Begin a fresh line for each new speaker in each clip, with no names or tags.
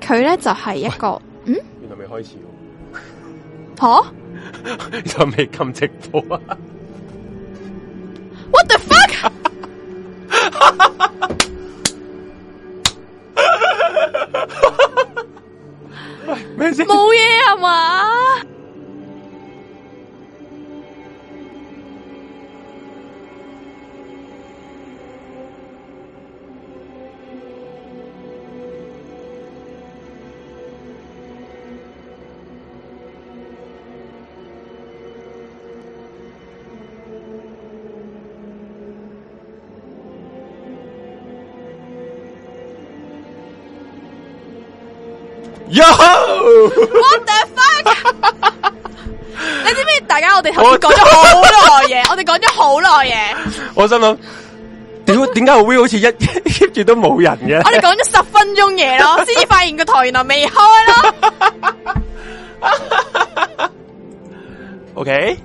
佢咧就係、是、一個嗯，
原來未開始，
婆，
就未咁直播啊
！What the fuck！冇嘢係嘛？What the fuck？
你知唔知大家我哋頭先講咗好耐嘢？我哋講咗好耐嘢。
我心諗，點點解我會好似一 keep 住都冇人嘅？我哋
講咗十分鐘嘢咯，先至發現個台原來未開咯。
O K，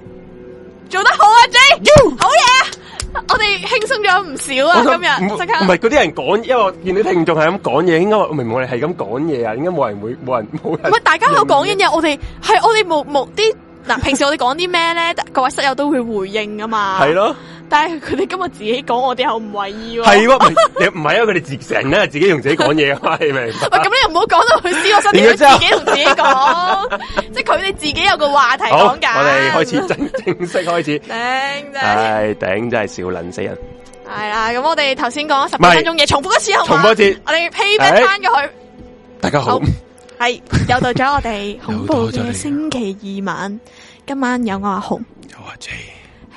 做得好啊 J，好嘢。我哋輕鬆咗唔少啊！今日唔係
嗰啲人講，因為我見啲聽眾係咁講嘢，應該我明我哋係咁講嘢啊！應該冇人會冇人冇人。乜大家有講
嘢，我哋係我哋冇冇啲嗱，平時我哋講啲咩咧，各位室友都會回應噶嘛。係咯。但係佢哋今日自己講我哋好唔為意喎，
係喎，唔係啊，佢哋成日自己同自己講嘢啊， 你咁
白 你又唔好講到佢知我身邊自己同自己講， 即係佢哋自己有個話題講噶。
我哋開始真正,正式開始，頂 真，係頂真係笑撚死人。
係啊，咁我哋頭先講十幾分鐘嘢，重複一次重複一次，我哋披翻佢。
大家好,
好，係 又到咗我哋恐怖嘅星期二晚了了，今晚有我阿紅，有阿姐。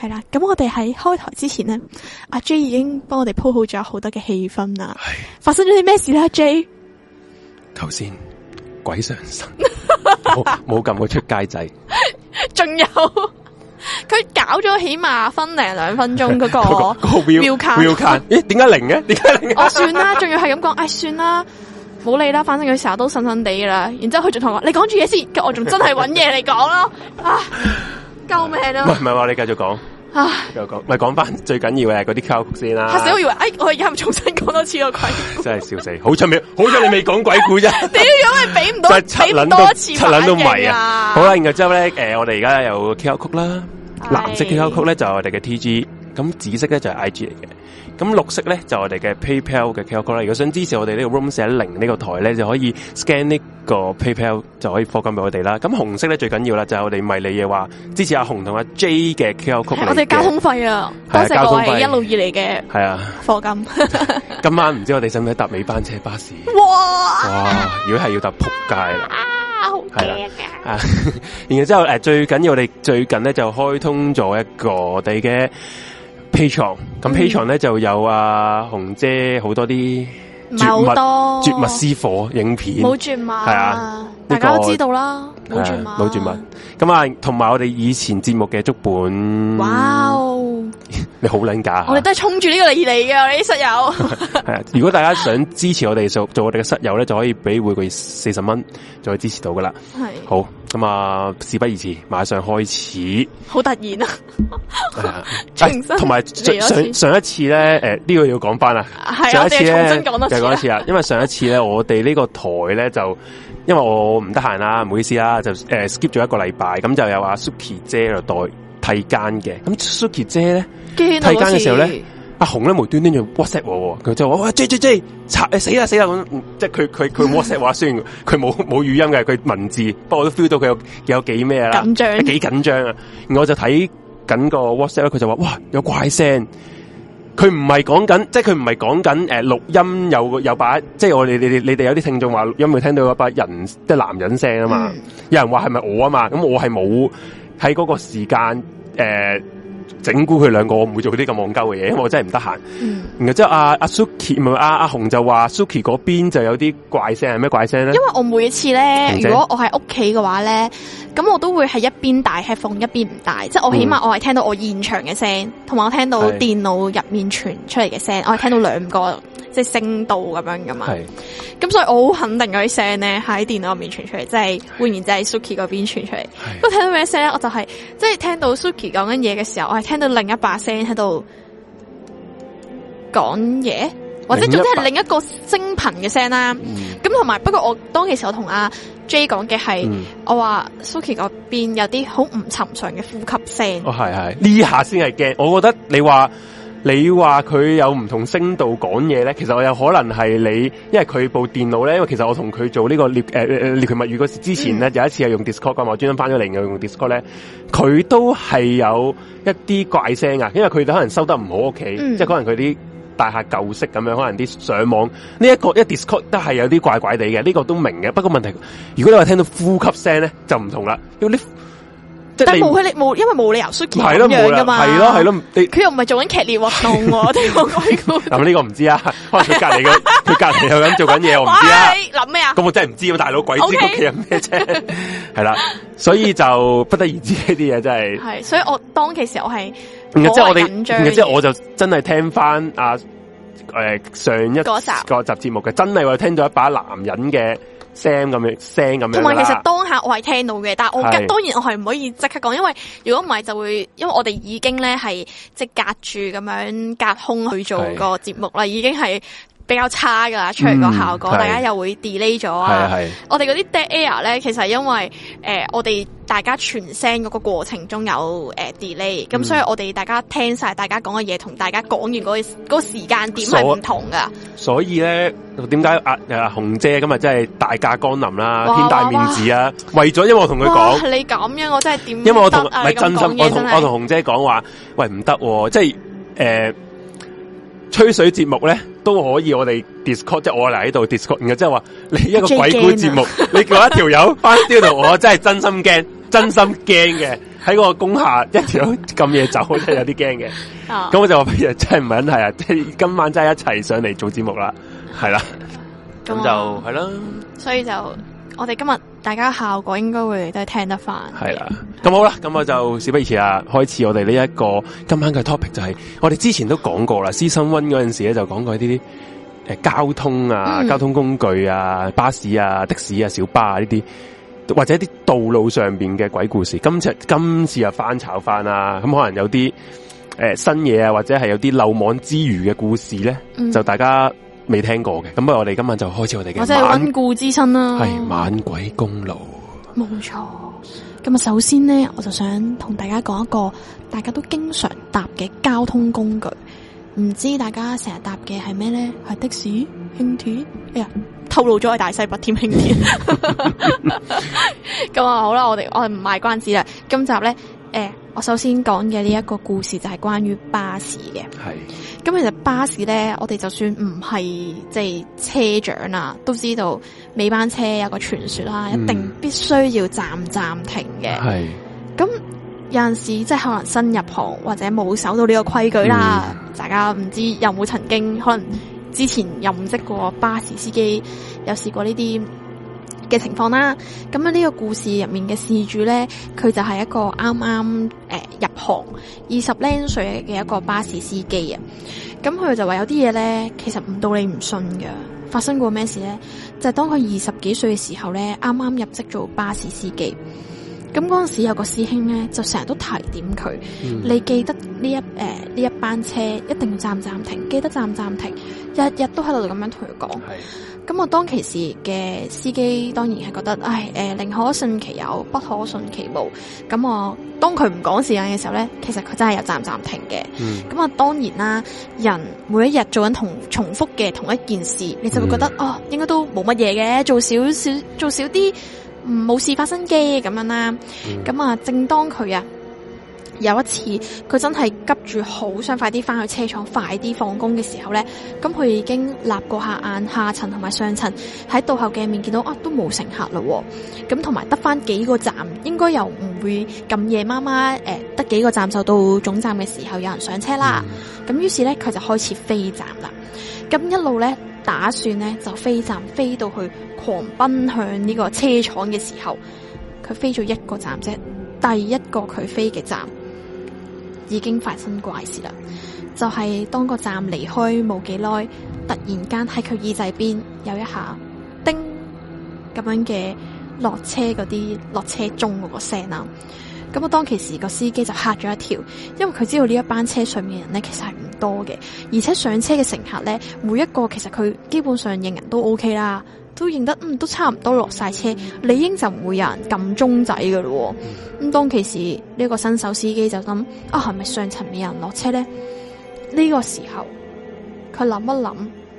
係啦，咁我哋喺開台之前咧，阿、啊、J 已經幫我哋鋪好咗好多嘅氣氛啦。係發生咗啲咩事咧？阿 j
頭先鬼上身，冇冇撳出街仔，
仲有佢搞咗起碼分零兩分鐘嗰、那個喵卡喵卡，咦？ 點、那、解、個 欸、零
呢？點解零？我算啦，
仲要係咁講，唉、哎，算啦，冇理啦，反正佢成日都神神地啦。然之後佢仲同我話， 你講住嘢先，我仲真係揾嘢嚟講咯啊！ 救命
我繼續啊！唔係唔係，話你繼續講。繼續講，咪講翻最緊要嘅嗰啲 QR code 先啦。吓死我，以
為哎，我而家唔重新講多次個鬼。
真係笑死，好出名， 好彩你未講鬼故啫。
點樣係俾唔到？ 就七輪都七輪都係啊！ 好
後後、呃、啦，然之後咧，誒，我哋而家有 QR code 啦，藍色 QR code 咧就係、是、我哋嘅 T G，咁紫色咧就係 I G 嚟嘅。咁綠色咧就是、我哋嘅 PayPal 嘅曲有 e 啦，如果想支持我哋呢個 Room 四一零呢個台咧，就可以 scan 呢個 PayPal 就可以貨金俾我哋啦。咁紅色咧最緊要啦，就係我哋迷你嘅話支持阿紅同阿 J 嘅曲有曲嚟。我哋交通
費啊，多謝我系一路以嚟嘅系啊貨金。
今晚唔知我哋使唔使搭尾班車巴士？哇哇、啊，如果係要搭撲街
啦，係啦啊！
然後之後誒、呃，最緊要我哋最近咧就開通咗一個我哋嘅。Patreon，咁 Patreon 呢就有啊洪姐好多啲
絕密多絕密私
伙影片，冇係啊，啊，大家都知道啦，冇、這個絕，啊啊絕，啊、絕密，絕咁啊，同埋我哋以前節目嘅足本，哇、哦！ 你好，捻假！我
哋都係衝住呢個嚟嘅，我哋啲室友
係啊！ 如果大家想支持我哋做我哋嘅室友咧，就可以俾每個月四十蚊，就可以支持到噶啦。係好咁啊！事不宜遲，馬上開始。
好突然啊！同 埋、哎、上上
一次咧，誒呢個要講翻啦。上一次咧就講一次啊，次因為上一次咧我哋呢個台咧就因為我唔得閒啦，唔好意思啦，就誒、呃、skip 咗一個禮拜，咁就有阿 Suki 姐嚟代。替間嘅，咁 Suki 姐咧，
替間嘅時候咧，
阿、啊、紅咧無端端用 WhatsApp，佢就話哇，追追追，死啦死啦咁，即係佢佢佢 WhatsApp 話 雖然佢冇冇語音嘅，佢文字，不過我都 feel 到佢有有幾咩啦，緊張，幾緊張啊！我就睇緊個 WhatsApp，佢就話哇，有怪聲，佢唔係講緊，即係佢唔係講緊誒錄音有有把，即、就、係、是、我你你哋有啲聽眾話錄音會聽到有把人即係、就是、男人聲啊嘛， 有人話係咪我啊嘛，咁我係冇。喺嗰個時間，誒、呃，整蠱佢兩個，我唔會做啲咁戇鳩嘅嘢，因為我真係唔得閒。嗯、然後之後阿阿 Suki，唔係阿阿紅就話 Suki 嗰邊就有啲怪聲，係咩怪聲咧？因為
我每一次咧，如果我喺屋企嘅話咧，咁我都會係一邊戴 headphone 一邊唔戴，即、就、係、是、我起碼我係聽到我現場嘅聲，同、嗯、埋我聽到電腦入面傳出嚟嘅聲，是我係聽到兩個。即係聲道咁樣噶嘛？係咁所以我好肯定嗰啲聲咧喺，電腦入面傳出嚟，即係換言之，即係 Suki 嗰邊傳出嚟。不過聽到咩聲咧，我就係、是、即係聽到 Suki 講緊嘢嘅時候，我係聽到另一把聲喺度講嘢，或者總之係另一個聲頻嘅聲啦。咁同埋，不過我當其時我同阿 J 講嘅係，我話 Suki 嗰邊有啲好唔尋常嘅呼吸聲。哦，係係呢
下先係驚，我覺得你話。你話佢有唔同聲度講嘢咧，其實我有可能係你，因為佢部電腦咧，因為其實我同佢做呢個獵誒獵奇物語嗰之前咧、嗯，有一次係用 Discord 㗎嘛，我專登翻咗嚟用 Discord 咧，佢都係有一啲怪聲啊，因為佢可能收得唔好屋企、嗯，即係可能佢啲大廈舊式咁樣，可能啲上網呢一、呢個一 Discord 都係有啲怪怪地嘅，呢、呢個都明嘅。不過問題，如果你話聽到呼吸聲咧，就唔同啦，但係冇佢，
你冇因為冇理由需要咁樣噶嘛？係咯，係咯，佢又唔係做緊劇烈運動 我哋我
嗰個。咁呢個唔知啊，可能佢隔籬佢隔籬又咁做緊嘢，我唔知啦。諗咩啊？咁我真係唔知喎，大佬鬼知屋企有咩啫？係、okay? 啦， 所以就不得而知呢啲嘢真係。係
所以我當其時我係即係我哋，即係我
就真係聽翻阿誒上一嗰集嗰節目嘅，真係我聽到一把男人嘅，聲咁樣，聲咁樣。同埋，其實當
下我係聽到嘅，但係我係當然我係唔可以即刻講，因為如果唔係就會，因為我哋已經咧係即係隔住咁樣隔空去做個節目啦，係已經係。比較差噶啦，出嚟個效果，嗯，大家又會 delay 咗啊！我哋嗰啲 dead air 咧，其實因為誒、呃，我哋大家全聲嗰個過程中有誒 delay，咁所以我哋大家聽晒大家講嘅嘢，同大家講完嗰個嗰個時間點係唔同噶。
所以咧，點解阿阿紅姐今日真係大駕光臨啦？天大面子啊！為咗因為我同佢講，
你咁樣我真係點？因為我同咪真，啊、真心真的我同我同
紅姐講話，喂唔得，即係誒。就是吹水節目咧都可以，我哋 discord 即係我嚟喺度 discord，然後即係話你一個鬼古節目，你叫一條友翻呢度，我真係真心驚，真心驚嘅喺個工下一條咁夜走，真係有啲驚嘅。咁、oh. 我就話不如真係唔係，係啊，即係今晚真係一齊上嚟做節目啦，係啦，
咁、oh. 就係啦，所以就。我哋今日大家的效果應該會都聽得翻、啊。係
啦，咁好啦，咁我就事不宜遲啊，開始我哋呢一個今晚嘅 topic 就係、是、我哋之前都講過啦，season one 嗰陣時咧就講過呢啲、呃、交通啊、嗯、交通工具啊、巴士啊、的士啊、小巴啊呢啲，或者啲道路上邊嘅鬼故事。今次今次又翻炒翻啊，咁可能有啲誒、呃、新嘢啊，或者係有啲漏網之魚嘅故事咧，嗯、就大家。未聽過嘅，咁啊，我哋今晚就開始我哋嘅，我真係溫
故知新啦、啊，係晚
鬼公路，
冇錯。咁啊，首先咧，我就想同大家講一個，大家都經常搭嘅交通工具，唔知大家成日搭嘅係咩咧？係的士、輕鐵？哎呀，透露咗係大西北添輕鐵。咁 啊， 好啦，我哋我唔賣關子啦，今集咧。誒，我首先講嘅呢一個故事就係關於巴士嘅。係。咁其實巴士咧，我哋就算唔係即係車長啦，都知道尾班車有個傳說啦、嗯，一定必須要站站停嘅。係。咁、嗯、有陣時候即係可能新入行或者冇守到呢個規矩啦、嗯，大家唔知道有冇曾經可能之前任職過巴士司機有試過呢啲嘅情況啦，咁啊呢個故事入面嘅事主呢，佢就係一個啱啱誒入行二十零歲嘅一個巴士司機啊，咁佢就話有啲嘢呢，其實唔到你唔信嘅，發生過咩事呢？就係、是、當佢二十幾歲嘅時候呢，啱啱入職做巴士司機，咁嗰陣時有個師兄呢，就成日都提點佢，嗯，你記得呢一誒呢、呃、一班車一定要站站停，記得站站停，日日都喺度咁樣同佢講。咁我當其時嘅司機當然係覺得，唉，誒、呃，寧可信其有，不可信其無。咁我當佢唔講時間嘅時候咧，其實佢真係有暫暫停嘅。咁、嗯、啊，我當然啦，人每一日做緊同重複嘅同一件事，你就會覺得，嗯、哦，應該都冇乜嘢，嘅，做少少，做少啲，冇事發生嘅，咁樣啦。咁啊，嗯、我正當佢啊。有一次，佢真係急住，好想快啲翻去車廠，快啲放工嘅時候呢，咁佢已經立過下眼下層同埋上層，喺到後鏡面見到啊，都冇乘客嘞，咁同埋得翻幾個站，應該又唔會咁夜媽媽誒，得、呃、幾個站就到總站嘅時候有人上車啦。咁於是呢，佢就開始飛站啦。咁一路呢，打算呢就飛站飛到去狂奔向呢個車廠嘅時候，佢飛咗一個站啫，第一個佢飛嘅站。已經發生怪事啦，就係、是、當個站離開冇幾耐，突然間喺佢耳仔邊有一下叮咁樣嘅落車嗰啲落車鐘嗰個聲啦。咁啊，當其時個司機就嚇咗一跳，因為佢知道呢一班車上面嘅人呢，其實係唔多嘅，而且上車嘅乘客呢，每一個其實佢基本上認人都 O、OK、K 啦。都認得，嗯，都差唔多落晒車，理應就唔會有人撳鐘仔嘅咯。咁當其時呢個新手司機就咁啊，係咪上層未有人落車呢？呢個時候，佢諗一諗，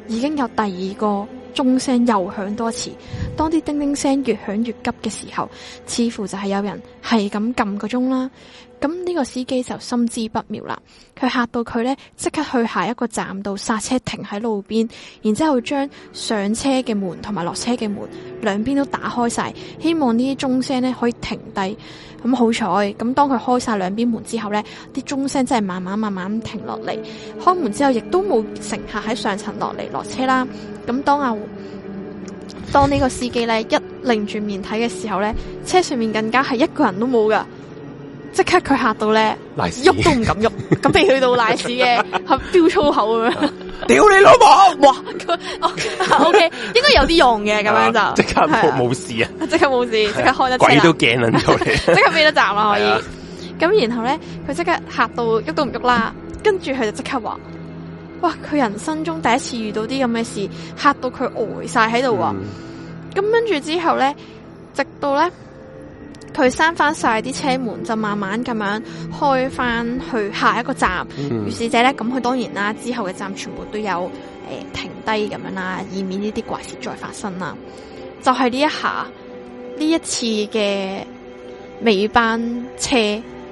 已經有第二個鐘聲又響多次。當啲叮叮聲越響越急嘅時候，似乎就係有人係咁撳個鐘啦。咁呢個司機就心知不妙啦，佢吓到佢呢，即刻去下一個站度剎車停喺路邊，然之後將上車嘅門同埋落車嘅門兩邊都打開晒，希望呢啲鐘聲呢可以停低。咁好彩，咁當佢開晒兩邊門之後呢，啲鐘聲真係慢慢慢慢停落嚟。開門之後亦都冇乘客喺上層落嚟落車啦。咁當啊，嗯，當呢個司機呢一擰住面睇嘅時候呢，車上面更加係一個人都冇噶。即刻佢嚇到咧，喐都唔敢喐，咁被去到賴屎嘅，係飆粗口咁樣。
屌你老母！哇，O K
應該應該有啲用嘅咁樣就，即刻冇、啊、事啊！即刻冇事，即、啊、刻開得。鬼都
驚即
刻俾得站啦可以。咁、啊、然後咧，佢即刻嚇到喐都唔喐啦， 跟住佢就即刻話，哇！佢人生中第一次遇到啲咁嘅事，嚇到佢呆晒喺度啊！咁、嗯、跟住之後咧，直到咧。佢閂翻晒啲車門，就慢慢咁樣開翻去下一個站。如、嗯、是者咧，咁佢當然啦，之後嘅站全部都有誒、呃、停低咁樣啦，以免呢啲怪事再發生啦。就係、是、呢一下，呢一次嘅尾班車，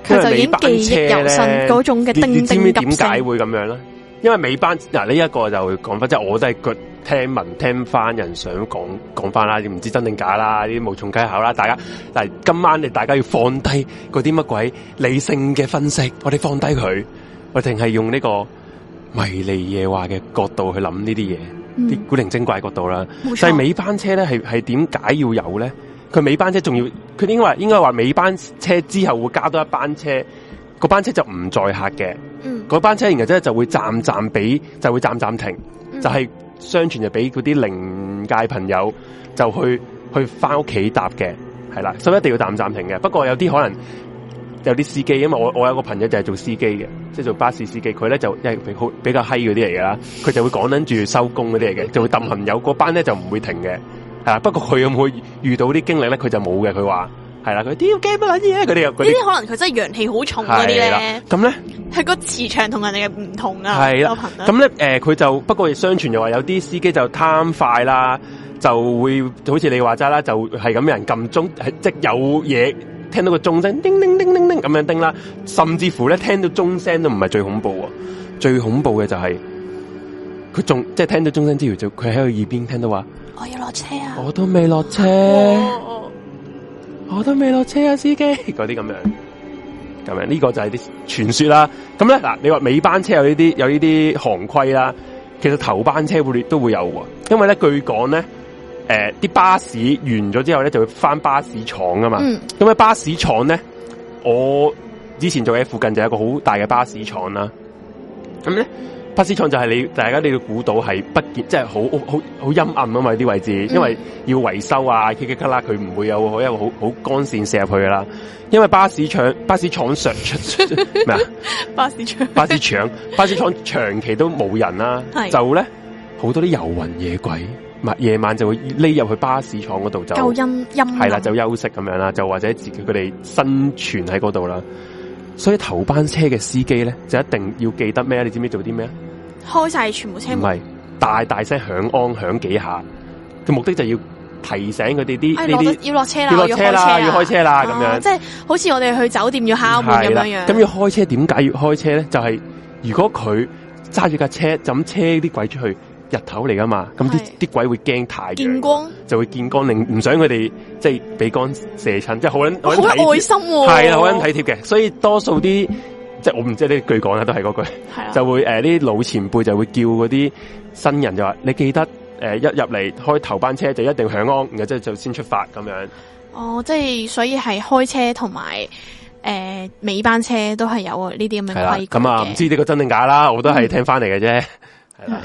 佢就已經記憶猶新嗰種嘅叮叮點解會咁樣咧？因為尾班嗱呢一、啊這個就講翻，即係我都係覺。聽聞聽翻，人想講講翻啦，你唔知真定假啦，啲無從稽考啦。大家但係今晚你大家要放低嗰啲乜鬼理性嘅分析，我哋放低佢，我哋淨係用呢個迷離夜話嘅角度去諗呢啲嘢，啲、嗯、古靈精怪嘅角度啦。但係尾班車咧，係係點解要有咧？佢尾班車仲要佢應該話應該話尾班車之後會加多一班車，個班車就唔載客嘅。嗰、嗯、班車然後即係就，就會站站俾，就會站站停，就係、是。嗯相傳就俾嗰啲靈界朋友就去去返屋企搭嘅，係啦，所以一定要短暫停嘅。不過有啲可能有啲司機，因為我我有個朋友就係做司機嘅，即係做巴士司機，佢咧就係比較閪嗰啲嚟嘅啦，佢就會講緊住收工嗰啲嚟嘅，就會揼朋友，個班咧就唔會停嘅，嚇。不過佢有冇遇到啲經歷咧？佢就冇嘅，佢話。係啦，佢啲要驚乜嘢？佢哋呢啲可能佢
真係陽氣好重嗰啲咧。
咁咧，
係個磁場人同人哋嘅唔同啊。係啦，咁咧，
誒，佢、呃、就不過相傳又話有啲司機就貪快啦，就會好似你話齋啦，就係咁、就是、有人撳鐘，即有嘢聽到個鐘聲叮叮叮叮叮咁樣叮啦。甚至乎咧，聽到鐘聲都唔係最恐怖，最恐怖嘅就係佢仲即係聽到鐘聲之餘，就佢喺佢耳邊聽到話我要落車啊，我都未落車。我都未落車啊，司機，嗰啲咁樣，咁樣呢、呢個就係啲傳說啦。咁咧嗱，你話尾班車有呢啲有呢啲行規啦，其實頭班車會都會有嘅，因為咧據講咧，誒、呃，啲巴士完咗之後咧就會翻巴士廠噶嘛。咁、嗯、喺巴士廠咧，我之前做嘢附近就有一個好大嘅巴士廠啦。咁咧。巴士廠就係你，大家你要估到係不潔，即係好好好陰暗啊嘛啲位置、嗯，因為要維修啊，嘰嘰啦，佢唔會有一個好好光線射入去噶啦。因為巴士廠，巴士廠常出咩 啊？巴士廠， 巴士廠，巴士廠長期都冇人啦、啊，就咧好多啲遊魂野鬼，夜晚就會匿入去巴士廠嗰度就陰陰係啦，就休息咁樣啦，就或者自己佢哋生存喺嗰度啦。所以頭班車嘅司機咧，就一定要記得咩？你知唔知做啲咩？
開晒全部車門，唔
係大大聲響，按響幾下，佢目的就要提醒佢哋啲呢啲要落車啦，要落車啦，要開車啦咁樣。即係
好似我哋去酒店要敲門咁樣樣。咁
要開車，點解要開車咧？就係、是、如果佢揸住架車就咁車啲鬼出去。日頭嚟噶嘛？咁啲啲鬼會驚太陽見光，就會見光，令唔想佢哋即係俾光射親，即係好捻好愛心、啊，係啊，好捻體貼嘅。所以多數啲即係我唔知呢句講啦，都係嗰句，啊、就會誒啲、呃、老前輩就會叫嗰啲新人就話：你記得誒、呃、一入嚟開頭班車就一定響安，然後即係就先出發咁樣。
哦，即係所以係開車同埋誒尾班車都係有呢啲咁樣規矩。咁啊，唔
知呢個真定假啦，我都係聽翻嚟嘅啫。
係
啊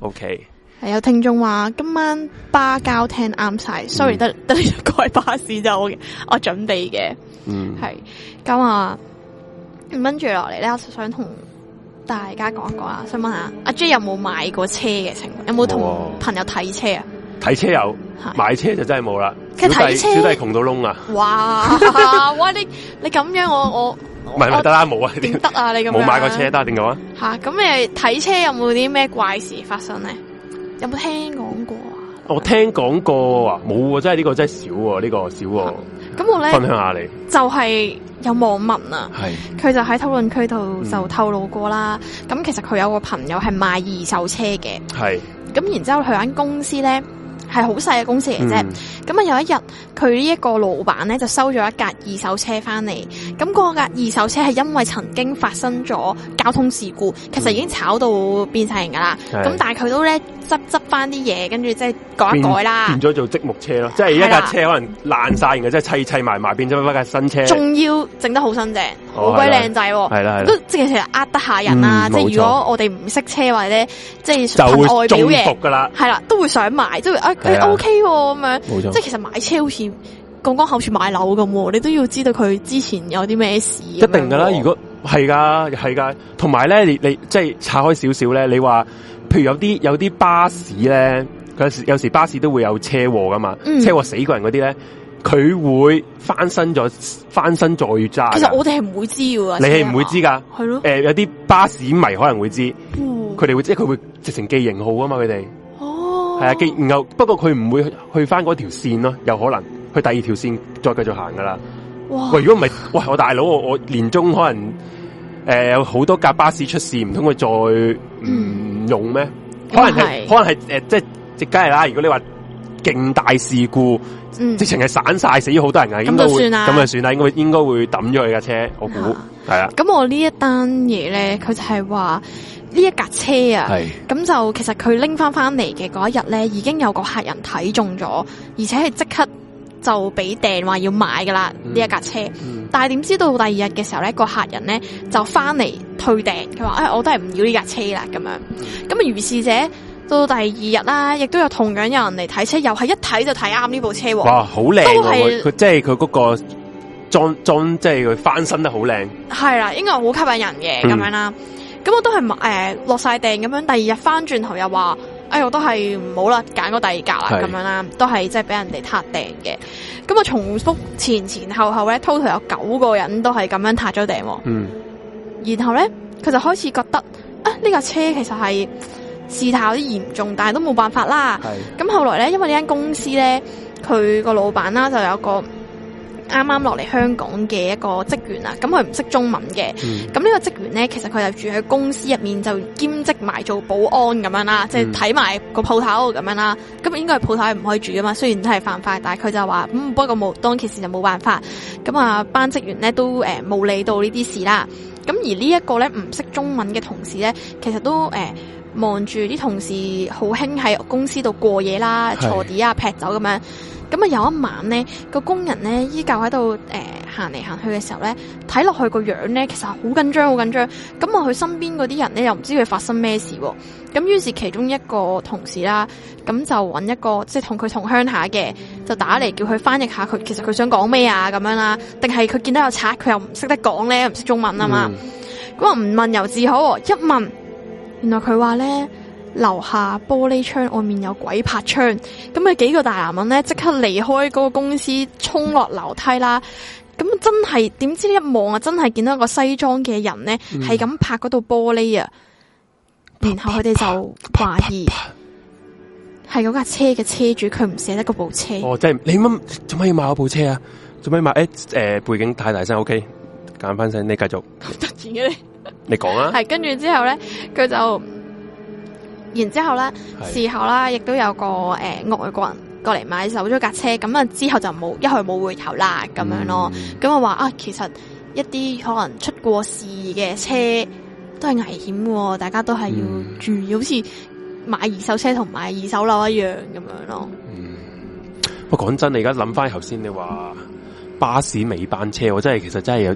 ，OK，
係有聽眾話今晚巴交聽啱晒，sorry 得得一個係巴士就 OK，我，我準備嘅，嗯，係咁啊，咁跟住落嚟咧，我想同大家講一講啊，想問下阿 J 有冇買過車嘅情況，有冇同朋友睇車啊？
睇車有，買車就真係冇啦。佢睇車，佢都係窮到窿啊！
哇！你你咁樣我，我我
唔係唔得啦，冇啊！點得
啊，啊？你咁樣冇，啊，買過車，啊，得點解？吓咁你睇車有冇啲咩怪事發生咧？有冇聽講過啊？
我，哦，聽講過啊，冇喎，啊，真係呢、這個真係少喎，這個啊，我呢個少喎。
咁我咧分享下你，就係，是，有網民啊，佢就喺討論區度就透露過啦。咁，嗯，其實佢有個朋友係賣二手車嘅，係咁然之後佢間公司咧。係好細嘅公司嚟啫，咁、嗯、啊有一日佢呢一個老闆咧就收咗一架二手車翻嚟，咁嗰架二手車係因為曾經發生咗交通事故，嗯、其實已經炒到變晒形噶啦，咁但係佢都咧執執翻啲嘢，跟住即係改一改啦，變
咗做積木車咯，即係一架車可能爛晒，然後即係砌砌埋埋變咗一架新車，仲
要整得好新淨，好鬼靚仔，係啦係啦，即係其實呃得下人啊，嗯、即係如果我哋唔識車或者即係睇外表嘢，係啦都會想買，都會你 OK 喎，咁、okay 哦、樣，即係其實買車好似講講口住買樓咁，你都要知道佢之前有啲咩事。一定噶啦，哦、
如果係噶，係噶。同埋咧，你你即係拆開少少咧，你話，譬如有啲有啲巴士咧，有時有時巴士都會有車禍噶嘛，嗯、車禍死個人嗰啲咧，佢會翻身咗，翻身再揸。其實我哋
係唔會
知噶，你係唔會知噶，
係咯。誒、呃，有啲巴士迷可能會知，佢、嗯、哋會即係佢會直情記型號啊嘛，佢哋。係啊，然後不過佢唔會去翻嗰條線咯，有可能去第二條線再繼續行噶啦。
哇！喂，如果
唔係，喂我大佬，我年終可能誒、呃、有好多架巴士出事，唔通佢再唔用咩、嗯？可能係可能係誒、呃，即係即梗係啦。如果你話勁大事故，
直情
係散晒死咗好多人嘅，咁就算啦，咁啊算啦，應該應該、應該會抌咗佢架車，我估係啦。
咁、嗯啊啊、我呢一呢一單嘢咧，佢就係話。呢一架車啊，咁就其實佢拎翻翻嚟嘅嗰一日咧，已經有個客人睇中咗，而且係即刻就俾訂話要買噶啦呢一架車。嗯、但係點知道第二日嘅，哎、係係到第二日嘅時候咧，個客人咧就翻嚟退訂，佢話誒我都係唔要呢架車啦咁樣。咁啊如是者到第二日啦，亦都有同樣有人嚟睇車，又係一睇就睇啱呢部車。哇，好靚、啊！都係佢
即係佢嗰個裝裝，即係佢翻身得好靚。
係啦，應該好吸引人嘅咁樣啦。嗯咁我都係誒落晒訂咁樣，第二日翻轉頭又話，哎，我都係唔好啦，揀個第二架啦，咁樣啦，都係即係俾人哋塌訂嘅。咁我重複前前後後咧，total 有九個人都係咁樣塌咗訂。嗯。然後咧，佢就開始覺得啊，呢架車其實係事態有啲嚴重，但係都冇辦法啦。咁後來咧，因為呢間公司咧，佢個老闆啦就有個。啱啱落嚟香港嘅一個職員啊，咁佢唔識中文嘅，咁、嗯、呢個職員呢，其實佢就住喺公司入面就兼職埋做保安咁樣啦，嗯、即係睇埋個鋪頭咁樣啦。咁應該係鋪頭唔可以住噶嘛，雖然都係犯法，但係佢就話，嗯，不過冇，當其時就冇辦法。咁啊，班職員呢都誒冇、呃、理到呢啲事啦。咁而呢一個呢，唔識中文嘅同事呢，其實都誒望住啲同事好興喺公司度過夜啦，坐地啊，劈酒咁樣。咁啊，有一晚咧，個工人咧，依舊喺度誒行嚟行去嘅時候咧，睇落去個樣咧，其實好緊張，好緊張。咁啊，佢身邊嗰啲人咧又唔知佢發生咩事喎、哦。咁於是其中一個同事啦，咁就搵一個即係同佢同鄉下嘅，就打嚟叫佢翻譯下佢其實佢想講咩啊咁樣啦。定係佢見到有賊，佢又唔識得講咧，唔識中文啊嘛。咁、嗯、啊，唔問又自好，一問，原來佢話咧。樓下玻璃窗外面有鬼拍窗，咁啊幾個大男人咧即刻離開嗰個公司，衝落樓梯啦。咁真係點知呢？一望啊，真係見到一個西裝嘅人咧，係、嗯、咁拍嗰度玻璃啊。然後佢哋就懷疑係嗰架車嘅車主，佢唔捨得嗰部車。哦，即、就、係、
是、你乜做咩要買嗰部車啊？做咩買？誒、欸、誒、呃，背景太大聲，OK，揀翻聲，你繼續。咁 突
然嘅
你，
你講啦。
係跟住之後咧，佢就。然之後咧，事後啦，亦都有個誒外國人過嚟買手咗架車。咁啊，之後就冇一去冇回頭啦，咁樣、嗯、咯。咁我話啊，其實一啲可能出過事嘅車都係危險喎，大家都係要注意、嗯，好似買二手車同買二手樓一樣咁樣咯。嗯，
不過講真的，你而家諗翻頭先，你、嗯、話巴士尾班車，我真係其實真係有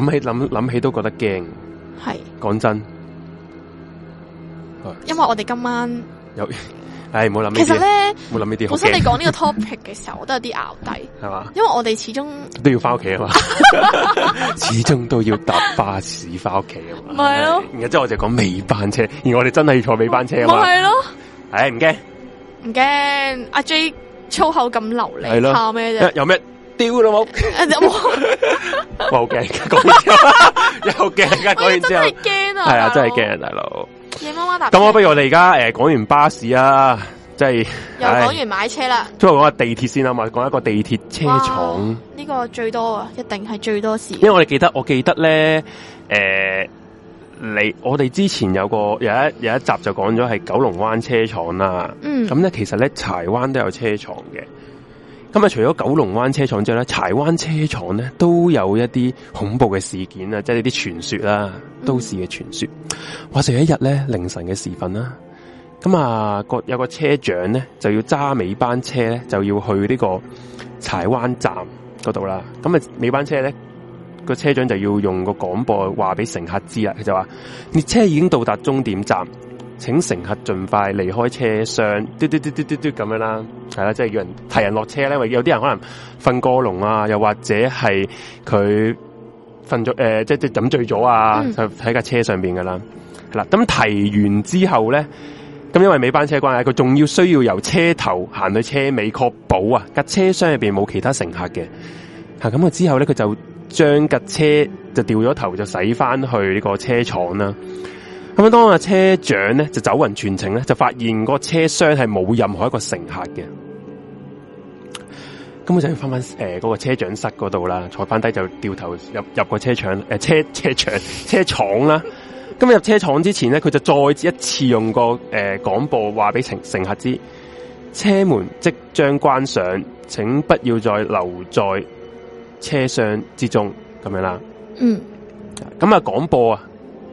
諗起諗諗起都覺得驚。係講真的。
因為我哋今晚
有，誒唔好諗。其實咧，唔好諗呢啲。好想你講呢
個 topic 嘅時候， 我都有啲拗
底，係嘛？因
為我哋始終
都要翻屋企啊嘛 始終都要搭巴士翻屋企啊嘛。係咯。而家即我哋講尾班車，而我哋真係要坐尾班車嘛啊嘛。係咯。誒，唔驚，
唔驚。阿、啊、J 粗口咁
流利，怕咩啫？有咩丟啦？冇冇驚？講完之後有驚？ 講完之後真係驚啊！係啊，真係驚，大佬。 夜咁，我不如我哋而家誒講完巴士啊，即係又講完買車啦。不如講下地鐵先啊嘛，講一個地鐵車廠
呢個最多啊，一定係最多事。因為我
哋記得，我記得咧，誒，你我哋之前有個有一有一集就講咗係九龍灣車廠啦。嗯，咁咧其實咧柴灣都有車廠嘅。咁、嗯、啊，除咗九龍灣車廠之外咧，柴灣車廠咧都有一啲恐怖嘅事件啊，即係啲傳說啦，都市嘅傳說。話成一日咧，凌晨嘅時分啦，咁、嗯、啊個有個車長咧就要揸尾班車咧，就要去呢個柴灣站嗰度啦。咁、嗯、啊，尾班車咧個車長就要用個廣播話俾乘客知啦，佢就話，列車已經到達終點站。請乘客盡快離開車廂，嘟嘟嘟嘟嘟嘟咁樣啦，係啦，即係叫人提人落車咧，有啲人可能瞓過籠啊，又或者係佢瞓咗誒，即係即係飲醉咗啊，就喺架車上邊噶啦，係啦。咁提完之後咧，咁因為尾班車關係，佢仲要需要由車頭行去車尾確保啊架車廂入邊冇其他乘客嘅，咁啊之後咧，佢就將架車就掉咗頭就駛翻去呢個車廠啦。咁當啊車長咧就走匀全程咧，就發現個車廂係冇任何一個乘客嘅。咁佢就要翻翻誒嗰個車長室嗰度啦，坐翻低就掉頭入入個車場、呃、車誒車場車車廠啦。咁入車廠之前咧，佢就再一次用個誒廣、呃、播話俾乘乘客知，車門即將關上，請不要再留在車廂之中咁樣啦。嗯、啊，咁啊廣播啊，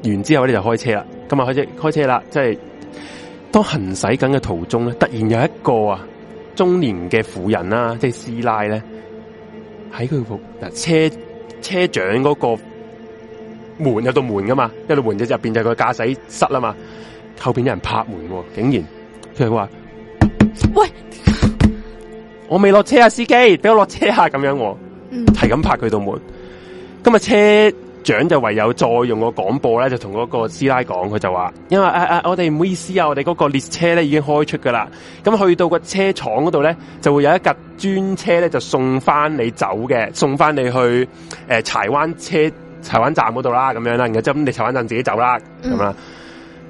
完之後咧就開車啦。今日開始開車啦，即係當行駛緊嘅途中咧，突然有一個啊中年嘅婦人啦，即係師奶咧，喺佢部車車車長嗰個門有度門噶嘛，一度門面就入邊就係個駕駛室啦嘛，後邊有人拍門，哦，竟然佢係話：喂，我未落車啊，司機，俾我落車呀、啊。」咁、嗯、樣，喎，係咁拍佢度門。今日車。長就唯有再用個廣播咧，就同嗰個師奶講，佢就話，因為、啊啊、我哋唔好意思啊，我哋嗰個列車咧已經開出噶啦，咁去到個車廠嗰度咧，就會有一架專車咧就送翻你走嘅，送翻你去誒、呃、柴灣車柴灣站嗰度啦，咁樣啦，然後就咁你柴灣站自己走啦，係啦，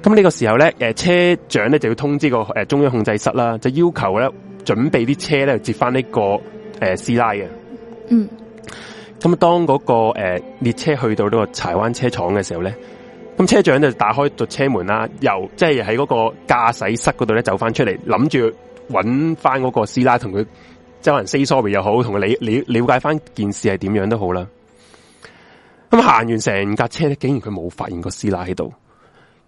咁呢個時候咧，誒、呃、車長咧就要通知個誒、呃、中央控制室啦，就要求咧準備啲車咧接翻呢、這個誒、呃、師奶嘅，嗯。咁當嗰個誒列車去到呢個柴灣車廠嘅時候咧，咁車長就打開咗車門啦，由即係喺嗰個駕駛室嗰度咧走翻出嚟，諗住揾翻嗰個師奶同佢，即係可能 say sorry 又好，同佢理理了解翻件事係點樣都好啦。咁行完成架車咧，竟然佢冇發現個師奶喺度。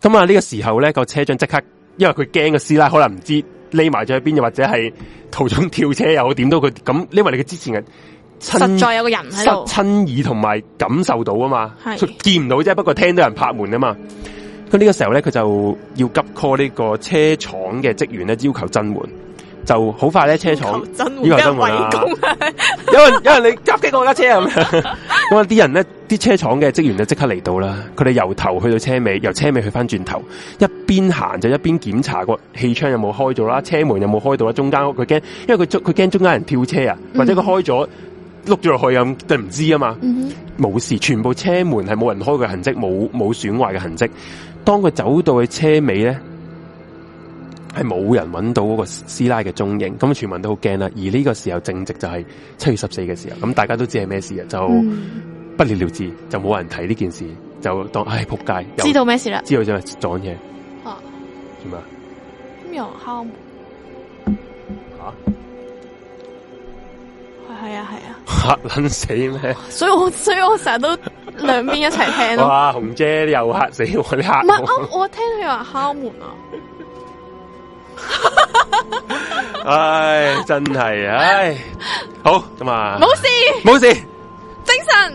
咁啊，呢個時候咧個車長即刻，因為佢驚個師奶可能唔知匿埋咗喺邊，又或者係途中跳車又好，點都佢咁，因為你嘅之前人。實在有個人喺度，親耳同埋感受到啊嘛，見唔到啫，不過聽到有人拍門啊嘛。咁呢個時候咧，佢就要急 call 呢個車廠嘅職員咧，要求增援。就好快咧，車廠要求增援，因為增援啦。因你 急飛過架車咁嘛。咁 啊， 啲人咧，啲車廠嘅職員就即刻嚟到啦。佢哋由頭去到車尾，由車尾去翻轉頭，一邊行就一邊檢查個氣窗有冇開咗啦，車門有冇開到啦。中間屋佢驚，因為佢驚佢驚中間人跳車啊，或者佢開咗。嗯碌咗落去咁，都唔知啊嘛，冇、mm -hmm. 事，全部車門係冇人開嘅痕跡，冇冇損壞嘅痕跡。當佢走到去車尾咧，係冇人揾到嗰個師奶嘅蹤影。咁全聞都好驚啦。而呢個時候正值就係七月十四嘅時候，咁大家都知係咩事啊？就不了了之，就冇人睇呢件事，就當唉仆街。知道咩事啦？知道就係撞嘢。哦，做咩啊？
咁樣好啊？係
啊係啊，嚇撚、啊、死咩？
所以我所以我成日都兩邊一齊聽咯。 哇，
紅姐又嚇死我，你嚇我，我！唔係，我
聽佢話敲門啊！
唉、 哎，真係啊！唉、哎， 好咁啊，冇事，冇事。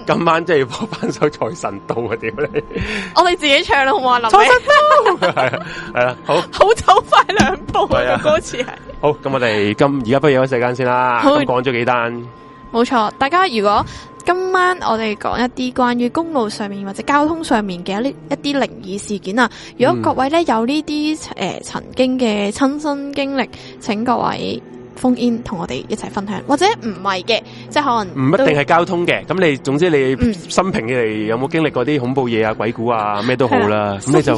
今晚真係要播翻首《財神到》啊！屌你，
我哋自己唱咯，冇話諗林。財神係啊係啦，好
好，
好走快兩步。個歌詞係
好，咁我哋今而家不如休息一陣先啦。咁講咗幾單，
冇錯。大家如果今晚我哋講一啲關於公路上面或者交通上面嘅一啲一啲靈異事件啊，如果各位咧有呢啲誒曾經嘅親身經歷，請各位。封煙同我哋一齊分享，或者唔係嘅，即係可能唔一定係
交通嘅。咁你總之你心，嗯、平你有冇經歷過啲恐怖嘢啊、鬼故啊咩都好啦。咁你就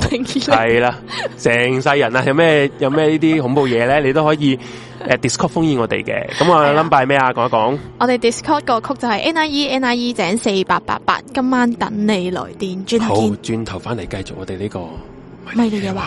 係啦，成世人啊， 有咩有咩呢啲恐怖嘢咧，你都可以誒、uh, Discord 封煙我哋嘅。咁啊諗拜咩啊講一講。
我哋 Discord 個曲就係 N I E N I E 井四八八八，今晚等你來電。轉。好，
轉頭翻嚟繼續我哋呢、這個。
咪嘅嘢話。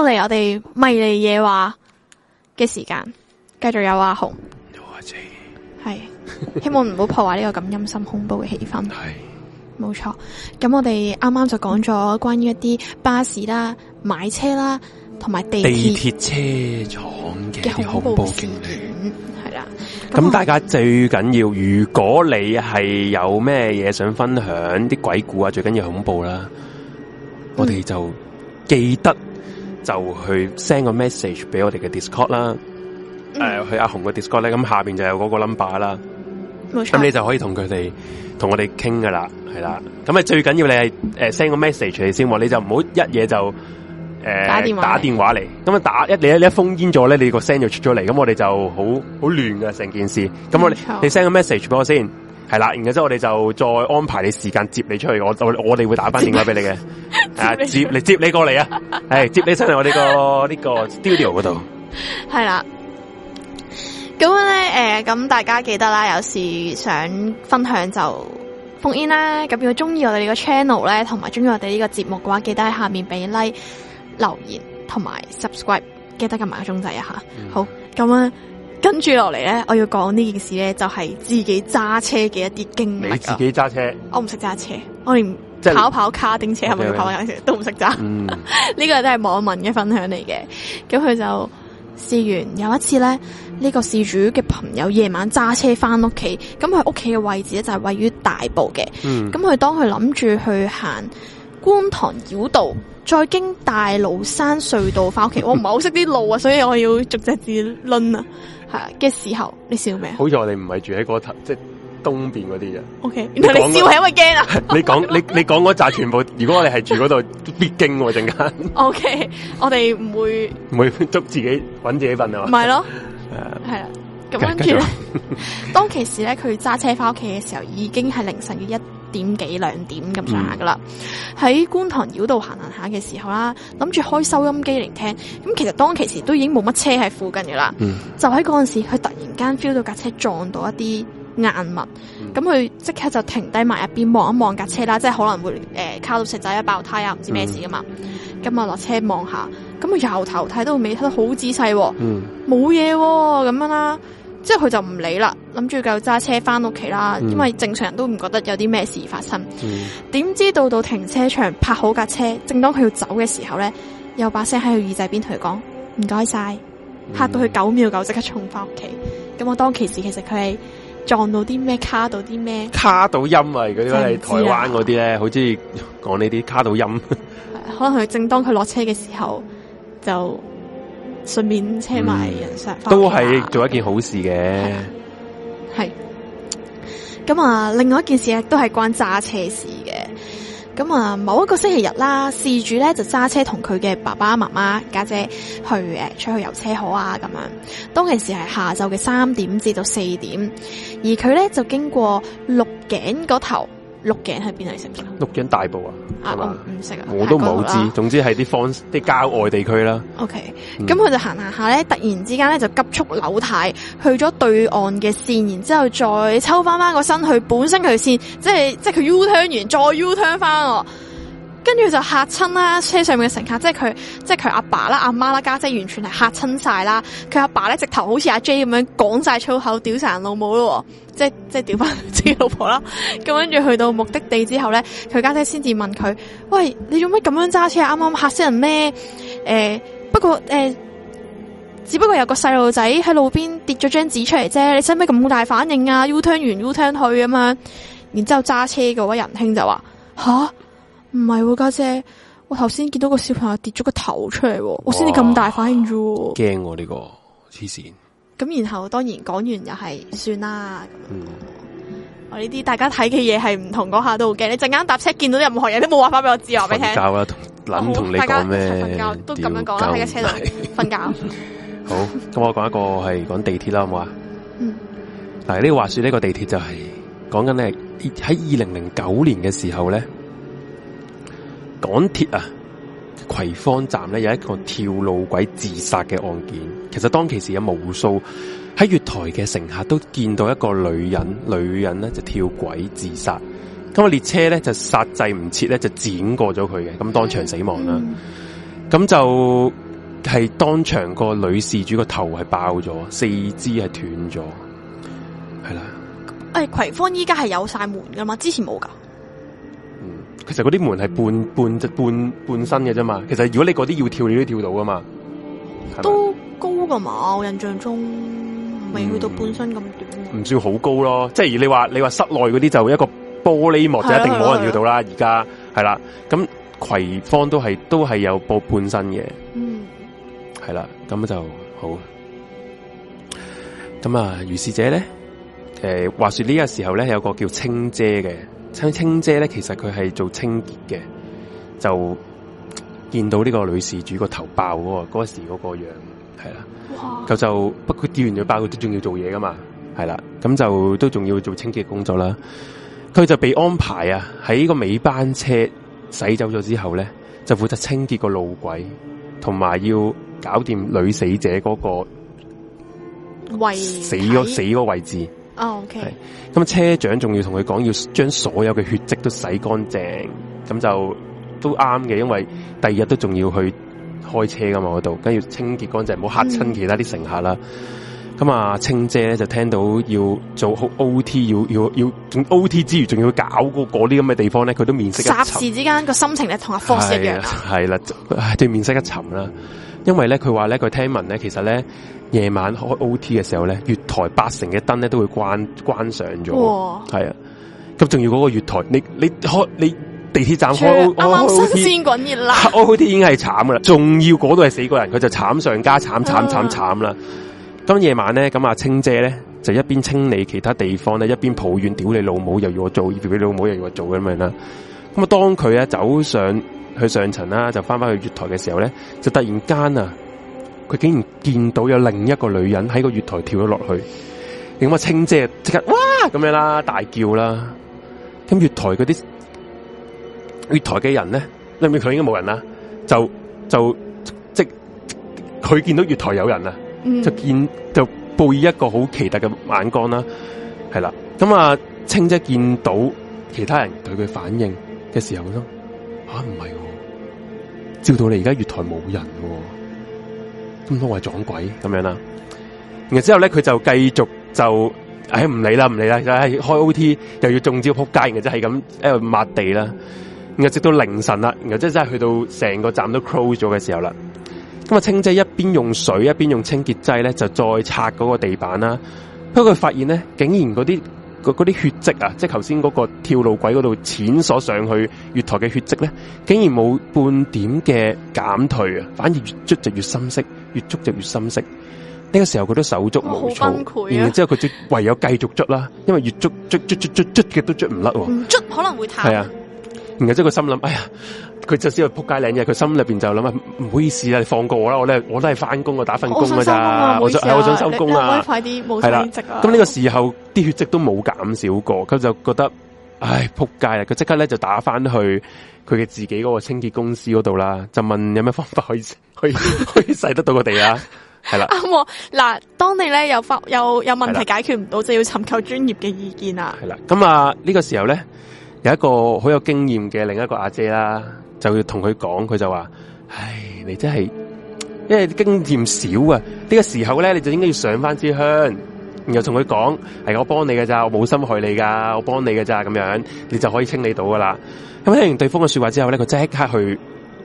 到嚟我哋迷離夜話嘅時間，繼續有阿有紅，係希望唔好破壞呢個咁陰森恐怖嘅氣氛。係冇錯，咁我哋啱啱就講咗關於一啲巴士啦、買車啦，同埋
地鐵車廠嘅恐怖經歷。
係啦，咁、嗯、大
家最緊要，如果你係有咩嘢想分享，啲鬼故啊，最緊要恐怖啦，我哋就記得。就去 send 個 message 俾我哋嘅 Discord 啦、呃，誒、嗯，去阿雄嘅 Discord 咧，咁下邊就有嗰個 number 啦，冇錯，咁你就可以同佢哋同我哋傾噶啦，係啦，咁啊最緊要你係誒 send 個 message 嚟先，你就唔好一嘢就誒、呃、打電話嚟，咁樣打一你一你一封煙咗咧，你個 send 就出咗嚟，咁我哋就好好亂噶成件事，咁我哋你 send 個 message 俾我先。係啦，然之後我哋就再安排你時間接你出去，我我哋會打翻電話俾你嘅，啊接嚟 接你過嚟啊，係、 哎、接你出嚟我哋、這個呢 個 studio 嗰度。
係啦，咁咧誒、咁、呃、大家記得啦，有時想分享就 phone in 啦。咁如果中意我哋呢個 channel 咧，同埋中意我哋呢個節目嘅話，記得喺下面俾 like 留言同埋 subscribe，記得撳埋個鐘仔啊吓，好，咁啊。跟住落嚟咧，我要講呢件事咧，就係、是、自己揸車嘅一啲經歷。你自己
揸車？
我唔識揸車，我連跑跑卡丁車咁咪跑跑卡丁車 okay, okay. 都唔識揸。呢個都係網民嘅分享嚟嘅。咁佢就試完有一次咧，呢、這個事主嘅朋友夜晚揸車翻屋企，咁佢屋企嘅位置咧就係、是、位於大埔嘅。咁、嗯、佢當佢諗住去行觀塘繞道，再經大老山隧道翻屋企，我唔係好識啲路啊，所以我要逐隻字掄啊。係嘅時候，你笑咩？
好似我哋唔係住喺嗰頭，即係東邊嗰啲嘅。
O、okay, K，原來你笑係因為驚啊！
你講 你你講嗰扎全部，如果我哋係住嗰度，必經喎陣間。
O、okay, K，我哋唔會
唔會捉自己搵自己瞓係唔係咯，係 啊，係啊，
咁跟住。 當其時咧，佢揸車翻屋企嘅時候，已經係凌晨嘅一。點幾兩點咁上下噶啦，喺觀塘繞道行行下嘅時候啦，諗住開收音機嚟聽，咁其實當其時都已經冇乜車喺附近嘅啦、嗯，就喺嗰陣時，佢突然間 feel 到架車撞到一啲硬物，咁佢即刻就停低埋入邊望一望架車啦，即係可能會誒卡、呃、到石仔啊、爆胎啊，唔知咩事噶嘛，咁啊落車望下，咁佢由頭睇到尾睇得好仔細，冇嘢咁樣啦。即係佢就唔理啦，諗住夠揸車翻屋企啦，因為正常人都唔覺得有啲咩事發生。點、嗯、知到到停車場泊好架車，正當佢要走嘅時候咧，有把聲喺佢耳仔邊同佢講：唔該晒，
吓、嗯、到佢
九秒九，即刻衝翻屋企。咁我當其時其實佢係撞到啲咩卡到啲咩，
卡到陰啊！如果係台灣嗰啲咧，好鍾意講，呢啲卡到陰，
可能佢正當佢落車嘅時候就。順便車埋人上，嗯，都係
做一件好事嘅。
係，咁啊，另外一件事咧，都係關揸車的事嘅。咁啊，某一個星期日啦，事主咧就揸車同佢嘅爸爸媽媽、家姐、姐去誒出去遊車河啊，咁樣。當其時係下晝嘅三點至到四點，而佢咧就經過鹿頸嗰頭，鹿頸喺邊嚟？你識唔識？
鹿頸大埔啊！啊！唔
識啊，我都唔知，那個好。
總之係啲方啲郊外地區啦。
O K，咁佢就行行下咧，突然之間咧就急速扭態，去咗對岸嘅線，然之後再抽翻翻個身去本身佢線，即係即係佢 U turn 完再 U turn 翻。跟住就嚇親啦，車上面嘅乘客，即係佢，即係佢阿爸啦、阿媽啦、家姐、姐，完全係嚇親晒啦。佢阿爸咧，直頭好似阿 J 咁樣講晒粗口，屌晒人老母咯，即係即係屌翻自己老婆啦。咁跟住去到目的地之後咧，佢家姐先至問佢：，喂，你做咩咁樣揸車啊？啱啱嚇死人咩？誒、呃，不過誒、呃，只不過有個細路仔喺路邊跌咗張紙出嚟啫，你使唔使咁大反應啊？U turn 完 U turn 去咁樣，然之後揸車嗰位，仁兄就話吓。啊唔係家姐，我頭先見到個小朋友跌咗個頭出嚟，我先至咁大反應啫。
驚我呢個黐線。
咁然後當然講完又係算啦。嗯。我呢啲大家睇嘅嘢係唔同，嗰下都好驚。你陣間搭車見到任何嘢，都冇話翻俾我知啊！話俾你聽。瞓覺
啦，懶得同你講咩。瞓覺都咁樣
講，
喺架車度瞓
覺。好，咁 我講一個係講地鐵啦，好唔好啊？嗯。嗱，呢個話說呢個地鐵就係講緊咧，喺二零零九年嘅時候咧。港鐵啊，葵芳站咧有一個跳路軌自殺嘅案件。其實當其時有無數喺月台嘅乘客都見到一個女人，女人咧就跳軌自殺。咁列車咧就剎掣唔切咧，就剪過咗佢嘅，咁當場死亡啦。咁、嗯、就係當場個女事主個頭係爆咗，四肢係斷咗，
係啦。誒、呃，葵芳依家係有晒門噶嘛？之前冇噶。
其實嗰啲門係半、嗯、半半半身嘅啫嘛，其實如果你嗰啲要跳，你都跳到噶嘛。都
高噶嘛，嗯，我印象中未去到半身咁短。
唔算好高咯，即係你話你話室內嗰啲就一個玻璃幕就一定冇人要到啦。而家係啦，咁葵芳都係都係有播半身嘅。嗯，係啦，咁就好。咁啊，如是者咧，誒、呃，話說呢個時候咧，有一個叫清姐嘅。清清姐咧，其實佢係做清潔嘅，就見到呢個女事主個頭爆嗰、嗰個，嗰時嗰個樣係啦。佢就不過掉完咗包爆，佢都仲要做嘢噶嘛，係啦。咁就都仲要做清潔工作啦。佢就被安排啊，喺個尾班車駛走咗之後咧，就負責清潔個路軌，同埋要搞掂女死者嗰個位死個死個位置。哦，OK。咁啊，車長仲要同佢講，要將所有嘅血迹都洗乾淨，咁就都啱嘅，因為第二日都仲要去開車噶嘛，嗰度，跟住清潔乾淨，唔好嚇親其他啲乘客啦。咁、嗯、啊，清姐咧就聽到要做好 OT，要要要 OT 之餘，仲要搞過嗰啲咁嘅地方咧，佢都面色霎時
之間個心情咧同阿方士一樣，
係啦、啊，啊啊、面色一沉啦。因為咧，佢話咧，佢聽聞咧，其實咧。夜晚開 OT 嘅時候咧，月台八成嘅燈咧都會關關上咗，係啊，咁仲要嗰個月台，你你開你地鐵站開啱啱新鮮滾熱辣，OT 已經係慘噶啦，仲 要嗰度係死過人，佢就慘上加慘，慘慘慘啦。當夜、啊、晚咧，咁阿清姐咧就一邊清理其他地方咧，一邊抱怨：，屌你老母又要我做，屌你老母又要我做咁樣啦。咁啊，當佢啊走上去上層啦、啊，就翻翻去月台嘅時候咧，就突然間啊。佢竟然見到有另一個女人喺個月台跳咗落去，咁啊清姐即刻哇咁樣啦，大叫啦。咁月台嗰啲月台嘅人咧，入面佢應該冇人啦，就就，就即佢見到月台有人啊，嗯，就見就背一個好奇特嘅眼光啦，係啦。咁啊清姐見到其他人對佢反應嘅時候咯，吓唔係，照到你而家月台冇人。咁都話撞鬼咁樣啦，然後之後咧佢就繼續就唉唔理啦唔理啦，就係開 O T 又要中招扑街嘅啫，係咁喺度抹地啦。然後直到凌晨啦，然後即係真係去到成個站都 close 咗嘅時候啦。咁啊，清姐一邊用水一邊用清潔劑咧，就再拆嗰個地板啦。不過佢發現咧，竟然嗰啲。嗰嗰啲血迹啊，即係頭先嗰個跳路軌嗰度淺鎖上去月台嘅血迹咧，竟然冇半點嘅減退啊，反而越捽就越深色，越捽就越深色。呢個時候佢都手足無措，然之後佢只唯有繼續捽啦，因為越捽捽捽捽捽捽嘅都捽唔甩，唔捽
可能會太
係啊。然後即係佢心諗，哎呀，佢就先去撲街靚嘢，佢心入邊就諗啊，唔好意思啊，你放過我啦，我咧我都係翻工啊，打份工啊，咋？我想我想收工啊，快啲冇晒兼職啊。咁呢個時候。啲血迹都冇減少過，佢就覺得，唉，扑街啦！佢即刻咧就打翻去佢嘅自己嗰個清潔公司嗰度啦，就問有咩方法可以 可以可以洗得到個地啊？係啦，
嗱，當你咧有發有有問題解決唔到，就要尋求專業嘅意見啦。係啦，
咁啊，呢個時候咧有一個好有經驗嘅另一個阿姐啦，就要同佢講，佢就話：唉，你真係，因為經驗少啊，呢個時候咧你就應該要上翻支香。然後同佢講，係我幫你嘅咋，我冇心害你噶，我幫你嘅咋，咁樣你就可以清理到噶啦。咁聽完對方嘅說話之後咧，佢即刻去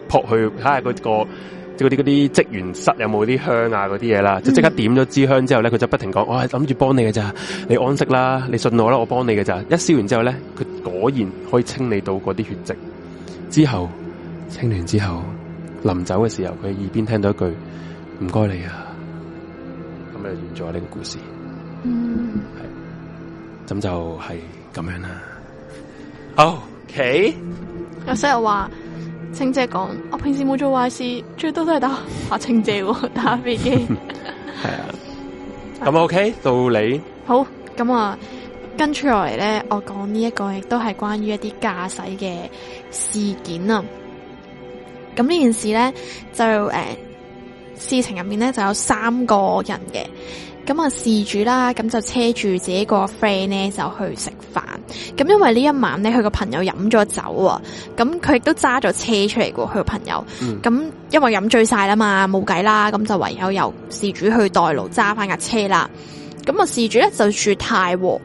撲去睇下嗰個即係嗰啲嗰啲職員室有冇啲香啊嗰啲嘢啦，就即刻點咗支香之後咧，佢就不停講，我係諗住幫你嘅咋，你安息啦，你信我啦，我幫你嘅咋。一燒完之後咧，佢果然可以清理到嗰啲血跡。之後清理完之後，臨走嘅時候，佢耳邊聽到一句唔該你啊，咁啊完咗呢個故事。嗯，咁就係咁樣啦。好，OK
有室友話青姐講，我平時冇做壞事，最多都係打阿青、 啊、姐、哦、打飛機。係 是啊，
咁 OK 到你。
好。咁啊，跟住落嚟咧，我講呢一個亦都係關於一啲駕駛嘅事件啊。咁呢件事咧就誒、啊，事情入面咧就有三個人嘅。咁啊，事主啦，咁就車住自己個 friend 咧，就去食飯。咁因為呢一晚咧，佢個朋友飲咗酒啊，咁佢亦都揸咗車出嚟嘅。佢個朋友，咁、嗯、因為飲醉晒啦嘛，冇計啦，咁就唯有由事主去代勞揸翻架車啦。咁啊，事主咧就住太和，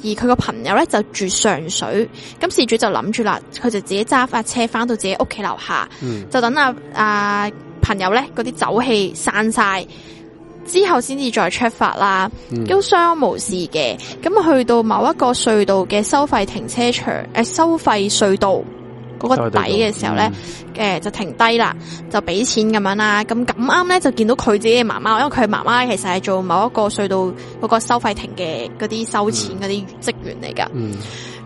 而佢個朋友咧就住上水。咁事主就諗住啦，佢就自己揸翻車翻到自己屋企樓下，嗯、就等啊啊朋友咧嗰啲酒氣散晒。之後先至再出發啦，都相安無事嘅。咁、嗯、去到某一個隧道嘅收費停車場，誒、呃，收費隧道嗰個底嘅時候呢，誒、嗯欸、就停低啦，就俾錢咁樣啦。咁咁啱呢，就見到佢自己嘅媽媽，因為佢媽媽其實係做某一個隧道嗰個收費亭嘅嗰啲收錢嗰啲職員嚟噶。咁、
嗯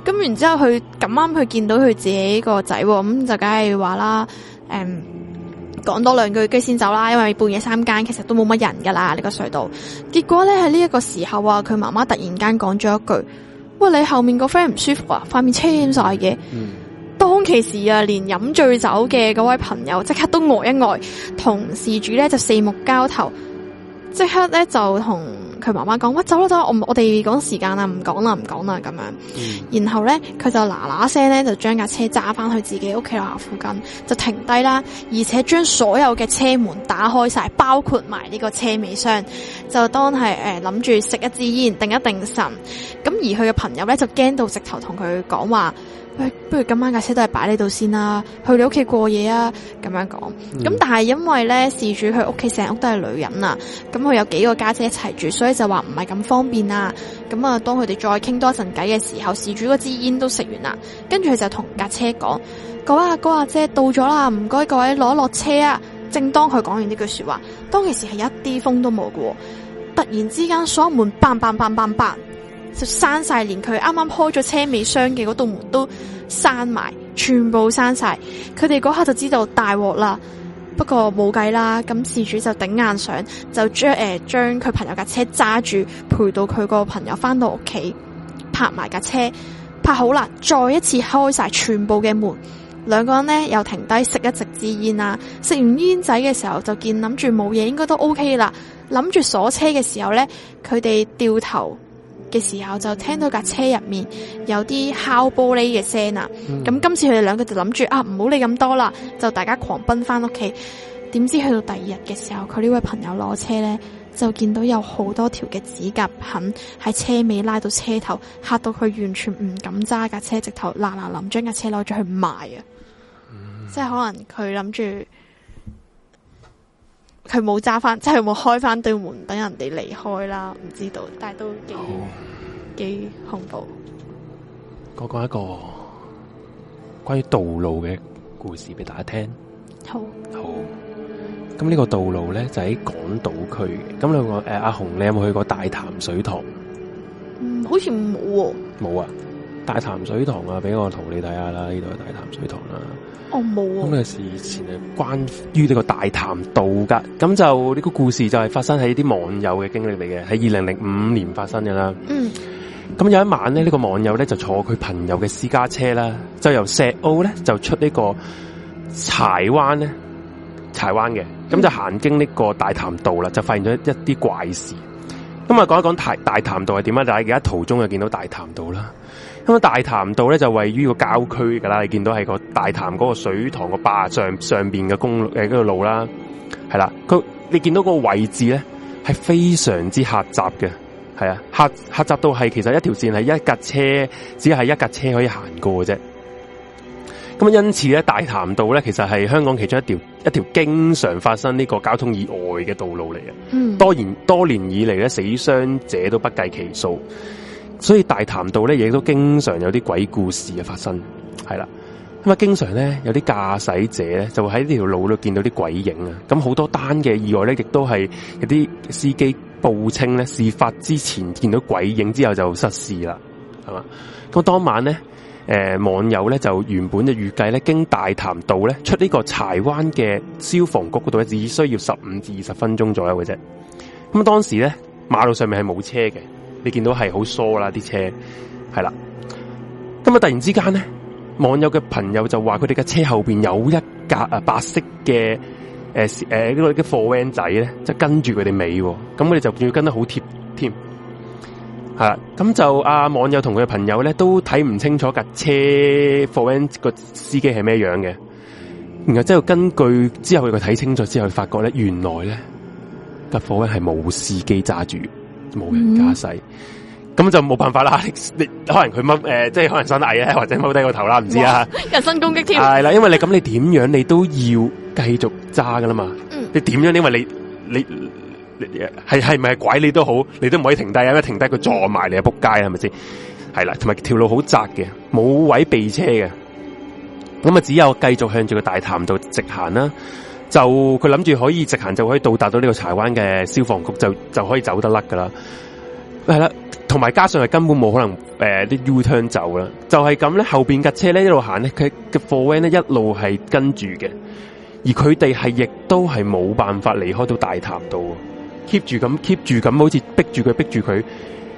嗯、然之後佢咁啱佢見到佢自己個仔，咁就梗係話啦，誒、嗯。講多兩句機先走啦，因為半夜三更其實都冇乜人噶啦，呢、這個隧道。結果咧，喺呢一個時候啊，佢媽媽突然間講咗一句：喂，你後面個 friend 唔舒服啊，塊面青晒嘅。當其時啊，連飲醉酒嘅嗰位朋友即刻都呆一呆，同事主咧就四目交投，即刻咧就同。佢媽媽講：「喂，走啦走啦，我我哋講時間啦，唔講啦，唔講啦咁樣。嗯。然後呢，佢就嗱嗱聲呢，就將架車揸翻去自己屋企樓下附近，就停低啦，而且將所有嘅車門打開晒，包括埋呢個車尾箱，就當係誒諗住食一支煙，定一定神。咁而佢嘅朋友呢，就驚到直頭，同佢講話。哎、不，不如今晚架車都係擺呢度先啦，啊，去你屋企過夜啊，咁樣講。咁、嗯、但係因為咧，事主佢屋企成屋都係女人啊，咁、嗯、佢有幾個家姐，姐一齊住，所以就話唔係咁方便啊。咁、嗯、啊，當佢哋再傾多一陣偈嘅時候，事主嗰支煙都食完啦，接著他就跟住佢就同架車講：各位阿哥阿姐，到咗啦，唔該各位攞落車啊。正當佢講完呢句說話，當其時係一啲風都冇嘅，突然之間，鎖門 bang b 就閂晒，連佢啱啱開咗車尾箱嘅嗰道門都閂埋，全部閂晒。佢哋嗰刻就知道大鑊啦。不過冇計啦，咁事主就頂硬上，就將誒將佢朋友架車揸住，陪到佢個朋友返到屋企，泊埋架車，泊好啦，再一次開晒全部嘅門。兩個人呢又停低食一席支煙啊，食完煙仔嘅時候就見諗住冇嘢，應該都 OK 啦。諗住鎖車嘅時候呢，佢哋掉頭。嘅時候就聽到架車入面有啲敲玻璃嘅聲、mm -hmm. 啊！咁今次佢哋兩個就諗住啊，唔好理咁多啦，就大家狂奔翻屋企。點知去到第二日嘅時候，佢呢位朋友攞車呢，就見到有好多條嘅指甲痕喺車尾拉到車頭，嚇到佢完全唔敢揸架車，直頭嗱嗱臨將架車攞咗去賣啊！Mm -hmm. 即係可能佢諗住。佢冇揸翻，即係佢冇開翻對門，等人哋離開啦，唔知道，但係都幾幾恐怖。
講講一個關於道路嘅故事俾大家聽。
好，好。
咁呢個道路咧就喺、是、港島區。咁兩個誒，阿紅你有冇、啊、去過大潭水塘？
嗯，好似冇。
冇啊。大潭水塘啊，俾我同你睇下啦！呢度係大潭水塘啦、
啊。哦，冇。咁
啊，事前係關於呢個大潭道噶。咁就呢、這個故事就係發生喺啲網友嘅經歷嚟嘅，喺二零零五年發生嘅啦。嗯。咁有一晚咧，呢、這個網友咧就坐佢朋友嘅私家車啦，就由石澳咧就出呢個柴灣咧，柴灣嘅，咁就行經呢個大潭道啦、嗯，就發現咗一啲怪事。咁啊，講一講大大潭道係點啊？而家現在在途中就見到大潭道啦。咁啊，大潭道咧就位於個郊區噶啦，你見到係個大潭嗰個水塘個壩上上邊嘅公路誒，嗰條路啦，係啦，佢你見到嗰個位置咧係非常之狹窄嘅，係啊，狹狹窄到係其實一條線係一架車只係一架車可以行過嘅啫。咁啊，因此咧，大潭道咧其實係香港其中一條一條經常發生呢個交通意外嘅道路嚟嘅。嗯，多年多年以嚟咧，死傷者都不計其數。所以大潭道咧，亦都經常有啲鬼故事嘅發生，係啦。咁啊，經常咧有啲駕駛者咧，就會喺呢條路度見到啲鬼影啊。咁好多單嘅意外咧，亦都係有啲司機報稱咧，事發之前見到鬼影之後就失事啦，係嘛？咁當晚咧，誒、呃、網友咧就原本就預計咧，經大潭道咧出呢個柴灣嘅消防局嗰度咧，只需要十五至二十分鐘左右嘅啫。咁當時咧馬路上面係冇車嘅。你見到係好疏啦，啲車係啦，咁啊突然之間咧，網友嘅朋友就話佢哋嘅車後邊有一架啊白色嘅誒誒，呢、呃呃這個嘅貨 van 仔咧，即係跟住佢哋尾，咁佢哋就仲要跟得好貼添，係、呃、啦，咁就網、啊、網友同佢嘅朋友咧都睇唔清楚架車貨 van 個個司機係咩樣嘅，然後之後根據之後佢睇清楚之後，發覺咧原來咧架貨 van 係冇司機揸住。冇人駕駛，咁就冇辦法啦！你，你，你可能佢掹，誒、呃，即係可能身矮啊，或者踎低個頭啦，唔知啊。
人身攻擊添係啦，因
為你咁你點樣你都要繼續揸噶啦嘛。嗯、你點樣因為你你係係咪係鬼你都好，你都唔可以停低啊！因為停低佢撞埋你啊，撲街，係咪先？係啦，同埋條路好窄嘅，冇位避車嘅，咁啊只有繼續向住個大潭度直行啦。就佢諗住可以直行就可以到達到呢個柴灣嘅消防局，就就可以走得甩噶啦。係啦，同埋加上係根本冇可能誒，啲、呃、U t n 走啦。就係咁咧，後邊架車咧一路行咧，佢嘅貨 v 呢咧一路係跟住嘅，而佢哋係亦都係冇辦法離開到大潭道，keep 住咁 keep 住咁，好似逼住佢逼住佢。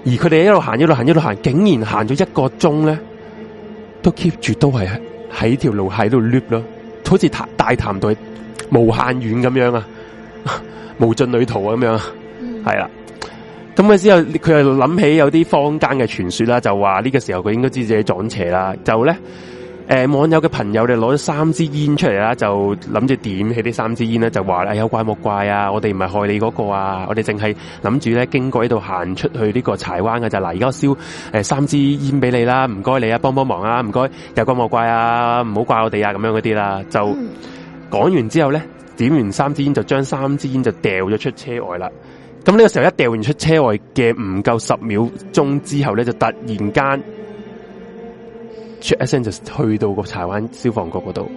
而佢哋一路行一路行一路行，竟然行咗一個鐘咧，都 keep 住都係喺條路喺度 lift 咯，好似大大潭道。無限遠咁樣啊，無盡旅途啊咁樣，係、嗯、啦，咁佢之後佢又諗起有啲坊間嘅傳說啦，就話呢個時候佢應該知自己撞邪啦，就咧，誒、呃、網友嘅朋友就攞咗三支煙出嚟啦，就諗住點起呢三支煙咧，就話、哎、有怪莫怪啊，我哋唔係害你嗰個啊，我哋淨係諗住咧經過呢度行出去呢個柴灣嘅就嗱，而家燒誒三支煙俾你啦，唔該你啊，幫幫忙啊，唔該有怪莫怪啊，唔好怪我哋啊，咁樣嗰啲啦就。嗯講完之後咧，點完三支煙就將三支煙就掉咗出車外啦。咁呢個時候一掉完出車外嘅，唔夠十秒鐘之後咧，就突然間出一聲就去到個柴灣消防局嗰度，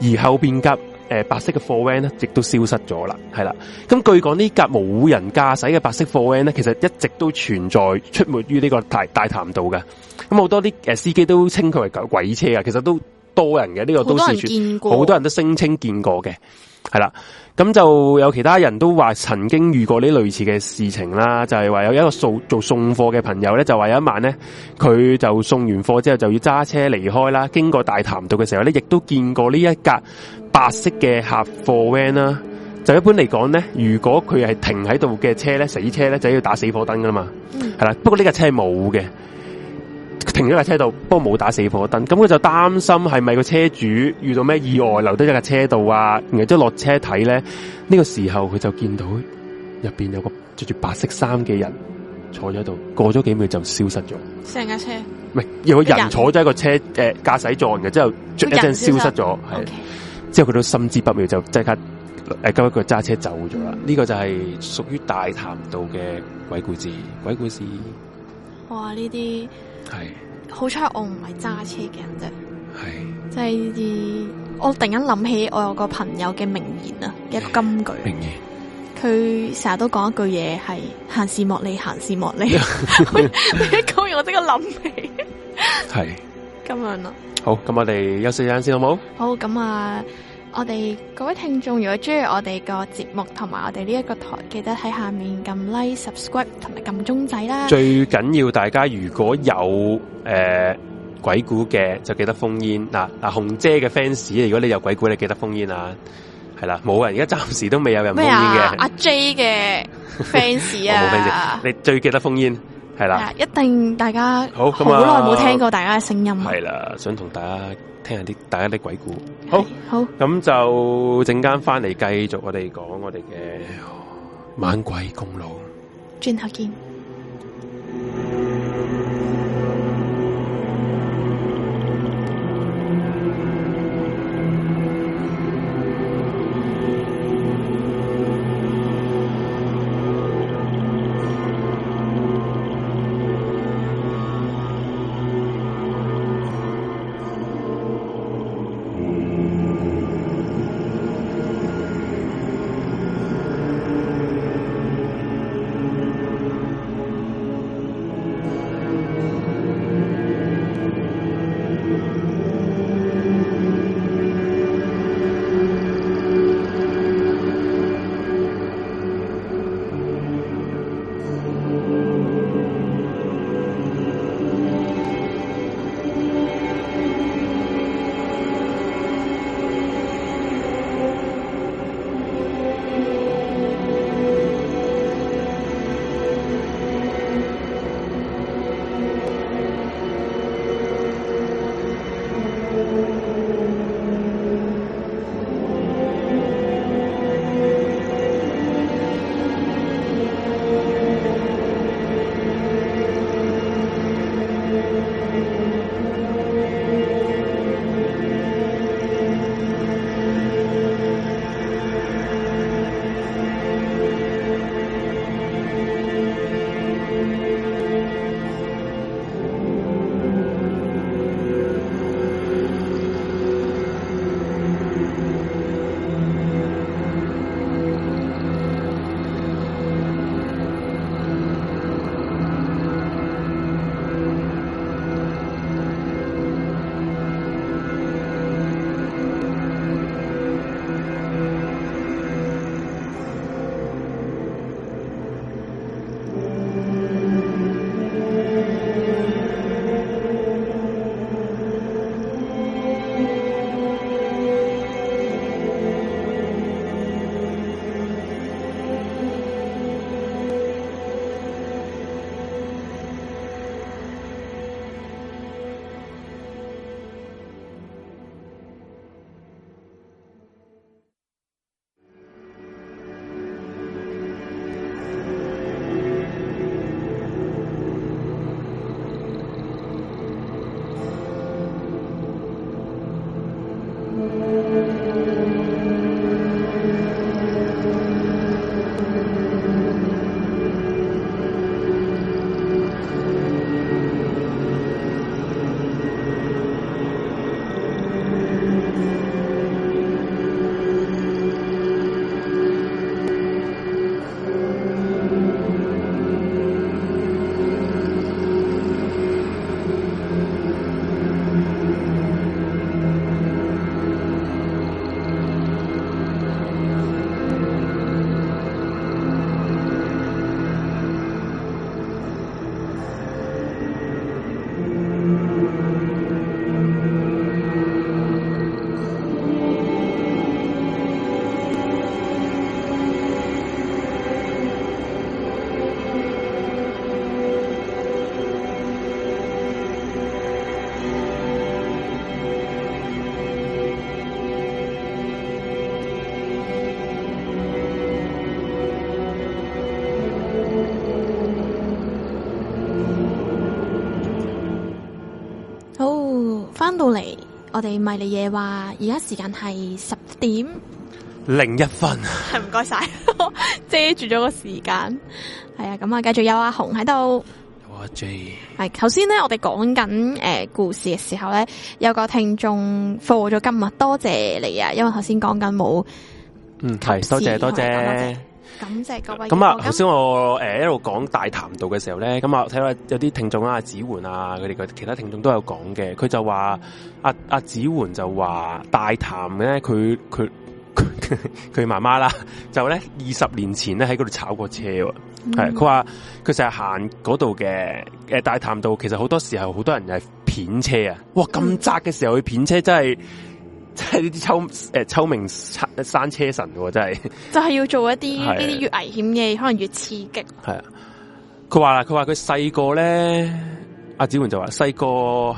而後邊急。誒、呃，白色嘅貨 van 咧，亦都消失咗啦。係啦，咁據講呢架無人駕駛嘅白色貨 van 咧，其實一直都存在出沒於呢個大大潭道嘅。咁好多啲誒、呃、司機都稱佢為鬼車啊，其實都。多人嘅呢、這個都市，好多，多人都聲稱見過嘅，係啦。咁就有其他人都話曾經遇過呢類似嘅事情啦。就係、是、話有一個送做，做送貨嘅朋友咧，就話有一晚咧，佢就送完貨之後就要揸車離開啦。經過大潭道嘅時候咧，亦都見過呢一架白色嘅客貨 van 啦。就一般嚟講咧，如果佢係停喺度嘅車咧，死車咧就要打死火燈噶啦嘛。係、嗯、啦，不過呢架車係冇嘅。停咗架車度，不過冇打死火燈，咁佢就擔心係咪個車主遇到咩意外，留低一架車度啊，然之後落車睇咧。呢、這個時候佢就見到入邊有個着住白色衫嘅人坐咗喺度，過咗幾秒就消失咗。
成架車
唔係有人坐咗喺個車誒、呃 okay. 呃、駕駛座嘅，之後一陣消失咗，係之後佢都心知不妙，就即刻誒急一佢揸車走咗啦。呢、嗯這個就係屬於大潭道嘅鬼故事，鬼故事。
哇！呢啲係。好彩我唔係揸車嘅人啫，係、嗯、就係呢啲。我突然間諗起我有個朋友嘅名言啊，一個金句、名言，佢成日都講一句嘢，係閒事莫理、閒事莫理。你一講 完 我即刻諗起，
係咁樣啦。好，咁我哋休息一陣先好冇？
好，咁啊。我哋各位聽眾，如果中意我哋個節目同埋我哋呢一個台，記得喺下面撳 Like、Subscribe 同埋撳鐘仔啦。最
緊要大家如果有誒、呃、鬼故嘅，就記得封煙嗱嗱紅姐嘅 fans，如果你有鬼故，你記得封煙啊，係啦，冇啊，而家暫時都未有人封煙嘅。阿 J 嘅 fans 啊，粉啊， 你最記得封煙，係啦，一
定大家好咁好耐冇聽過大家嘅聲音，係
啦，想同大家。聽下啲大家啲鬼故，好，好，咁就陣間翻嚟繼續我哋講我哋嘅《晚鬼公路》，
轉頭見。你咪你嘢話，而家時間係十點
零一分，
係唔該晒遮住咗個時間，係啊，咁啊，繼續有阿紅喺度，有阿 Jay，係頭先咧，我哋講緊誒故事嘅時候咧，有個聽眾放咗今日。多謝你啊，因為頭先講緊冇，
嗯係，多謝多謝。感謝各位。咁啊，頭先我誒、欸、一路講大潭道嘅時候咧，咁啊睇下有啲聽眾啊，子桓啊，佢哋嘅其他聽眾都有講嘅。佢就話阿阿子桓就話大潭咧，佢佢佢媽媽啦，就咧二十年前咧喺嗰度炒過車喎。係，佢話佢成日行嗰度嘅大潭道，其實好多時候好多人係片車啊！哇，咁窄嘅時候去片、嗯、車真，真係～即係呢啲秋誒秋、呃、名山車神喎、啊，真
係就係要做一啲呢啲越危險嘅，啊、可能越刺激。
係啊，佢話啦，佢話佢細個咧，阿、啊、子煥就話細個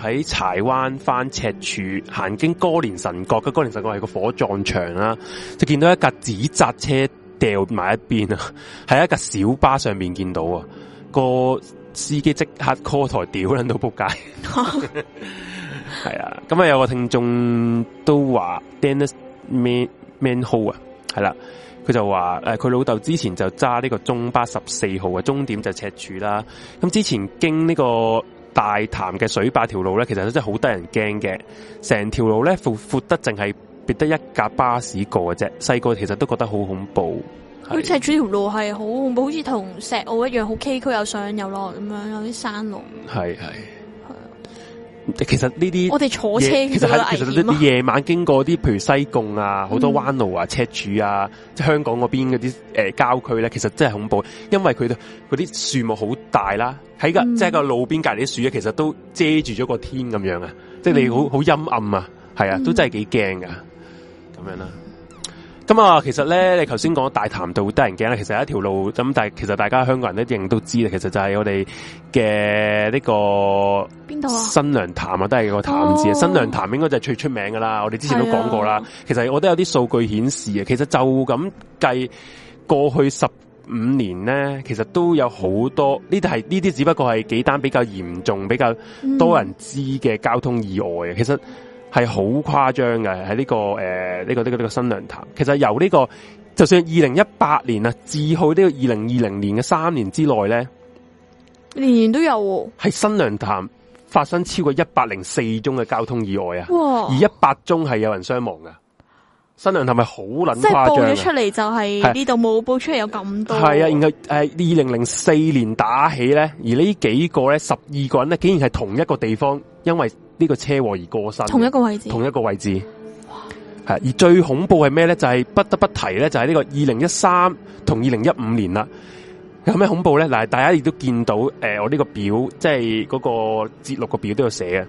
喺柴灣返赤柱，行經歌連臣角嘅，歌連臣角係個火葬場啦，就見到一架紙紮車掉埋一邊啊，喺一架小巴上面見到啊，個司機即刻 call 台屌撚到仆街。係啊，咁啊有個聽眾都話 Dennis Man Man Ho 啊，係啦，佢就話誒佢老豆之前就揸呢個中巴十四號嘅終點就赤柱啦，咁之前經呢個大潭嘅水壩條路咧，其實真係好得人驚嘅，成條路咧闊闊得淨係，別得一架巴士過嘅啫，細個其實都覺得好恐怖。佢、啊、赤
柱條路係好恐怖，好似同石澳一樣，好崎嶇又上又落咁樣，有啲山路、啊。
係係。其實呢啲我哋坐車、啊、其實係其實你夜晚經過啲，譬如西貢啊，好多彎路啊、嗯、赤柱啊，即係香港嗰邊嗰啲誒郊區咧，其實真係恐怖，因為佢哋嗰啲樹木好大啦，喺個、嗯、即係個路邊隔籬啲樹咧，其實都遮住咗個天咁樣啊，即係你好好陰暗啊，係啊，都真係幾驚噶，咁樣啦。咁啊，其實咧，你頭先講大潭道得人驚啦，其實有一條路咁，但係其實大家香港人都一定都知啦，其實就係我哋嘅呢個邊度啊，新娘潭啊，都係個潭字啊、哦。新娘潭應該就係最出名噶啦。我哋之前都講過啦。啊、其實我都有啲數據顯示啊，其實就咁計過去十五年咧，其實都有好多呢啲係呢啲，只不過係幾單比較嚴重、比較多人知嘅交通意外啊。嗯、其實。係好誇張嘅喺，呢個誒呢、呃這個呢、這個呢、這個新娘潭，其實由呢、這個就算二零一八年啊，至去呢個二零二零年嘅三年之內咧，年
年都有、
哦。喺新娘潭發生超過一百零四宗嘅交通意外啊，而一百宗係有人傷亡㗎。新梁係咪好捻誇張？即係報咗出嚟
就係呢度冇報出嚟有咁多。
係啊，然後誒，二零零四年打起咧，而呢幾個咧，十二個人咧，竟然係同一個地方，因為呢個車禍而過身。同一個位置。同一個位置。係、啊，而最恐怖係咩咧？就係、是、不得不提咧，就係呢個二零一三同二零一五年啦。有咩恐怖咧？嗱，大家亦都見到誒、呃，我呢個表即係嗰個節錄個表都有寫啊。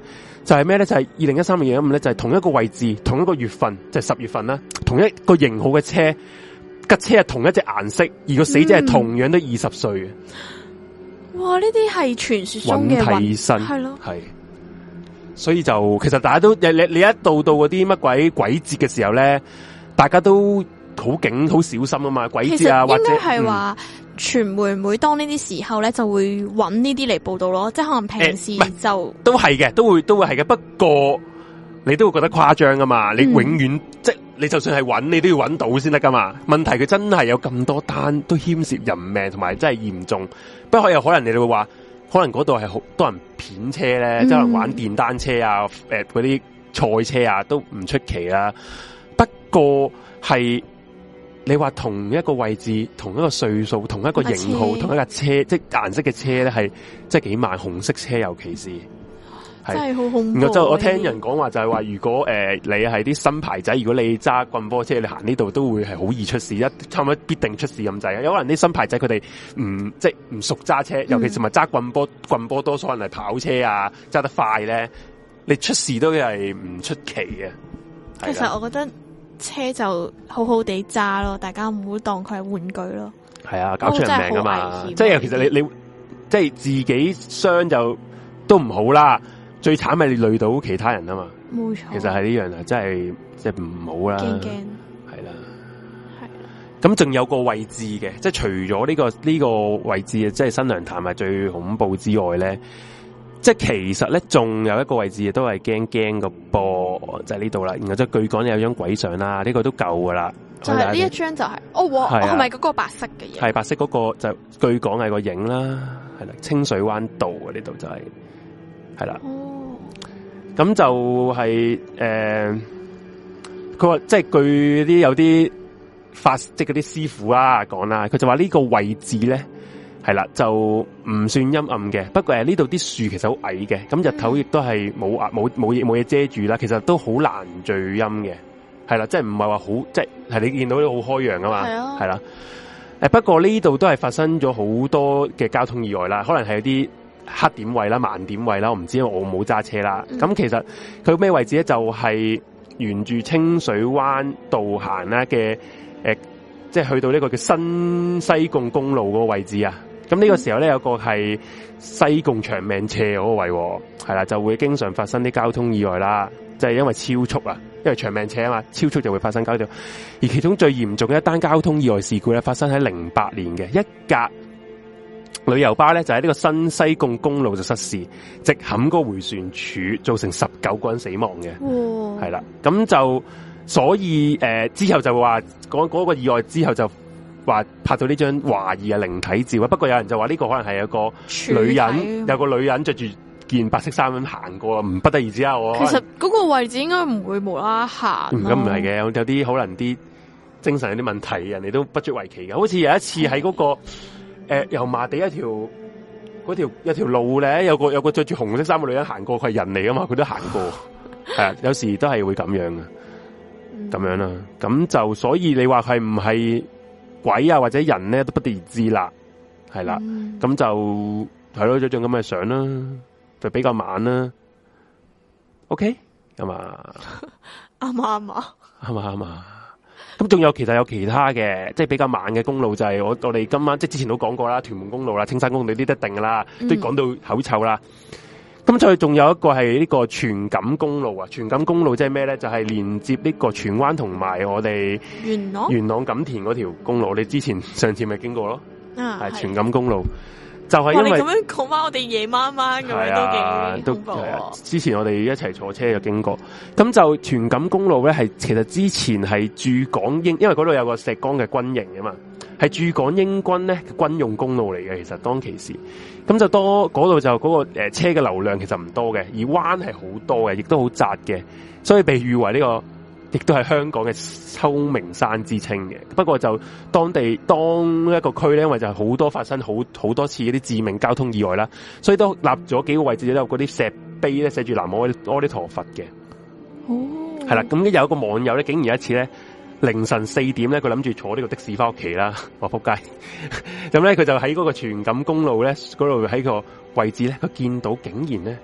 就係咩咧？就係二零一三年一月五咧，就係同一個位置，同一個月份，就係、是、十月份啦。同一個型號嘅車，架車係同一隻顏色，而個死者係同樣都二十歲
嘩，哇！呢啲係傳說中嘅替身，係
咯，係。所以就其實大家都，你你，你一到到嗰啲乜鬼鬼節嘅時候咧，大家都好驚好小心啊嘛，鬼節啊或者。嗯
傳媒每當呢啲時候咧，就會揾呢啲嚟報道咯，即係可能平時就、欸、唔
係、都係嘅，都會都會係嘅。不過你都會覺得誇張㗎嘛？嗯、你永遠即係你就算係揾，你都要揾到先得㗎嘛？問題佢真係有咁多單都牽涉人命，同埋真係嚴重。不過有可能你哋會話，可能嗰度係好多人片車咧，嗯、即係玩電單車啊，誒嗰啲賽車啊，都唔出奇啦、啊。不過係。你話同一個位置、同一個歲數、同一個型號、同一架車，即係顏色嘅車咧，係即係幾萬紅色車、呃、車，車，尤其是，真係
好恐怖。然後就我聽人
講話，就係話如果誒你係啲新牌仔，如果你揸棍波車，你行呢度都會係好易出事，一差唔多必定出事咁滯。有可能啲新牌仔佢哋唔即係唔熟揸車，尤其是咪揸棍波，棍波多數人係跑車啊，揸得快咧，你出事都係唔出奇嘅。其實我
覺得。
車就好好地揸咯，大家唔好當佢係玩具咯。
係啊，搞出人命噶嘛，即係其實你你即係自己傷就都唔好啦，最慘係你累到其他人啊嘛。冇錯，其實係呢樣啊，真係即係唔好啦。驚驚，
係啦，係啦。
咁仲有個位置嘅，即係除咗呢個呢個位置啊，即係新娘潭係最恐怖之外咧。即係其實咧，仲有一個位置亦都係驚驚個波，就係呢度啦。然後係據講有張鬼相啦，呢、這個都夠噶啦。就係、是、呢一
張就係、是，哦，係咪嗰個白色嘅
嘢？係白色嗰個就據講係個影啦，係啦、啊，清水灣道、就是、啊呢度就係，係啦。哦，咁就係、是、誒，佢、呃、話即係據啲有啲法即係嗰啲師傅啊講啦，佢就話呢個位置咧。係啦，就唔算陰暗嘅。不過誒，呢度啲樹其實好矮嘅，咁日頭亦都係冇啊冇冇嘢冇嘢遮住啦。其實都好難聚陰嘅。係啦，即係唔係話好，即係你見到都好開揚，啊嘛。係啦。誒，不過呢度都係發生咗好多嘅交通意外啦，可能係有啲黑點位啦，盲點位啦，我唔知，我冇揸車啦。咁、嗯、其實佢咩位置咧？就係、是，沿住清水灣道行啦嘅，誒、呃、即、就、係、是，去到呢個叫新西貢公路嗰個位置啊。咁、嗯、呢個時候咧，有個係西貢長命斜嗰個位，係啦，就會經常發生啲交通意外啦，就係、是、因為超速啊，因為長命斜啊嘛，超速就會發生交通意外。而其中最嚴重嘅一單交通意外事故咧，發生喺零八年嘅一架旅遊巴咧，就喺呢個新西貢公路就失事，直冚個回旋處，造成十九個人死亡嘅。係係啦，咁就所以誒、呃，之後就話嗰、那個意外之後就。話拍到呢張懷疑嘅靈體照啊！不過有人就話呢個可能係一個女人，啊、有個女人着住件白色衫咁行過，唔不，不得而知啊！我其實
嗰個位置應該唔會冇啦啦行。咁唔係
嘅，有啲可能啲精神有啲問題，人哋都不足為奇嘅。好似有一次喺嗰、那個誒油麻地一條嗰條有條路咧，有個有個着住紅色衫嘅女人行過，佢係人嚟㗎嘛，佢都行過。係 啊，有時都係會咁樣嘅，咁、嗯、樣啦、啊。咁就所以你話係唔係？鬼啊，或者人咧，都不得而知啦，係啦，咁、嗯、就係咯，就仲咁嘅相啦，就比較慢啦。OK，係嘛，
啱嘛啱嘛，
啱嘛啱嘛。咁仲有，其實有其他嘅，即係比較慢嘅公路就係我我哋今晚即係之前都講過啦，屯門公路啦，青山公路呢啲一定噶啦，嗯、都講到口臭啦。咁再仲有一個係呢個荃錦公路啊，荃錦公路即係咩咧？就係、是、連接呢個荃灣同埋我哋元朗、元朗錦田嗰條公路。你之前上次咪經過咯，
係荃
錦公路，就係、是、因為咁樣
講翻我哋夜媽媽咁樣
都勁恐怖、哦、之前我哋一齊坐車嘅經過，咁、嗯、就荃錦公路咧係其實之前係駐港英，因為嗰度有個石崗嘅軍營啊嘛。係駐港英軍咧嘅軍用公路嚟嘅，其實當其時，咁就多嗰度就嗰、那個誒、呃、車嘅流量其實唔多嘅，而彎係好多嘅，亦都好窄嘅，所以被譽為呢、這個，亦都係香港嘅秋名山之稱嘅。不過就當地當一個區咧，因為就好多發生好好多，多次一啲致命交通意外啦，所以都立咗幾個位置都有嗰啲石碑咧，寫住南無阿阿彌陀佛嘅。哦、
嗯，係啦，
咁有一個網友咧，竟然有一次咧。凌晨四點咧，佢諗住坐呢個的士翻屋企啦，我仆街。咁咧，佢 就喺嗰個荃錦公路咧嗰度，喺個位置咧，佢見到竟然咧，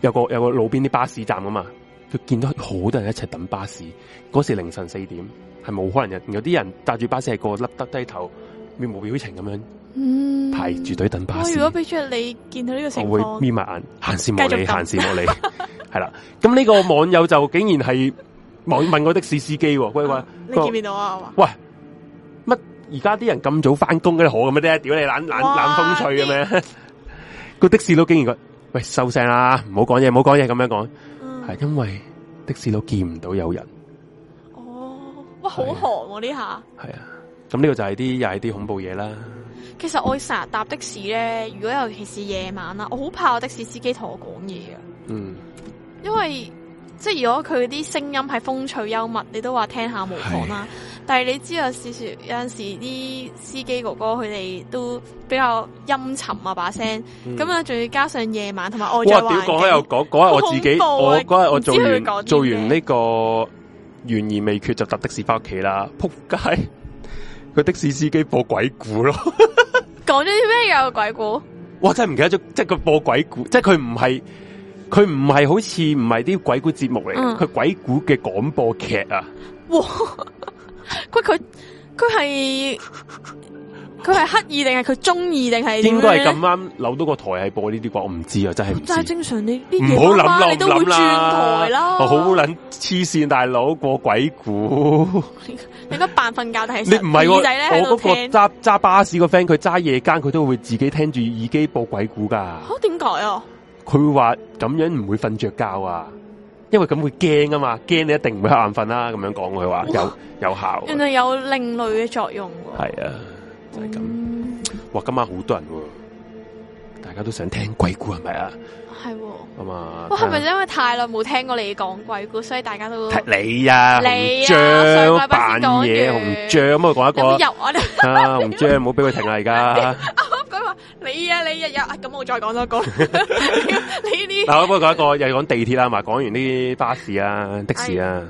有個有個路邊啲巴士站啊嘛，佢見到好多人一齊等巴士。嗰時凌晨四點，係冇可能有啲人搭住巴士係個粒得低頭，面無表情咁樣，
嗯，排
住隊等巴士。如果
俾出你見到呢個情況會眯
埋眼，閒事莫理，閒事莫理，係 啦。咁呢個網友就竟然係。望問過的士司機，佢喂、啊，你見唔見到啊？喂乜？而家啲人咁早翻工嘅，好咁嘅啫，屌你懶懶懶風趣嘅咩？個 的士佬竟然喂話喂收聲啦，唔好講嘢，唔好講嘢咁樣講，係、嗯、因為的士佬見唔到有人。
哦，哇，好寒喎呢下。
係啊，咁呢、啊、個就係啲又係啲恐怖嘢啦。
其實我成日搭的士咧，如果尤其是夜晚啦，我好怕我的士司機同我講嘢啊，嗯，因為。即係如果佢啲聲音係風趣幽默，你都話聽下無妨啦。但係你知道有，有時有陣時啲司機哥哥佢哋都比較陰沉啊把聲。咁、嗯、啊，仲要加上夜晚同埋我哇！屌，講開又
講，講下我自己，啊、我嗰日我做完做完呢、這個懸而未決，就搭的士翻屋企啦。扑街！個 的士司機播鬼故咯，
講咗啲咩有鬼故？
我真係唔記得咗，即係佢播鬼故，即係佢唔係。佢唔係好似唔係啲鬼故節目嚟，嘅、嗯，佢鬼故嘅廣播劇啊！
佢佢佢係佢係刻意定係佢中意定係？應該係咁
啱扭到個台係播呢啲嘅，我唔知，我唔知啊，真係
唔正常，你唔好諗，你都會轉台啦、啊。好捻
黐線大佬過鬼故，
你而家扮瞓覺睇。你唔係我我個
揸揸巴士個 friend，佢揸夜間佢都會自己聽住耳機播鬼故噶。
好點解啊？
佢會話咁樣唔會瞓着覺啊，因為咁會驚啊嘛，驚你一定唔會瞌眼瞓啦。咁樣講佢話有有效，原
來有另類嘅作用、啊。係啊，就係、是、咁、嗯。
哇，今晚好多人、啊，大家都想聽鬼故，係咪啊？係喎，咁啊，哇！係咪因
為太耐冇聽過你講鬼故，所以大家都你啊，
你呀？大伯先講完紅章啊，講一講，
有啊，阿
紅章，唔好俾佢停啊，而家
阿話，你啊，你日日咁，我再講多講、 啊，你呢？啲我
再講一講，又講地鐵啦同埋講完啲巴士啊、的士啊。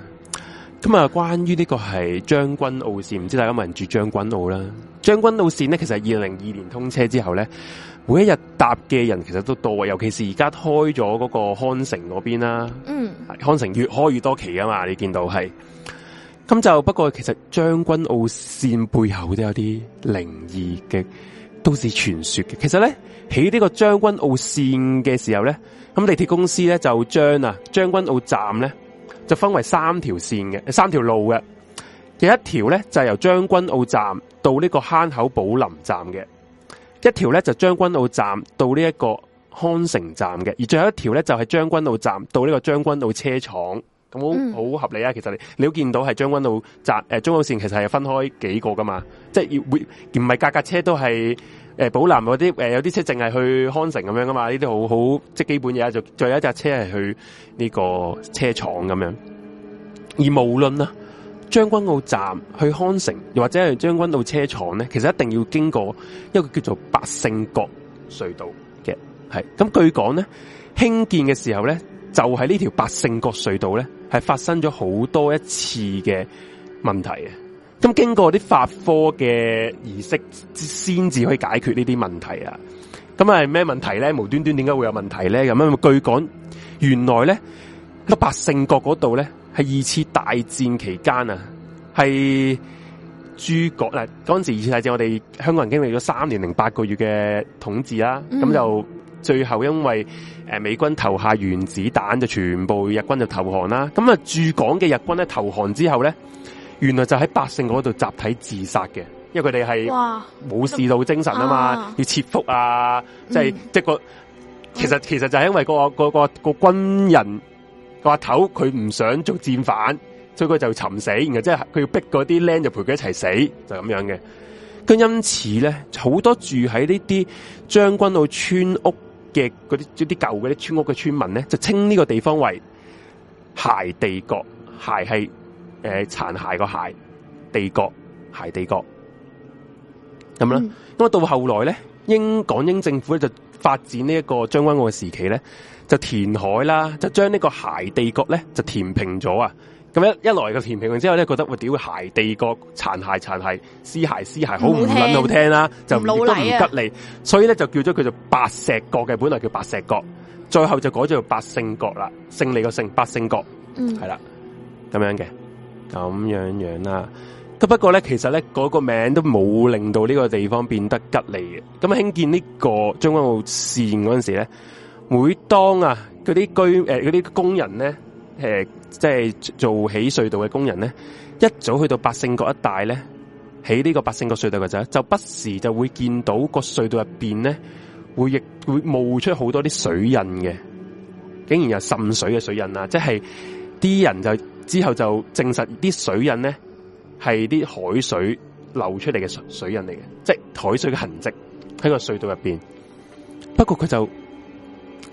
咁、哎、啊，關於呢個係將軍澳線，唔知大家有冇人住將軍澳啦？將軍澳線呢，其實係二零零二年通車之後咧。每一日搭嘅人其實都多啊，尤其是而家開咗嗰個康城嗰邊啦。嗯，康城越開越多期啊嘛，你見到係。咁就不過其實將軍澳線背後都有啲靈異嘅，都市傳說嘅。其實咧，起呢個將軍澳線嘅時候咧，咁地鐵公司咧就將啊將軍澳站咧就分為三條線嘅，三條路嘅。有一條咧就係由將軍澳站到呢個坑口寶林站嘅。一條咧就將軍澳站到呢一個康城站嘅，而最後一條咧就係、是、將軍澳站到呢個將軍澳車廠，咁好、嗯、合理啊！其實你你都見到係將軍澳站誒、呃，中澳線其實係分開幾個噶嘛，即係唔係架架車都係誒寶南嗰啲誒有啲、呃、車淨係去康城咁樣噶嘛，呢啲好好即係基本嘢、啊，就最後一架車係去呢個車廠咁樣，而無論啦將軍澳站去康城，又或者係將軍澳車廠咧，其實一定要經過一個叫做百勝角隧道嘅，係咁據講咧，興建嘅時候咧，就喺呢條百勝角隧道咧，係發生咗好多一次嘅問題。咁經過啲法科嘅儀式，先至可以解決呢啲問題啊。咁係咩問題咧？無端端點解會有問題咧？咁樣據講，原來咧，個百勝角嗰度咧。係二次大戰期間啊，係駐港啊嗰陣時，二次大戰我哋香港人經歷咗三年零八個月嘅統治啦，咁、嗯、就最後因為誒美軍投下原子彈，就全部日軍就投降啦。咁啊駐港嘅日軍咧投降之後咧，原來就喺百姓嗰度集體自殺嘅，因為佢哋係冇士道精神啊嘛，啊要切腹啊，就是嗯、即係即係個其實其實就係因為、個、個、個、個軍人。個話頭佢唔想做戰犯，所以佢就尋死，然後即係佢要逼嗰啲僆就陪佢一齊死，就咁、是、樣嘅。咁因此咧，好多住喺呢啲將軍澳村屋嘅嗰啲舊啲舊啲村屋嘅村民咧，就稱呢個地方為鞋地角，鞋係誒、呃、殘鞋個鞋地角，鞋地角咁啦。咁啊、嗯、到後來咧，英港英政府咧就發展呢一個將軍澳嘅時期咧。就填海啦，就將呢個鞋地角咧就填平咗啊！咁一一來就填平完之後咧，覺得哇屌鞋地角殘骸殘骸屍骸屍骸好唔捻好聽啦、啊，就亦、啊、都唔吉利，所以咧就叫咗佢做白石角嘅，本來叫白石角，最後就改咗做百勝角啦，勝利個勝，百勝角，係、嗯、啦，咁樣嘅，咁樣樣啦。不過咧，其實咧嗰、那個名都冇令到呢個地方變得吉利嘅。咁興建、這個、中呢個將軍澳線嗰陣時咧。每當啊嗰啲居誒嗰啲、呃、工人咧誒，即、呃、係、就是、做起隧道嘅工人咧，一早去到百勝角一帶咧，喺呢個百勝角隧道嘅時候，就不時就會見到那個隧道入邊咧，會亦會冒出好多啲水印嘅，竟然有滲水嘅水印啊。即係啲人就之後就證實啲水印咧係啲海水流出嚟嘅水水印嚟嘅，即、就、係、是、海水嘅痕跡喺個隧道入邊。不過佢就。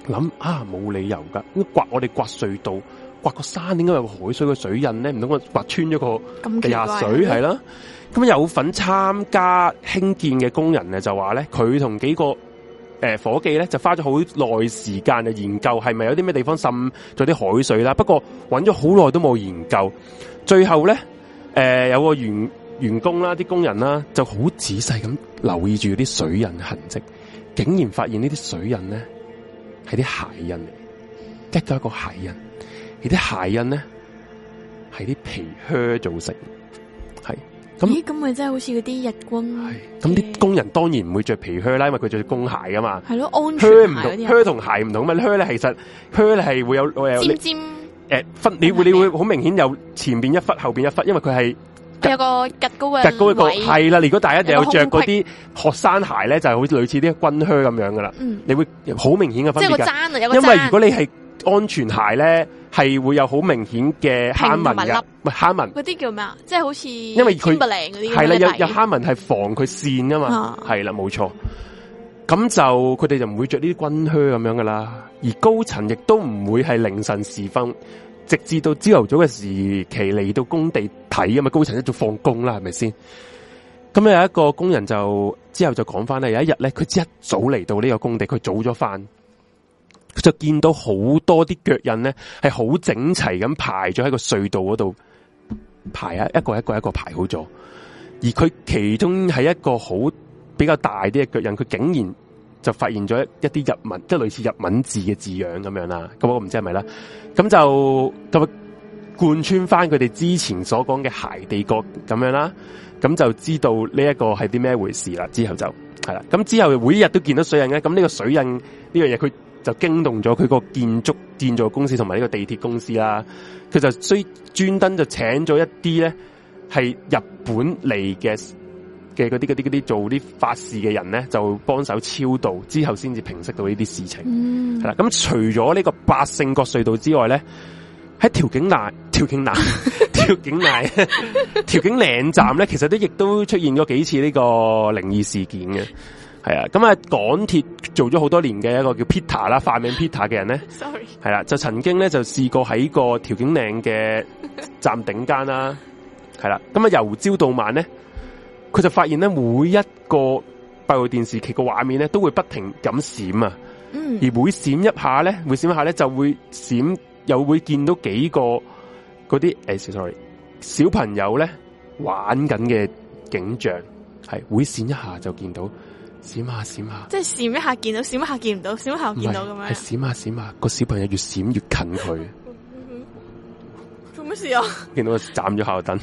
諗啊，冇理由噶！咁刮，我哋刮隧道，刮個山點解，有海水嘅水印咧？唔通我刮穿咗個地下水系啦？咁有份參加興建嘅工人咧就話咧，佢同幾個誒、呃、伙計咧就花咗好耐時間啊研究，係咪有啲咩地方滲咗啲海水啦？不過揾咗好耐都冇研究，最後咧誒、呃、有個員員工啦，啲工人啦就好仔細咁留意住啲水印痕迹，竟然發現呢啲水印咧。係啲鞋印嚟，一個一個鞋印，而啲鞋印咧係啲皮靴造成的，係。咦？
咁咪真係好似嗰啲日軍。
咁啲工人當然唔會着皮靴啦，因為佢着公鞋噶嘛。係
咯，安全靴唔同靴
同鞋唔同。咁啊靴咧，其實靴咧係會有尖尖，誒、呃，分你會你會好明顯有前邊一忽後邊一忽，因為佢係。有
個夾高嘅，係啦。如果大家一定又着嗰啲
學生鞋咧，就好、是、似類似啲軍靴咁樣噶啦。你、嗯、會好明顯嘅分界啊。因為如果你係安全鞋咧，係會有好明顯嘅慳紋噶，慳紋。嗰
啲
叫咩啊？即係好似。因為佢係啦，有有
慳紋係防佢線啊嘛。係、啊、啦，冇錯。咁就佢哋就唔會着呢啲軍靴咁樣噶啦。而高層亦都唔會係凌晨時分。直至到朝頭早嘅時期嚟到工地睇啊嘛，高層一早放工啦，係咪先？咁、嗯、有一個工人就之後就講翻咧，有一日咧，佢一早嚟到呢個工地，佢早咗翻，佢就見到好多啲腳印咧，係好整齊咁排咗喺個隧道嗰度，排啊一個一個一個排好咗，而佢其中係一個好比較大啲嘅腳印，佢竟然。就發現咗一啲日文，即係類似日文字嘅字樣咁樣啦。咁我唔知係咪啦。咁就咁貫穿翻佢哋之前所講嘅鞋地國咁樣啦。咁就知道呢一個係啲咩回事啦。之後就係啦。咁之後每一日都見到水印嘅。咁呢個水印呢樣嘢，佢就驚動咗佢個建築建造公司同埋呢個地鐵公司啦。佢就需專登就請咗一啲咧係日本嚟嘅。嘅嗰啲嗰啲嗰啲做啲法事嘅人咧，就幫手超度，之後先至平息到呢啲事情。係、嗯、啦，咁除咗呢個百勝角隧道之外咧，喺調景南、調景南、調 景南那、調 景嶺站咧，其實都亦都出現咗幾次呢個靈異事件嘅。係啊，咁啊，港鐵做咗好多年嘅一個叫 Peter 啦，化名 Peter 嘅人咧，Sorry，係啦，就曾經咧就試過喺個調景嶺嘅站頂間啦，係啦，咁啊由朝到晚咧。佢就發現咧，每一個閉路電視劇嘅畫面咧，都會不停咁閃啊！而每閃一下咧，每閃一下咧，就會閃又會見到幾個嗰啲誒，sorry，小朋友咧玩緊嘅景象，係會閃一下就見到閃下閃下，
即係閃一下見到，閃一下見唔到，閃一下見到咁樣，係
閃下閃下個小朋友越閃越近佢。越 冇事啊！見到我斬咗下個燈。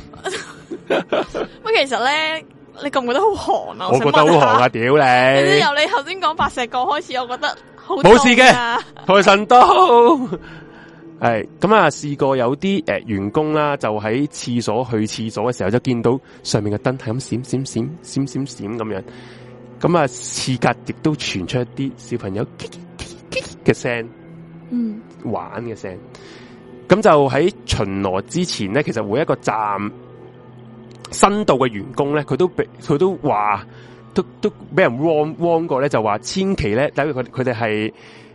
乜其實咧，你覺唔覺得好寒啊？我覺得好寒啊！
屌你！由
你頭先講白石角開始，我覺得好冇事嘅
財神刀。係咁啊！試 過有啲誒員工啦，就喺廁所去廁所嘅時候，就見到上面嘅燈係咁閃閃閃閃閃閃咁樣閃閃閃閃。咁啊，刺格亦都傳出一啲小朋友嘅聲，嗯，玩嘅聲。咁就喺巡邏之前咧，其實每一個站新到嘅員工咧，佢都佢都話，都都俾人 warn warn 過咧，就話千祈咧，第一佢佢哋係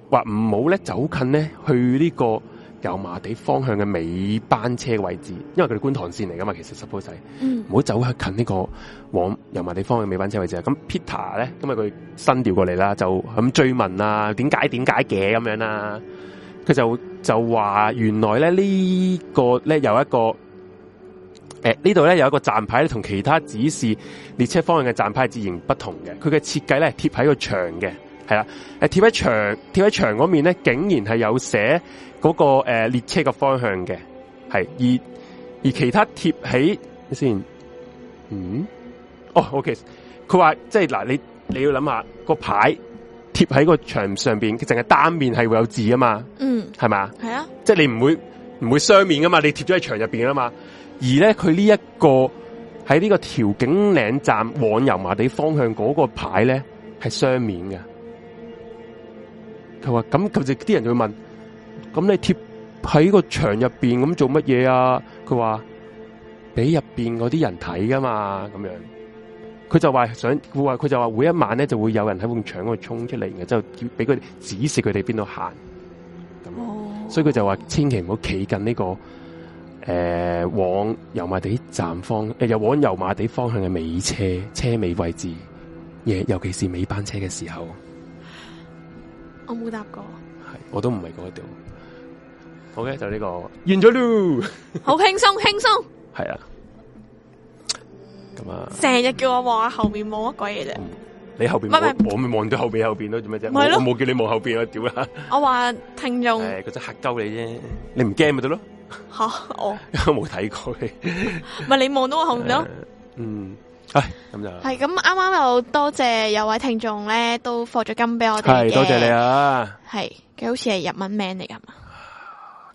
話唔好咧走近咧去呢個油麻地方向嘅尾班車嘅位置，因為佢哋觀塘線嚟㗎嘛，其實 suppose 仔，唔、嗯、好走近呢個往油麻地方向嘅尾班車位置。咁 Peter 咧，今日佢新調過嚟啦，就咁追問啊，點解點解嘅咁樣啦、啊，佢就。就話原來咧呢，呢個咧有一個誒、呃、呢度咧有一個站牌咧同其他指示列車方向嘅站牌截然不同嘅，佢嘅設計咧貼喺個牆嘅，係啦，係、呃、貼喺牆貼喺牆嗰面咧，竟然係有寫嗰、嗰個誒、呃、列車嘅方向嘅，係而而其他貼喺先，嗯，哦、oh，OK，佢話即係嗱，你你要諗下，個牌。貼喺個牆上邊，佢淨係單面係會有字啊嘛，嗯，係咪？係啊，即係你唔會唔會雙面噶嘛，你貼咗喺牆入邊啊嘛，而咧佢呢他這一個喺呢個調景嶺站往油麻地方向嗰個牌咧係雙面嘅，佢話咁，佢就啲人就會問，咁你貼喺個牆入邊咁做乜嘢啊？佢話俾入邊嗰啲人睇噶嘛，咁樣。佢就話想，話佢就話每一晚咧就會有人喺埲牆度衝出嚟，然之後叫俾佢指示佢哋邊度行。
咁、
oh.，所以佢就話千祈唔好企近呢、這個誒、呃、往油麻地站方誒又、呃、往油麻地方向嘅尾車車尾位置嘢，尤其是尾班車嘅時候。
我冇搭過，
係我都唔係嗰度。好、okay, k 就呢、這個完咗咯，
好輕鬆輕鬆，
係啊。成
日叫我望下後邊冇乜鬼嘢啫？
你後邊唔係唔係我咪望到後邊後邊咯？做咩啫？咪咯，我冇叫你望後邊啊！屌啦！
我話聽眾，係
嗰啲嚇鳩你啫，你唔驚咪得咯？吓我冇睇過，
咪你望到我後邊咯？嗯，唉
咁就係
咁啱啱又多謝有位聽眾咧，都放咗金俾我哋嘅。多謝你
啊！
係佢好似係日文名嚟噶嘛？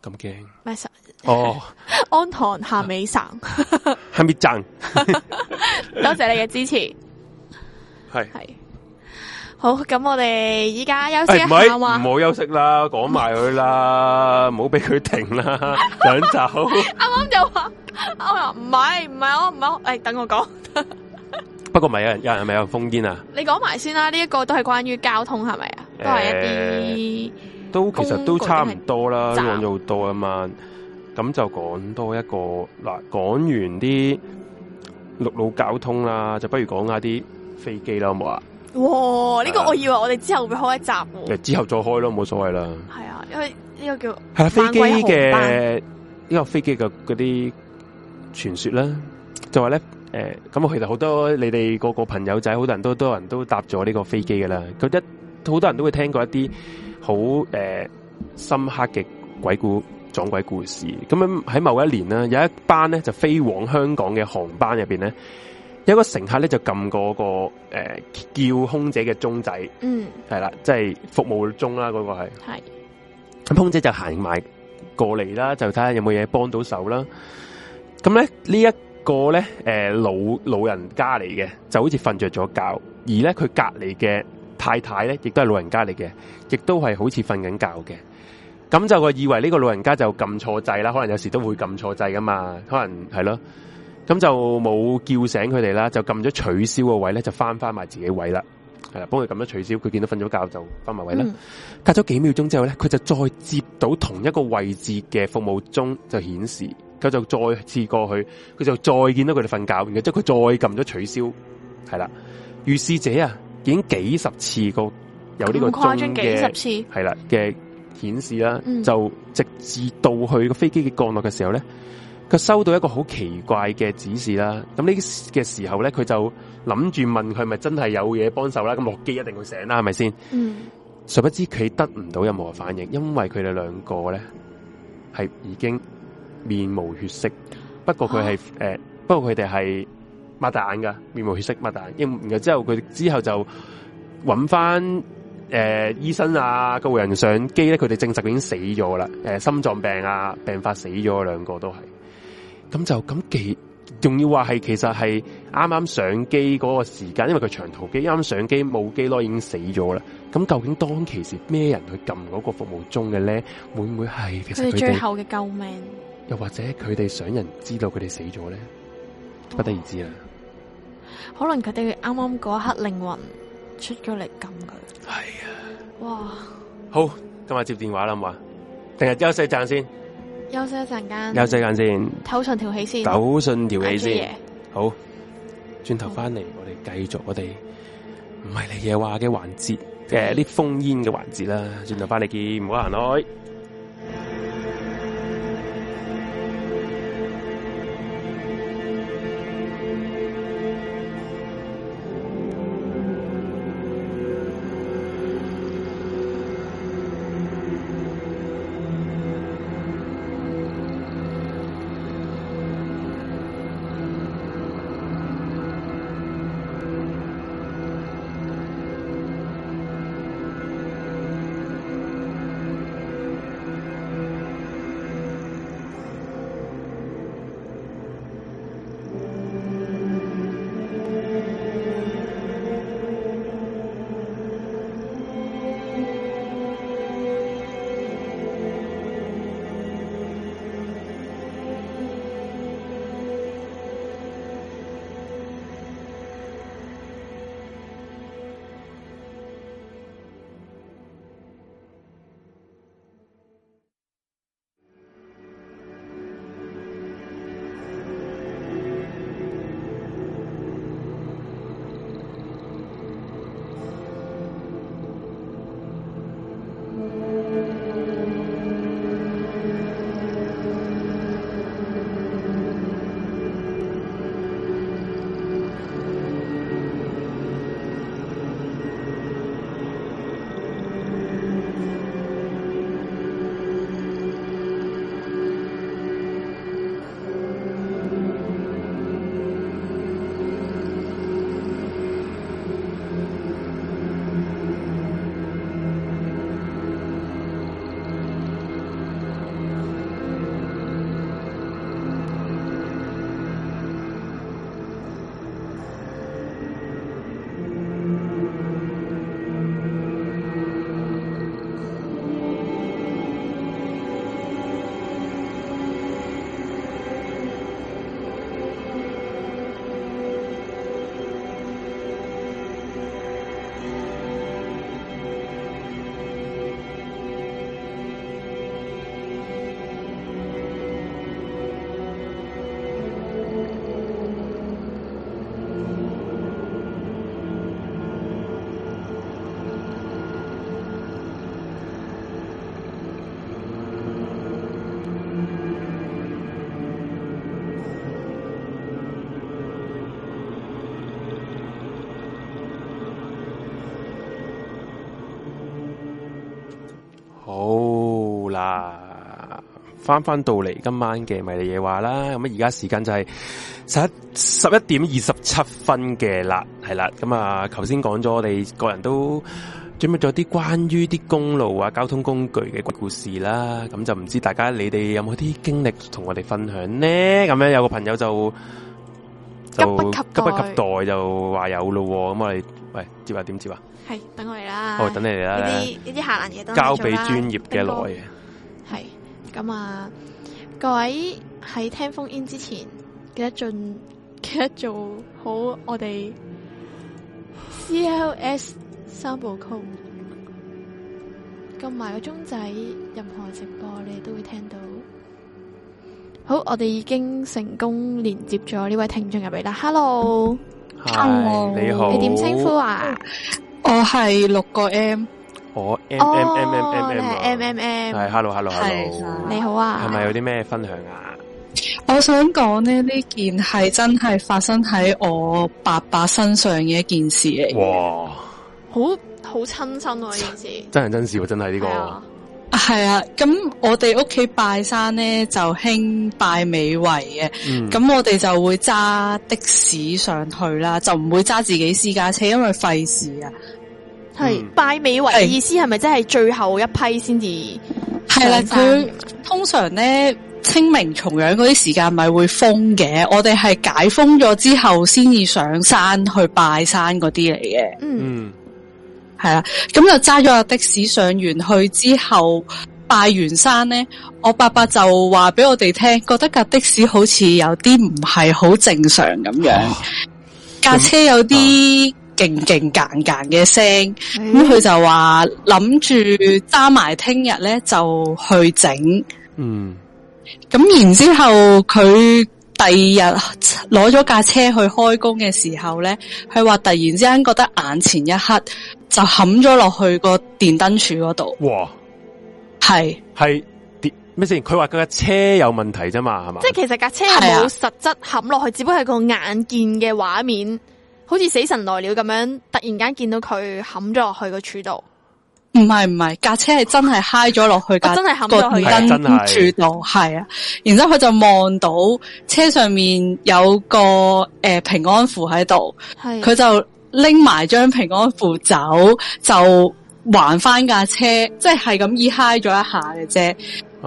咁驚？
唔係實。哦、嗯，安堂夏美省係咪贊，多謝你嘅支持是是。係係好，咁我哋依家休息唔好、
欸、休息啦，講埋佢啦，唔好俾佢停啦，想走哈哈。
啱啱就話：，阿媽唔係唔係我唔係誒等我講。
哈哈不過咪有人有人係咪有封煙啊？
你講埋先啦，呢、這、一個都係關於交通係咪啊？都係一啲
都其實都差唔多啦，用好多啊嘛。咁就講多一個嗱，講完啲陸路交通啦，就不如講下啲飛機啦，好冇啊？
哇！呢個我以為我哋之後會開一集，
誒，之後再開咯，冇所謂啦。
係啊，因為呢個叫、啊、飛機嘅
呢個飛機嘅嗰啲傳說啦，就話咧，誒、呃，咁其實好多你哋個個朋友仔，好多人都多人都搭咗呢個飛機噶啦，咁一好多人都會聽過一啲好誒深刻嘅鬼故。撞鬼故事咁樣，喺某一年咧，有一班咧就飛往香港嘅航班入邊咧，有一個乘客咧就撳嗰個誒、呃、叫空姐嘅鐘仔，嗯係啦，即、就、係、是、服務鐘啦，嗰、那個係係咁空姐就行埋過嚟啦，就睇下有冇嘢幫到手啦。咁咧呢一、這個咧誒、呃、老老人家嚟嘅，就好似瞓着咗覺，而咧佢隔籬嘅太太咧亦都係老人家嚟嘅，亦都係好似瞓緊覺嘅。咁就佢以為呢個老人家就撳錯掣啦，可能有時都會撳錯掣噶嘛，可能係咯。咁就冇叫醒佢哋啦，就撳咗取消個位咧，就翻翻埋自己位啦。係啦，幫佢撳咗取消，佢見到瞓咗覺就翻埋位啦、嗯。隔咗幾秒鐘之後咧，佢就再接到同一個位置嘅服務鐘就顯示，佢就再次過去，佢就再見到佢哋瞓覺，然之後佢再撳咗取消，係啦。如是者啊，已經幾十次有個有呢個誇張幾十次係啦嘅。顯示啦，就直至到去個飛機嘅降落嘅時候咧，佢收到一個好奇怪嘅指示啦。咁呢嘅時候咧，佢就諗住問佢係咪真係有嘢幫手啦？咁落機一定會醒啦，係咪先？嗯、殊不知佢得唔到任何反應，因為佢哋兩個咧係已經面無血色。不過佢係誒，不過佢哋係擘大眼噶，面無血色擘大眼。然後之後佢哋之後就揾翻。誒、呃，醫生啊，救、那個、人上機咧，佢哋證實已經死咗啦。誒、呃，心臟病啊，病發死咗兩個都係。咁就咁記，仲要話係其實係啱啱上機嗰個時間，因為佢長途機啱啱上機冇機咯，已經死咗啦。咁究竟當其時咩人去撳嗰個服務鐘嘅咧？會唔會係其實佢哋最後
嘅救命？
又或者佢哋想人知道佢哋死咗咧，哦？不得而知啊。
可能佢哋啱啱嗰刻靈魂。出咗嚟咁噶，係啊！哇，
好，今日接電話啦，唔好啊，定係休息一陣先，
休息一陣間，
休息一陣先，
抖順條氣先，抖
順條氣先，好，轉頭翻嚟，我哋繼續，我哋唔係你嘢話嘅環節嘅啲烽煙嘅環節啦，轉頭翻嚟見，唔好行開。翻翻到嚟今晚嘅迷離夜話啦，咁啊而家時間就係十一十一點二十七分嘅啦，係啦，咁啊，頭先講咗我哋個人都準備咗啲關於啲公路啊交通工具嘅故事啦，咁就唔知大家你哋有冇啲經歷同我哋分享呢？咁樣有個朋友就
就急不，急不及待
就話有咯，咁我哋喂接下點接啊？係、啊、
等我嚟啦！哦，
等你嚟啦！呢啲下欄
嘢交俾專業嘅嚟係。咁啊！各位喺聽烽煙之前，記得盡記得做好我哋 C L S 三部曲，撳埋個鐘仔，任何直播你都會聽到。好，我哋已經成功連接咗呢位聽眾入嚟啦。Hello,
Hi, Hello，你好，你點稱呼啊
？Oh. 我係六個 M。
我 M M M M M 係 Hello Hello Hello 你好啊，係咪有啲咩分享啊？
我想講咧呢這件係真係發生喺我爸爸身上嘅一件事嚟。哇，
好好親身啊，呢件事
真係真事喎、啊，真係呢、這個
係、
yeah. 啊。咁、啊、
我哋屋企拜山咧就興拜美
為嘅，
咁、嗯、我
哋就會揸的士上去啦，就唔會揸自己私家車，因為費事啊。嗯
係、嗯、拜美為意思係咪真係最後一批先至？係啦，佢
通常咧清明重陽嗰啲時間咪會封嘅，我哋係解封咗之後先至上山去拜山嗰啲嚟嘅。嗯，係啦，咁就揸咗架的士上完去之後，拜完山咧，我伯伯就話俾我哋聽，覺得架的士好似有啲唔係好正常咁樣，架、啊、車有啲、啊。勁勁間間嘅聲，咁佢就話諗住揸埋聽日咧就去整，嗯，咁、嗯、然之後佢第二日攞咗架車去開工嘅時候咧，佢話突然之間覺得眼前一黑
就冚咗落去個電燈柱嗰度，哇，係係咩先？佢話佢架車有問題啫嘛，係嘛？即係
其實架車係冇實質冚落去、啊，只不過係個眼見嘅畫面。好似死神來了咁樣，突然間見到佢冚咗落去個柱度 個
柱度，唔係唔係架車係真係嗨咗落去架真係冚咗落去個柱度，係啊，然之後佢就望到車上面有個誒、呃、平安符喺度，佢就拎埋張平安符走，就還翻架車，即係咁依嗨咗一下嘅啫，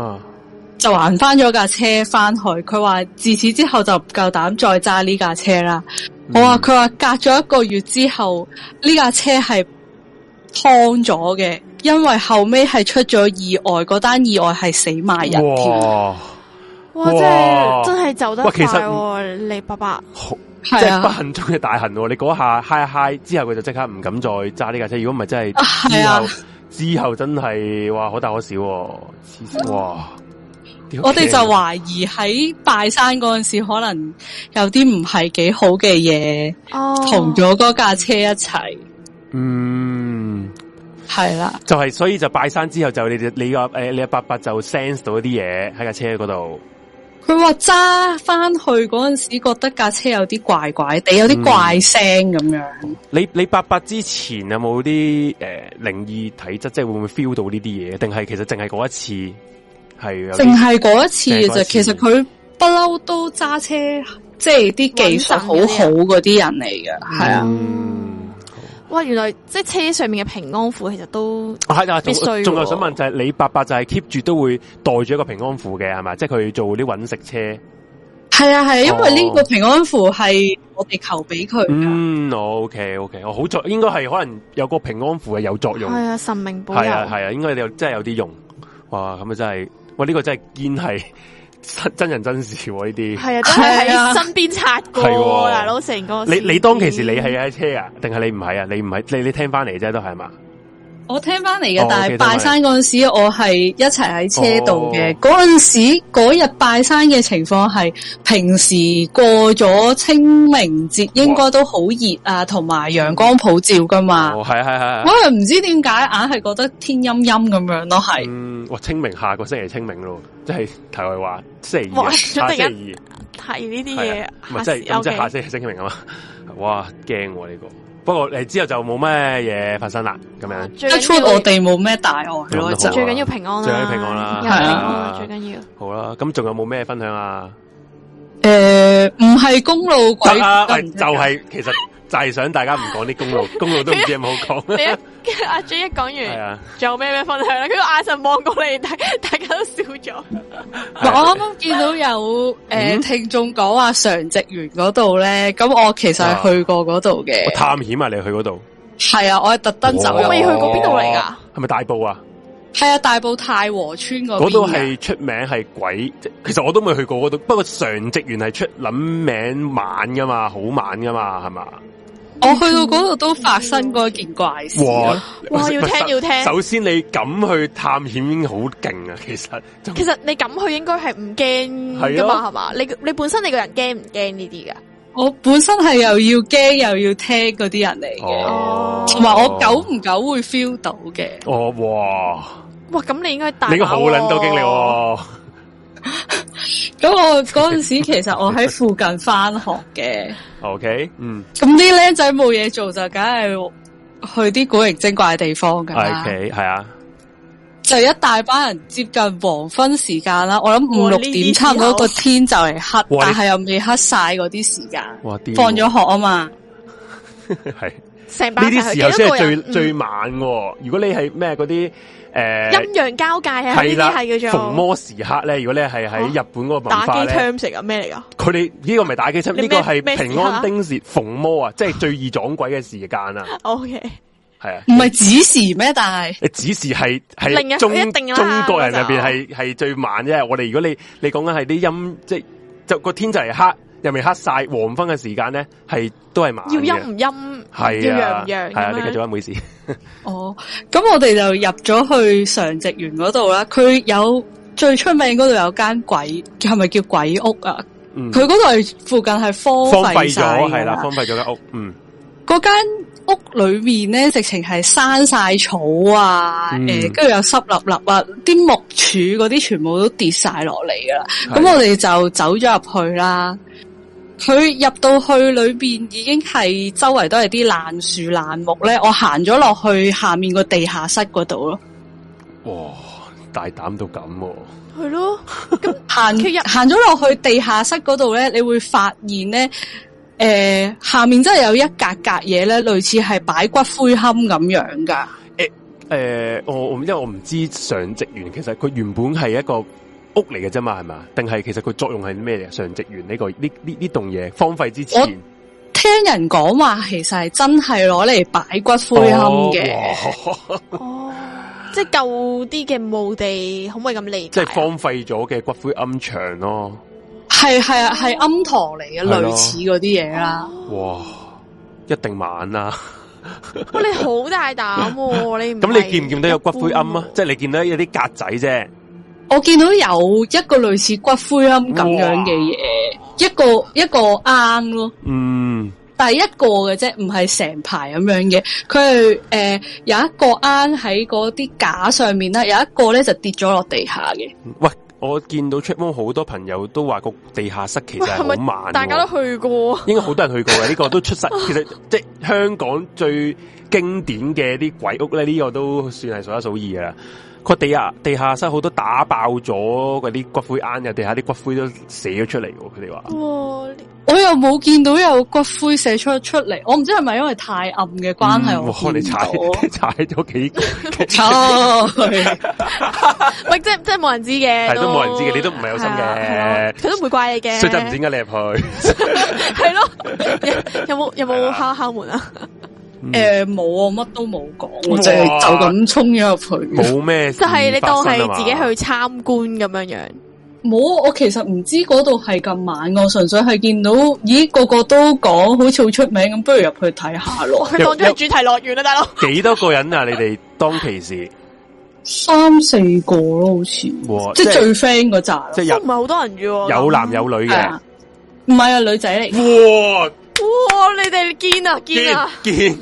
啊，就還翻咗架車翻去，佢話自此之後就唔夠膽再揸呢架車啦。我話佢話隔咗一個月之後呢架車係劏咗嘅，因為後尾係出咗意外，嗰單意外係死埋人哇。哇！哇！真係真係走得快，啊。其實
你爸
爸係啊，真不幸中嘅大幸，啊啊。你嗰下嗨嗨之後，之後，佢就即刻唔敢再揸呢架車。如果唔係，真係之後，啊，之後真係哇可大可小。哇！我哋就
懷疑喺拜山嗰陣時，可能有啲唔係幾好嘅嘢，同咗嗰架車一齊。
嗯，
係啦，
就係所以就拜山之後，就你你個誒，你阿伯伯就 sense 到啲嘢喺架車嗰度。
佢話揸翻去嗰陣時，覺得架車有啲怪怪地，有啲怪聲咁樣。嗯、
你你伯伯之前有冇啲誒靈異體質，即係會唔會 feel 到呢啲嘢？定係其實淨係嗰一次？淨係嗰一次就，是次其實佢
不嬲都揸車，即係啲技術好、嗯啊嗯、好嗰啲人
嚟嘅，係啊。
哇，原來即係、就是、車上面嘅平安符其實都係啊，必須、啊。仲有想問
就係、是，你伯伯就係 keep 住都會袋住一個平安符嘅，係咪？即係佢做啲揾食車。
係啊係、啊，因為呢個平
安符係我哋求俾佢、哦。嗯，OK OK，我好作，應該係可能有個平安符係有作用。係啊，
神明保佑。係啊
係啊，應該有真係有啲用。哇，咁啊真係。我呢、這個真係堅係真人真事喎，呢啲
係啊，喺、啊、身邊察
過，係喎、啊，嗱，老成哥，你你當其時你係喺車啊，定係你唔係啊？你唔係你你聽翻嚟啫，都係嘛？
我聽翻嚟嘅，但係拜山嗰陣時,、哦、時，我係一齊喺車度嘅。嗰陣時，嗰日拜山嘅情況係平時過咗清明節，應該都好熱啊，同埋陽光普照噶嘛。
係係係，我又唔
知點解，硬係覺得天陰陰咁樣咯。係，嗯，
哇！清明下個星期清明咯，即係題外話，星期二，星期二，
係呢啲嘢，係、啊、即係、okay. 即係
下星期清明啊嘛。哇，驚呢、啊這個！不過你之後就冇咩嘢發生啦，咁樣。
最初我哋冇咩大礙，最緊要平安啦。最緊要平
安啦，係啊，最緊要，最緊要、啊啊最緊要。好啦，啊，咁仲有冇咩分享啊？
誒、呃，
唔係公
路，鬼，啊啊哎，就係、是、 其實。就係、是、想大家唔講啲公路， 公路都唔知有冇講。
跟住阿 J 一講完，仲、啊、有咩咩分享，佢跟住眼神望過嚟睇大家都笑咗、
啊。 我啱
啱
見到有
誒、呃嗯、聽眾講話常直園嗰度咧，咁我其實係去過嗰度嘅
探險啊！你去嗰度
係啊？我係特登走、哦，我未去過邊度嚟噶？
係咪大埔啊？
係啊，大埔太和村嗰度係
出名係鬼。其實我都未去過嗰度，不過常直園係出諗名晚噶嘛，好晚噶嘛，係嘛？
我去到嗰度都發生過一件怪事
哇。哇！要聽要聽。首先，你敢去探險已經好勁啊！其實，
其實你敢去應該係唔驚噶嘛，係嘛、啊？你你本身你個人驚唔驚呢啲噶？
我本身係又要驚又要聽嗰啲人嚟嘅，同埋、哦、我久唔久會 feel 到嘅。
哦哇！
哇，咁你應該、啊、你應該好撚多驚你。咁 我嗰陣時其實我喺附近翻學嘅。
O、okay, K，嗯，
咁啲僆仔冇嘢做就梗係去啲古靈精怪嘅地方噶，係，係啊，就一大班人接近黃昏時間啦。我諗五六點差唔多，個天就嚟黑，但係又未黑晒嗰啲時
間，
哇，
放咗學啊嘛。係。
呢啲時候先係最
最晚，如果你係咩嗰啲誒陰
陽交界啊，係啦係叫做逢魔
時刻咧。如果你係喺日本嗰個文化、啊這個、是打機
t e 食啊咩嚟噶？
佢哋呢個唔係打機 t i m 呢個係平安丁時，時、啊、逢魔啊，即係最易撞鬼嘅時間 啊。O K，係啊，唔係
子時咩？但
係子時係係中中國人入邊係係最晚啫。我哋如果你你講緊係啲陰，即係就個、是、天就係黑。入面黑曬，黃昏嘅時間咧，係都係麻嘅。要陰唔陰，
係、啊、要陽唔陽，係啊樣！你繼續啊，唔
好意思。
哦，咁我哋就入咗去常植園嗰度啦。佢有最出名嗰度有間鬼，係咪叫鬼屋啊？佢嗰度係附近係荒廢咗，係啦，荒
廢咗、啊、間屋。嗯，
嗰間屋裏面咧，直情係生曬草啊！誒，跟住又濕立立啊，啲木柱嗰啲全部都跌晒落嚟噶啦。咁、啊、我哋就走咗入去啦。佢入到去裏邊已經係周圍都係啲爛樹爛木咧，我行咗落去下面個地下室嗰度咯。
哇，大膽到咁、啊！係咯，咁
行入
行咗落去地下室嗰度咧，你會發現咧，誒、呃，下面真係有一格格嘢咧，類似係擺骨灰龕咁
樣噶。誒、欸、誒、呃，我我因為我唔知上職員，其實佢原本係一個。屋嚟嘅啫嘛，係嘛？定係其實佢作用係咩嚟？上植園呢個呢呢呢棟嘢，荒廢之前，我
聽人講話，其實係真係攞嚟擺骨灰龕嘅。
哦，哦 即係舊啲嘅墓地，可唔可以咁嚟？
即係荒廢咗嘅骨灰龕牆咯。
係係啊，係龕堂嚟嘅，啊，類似嗰啲嘢啦。
哇，一定晚啦，
啊。喂， 你好大膽，啊，
你咁，啊，你見唔見到有骨灰龕啊？ 即係你見到有啲格仔啫。
我見
到有一個類似骨灰龕咁樣嘅嘢，一個一個罌咯，嗯，但係一個嘅啫，唔係成排咁樣嘅。佢係誒有一個罌喺嗰啲架上面啦，有一個咧就跌咗落地下嘅。
喂，我見到出 f 好多朋友都話個地下室其實好慢，係咪大家都去過，應該好多人去過嘅呢、呢個都出 實，其實即係香港最經典嘅啲鬼屋咧，呢、呢個都算係數一數二嘅啦。個地下，地下室好多打爆咗，嗰啲骨灰罌嘅地下啲骨灰都瀉咗出嚟嘅，佢哋話。
我又冇
見到有骨灰瀉出出嚟，我唔知係咪因為太暗嘅關係、嗯，我我開你踩，
踩咗幾個、 哦，錯是、啊。
喂， 即係即係冇人知嘅，係都冇人
知嘅，你都唔係有心嘅，佢都
唔會怪你嘅。所以就唔知點解你入去？係 咯、啊？有冇有冇敲敲門啊？誒、嗯，冇、呃、啊，乜都
冇講，我淨係就咁衝咗入去，冇咩， 就係、是、你當係自己去
參觀
咁樣樣。冇，我其實唔知嗰度係咁猛，我純粹係見到，咦，個個都講，好似好出名咁，不如入去睇下
咯。佢當咗係主題樂園啊，大佬。幾多個人啊？你哋當其時，
三四個咯、啊，好似，即係最 friend 嗰扎，即係唔係
好
多人嘅、
啊，有男
有女嘅，
唔係啊，啊，女仔嚟。哇哇，哇，你哋見啊見啊見！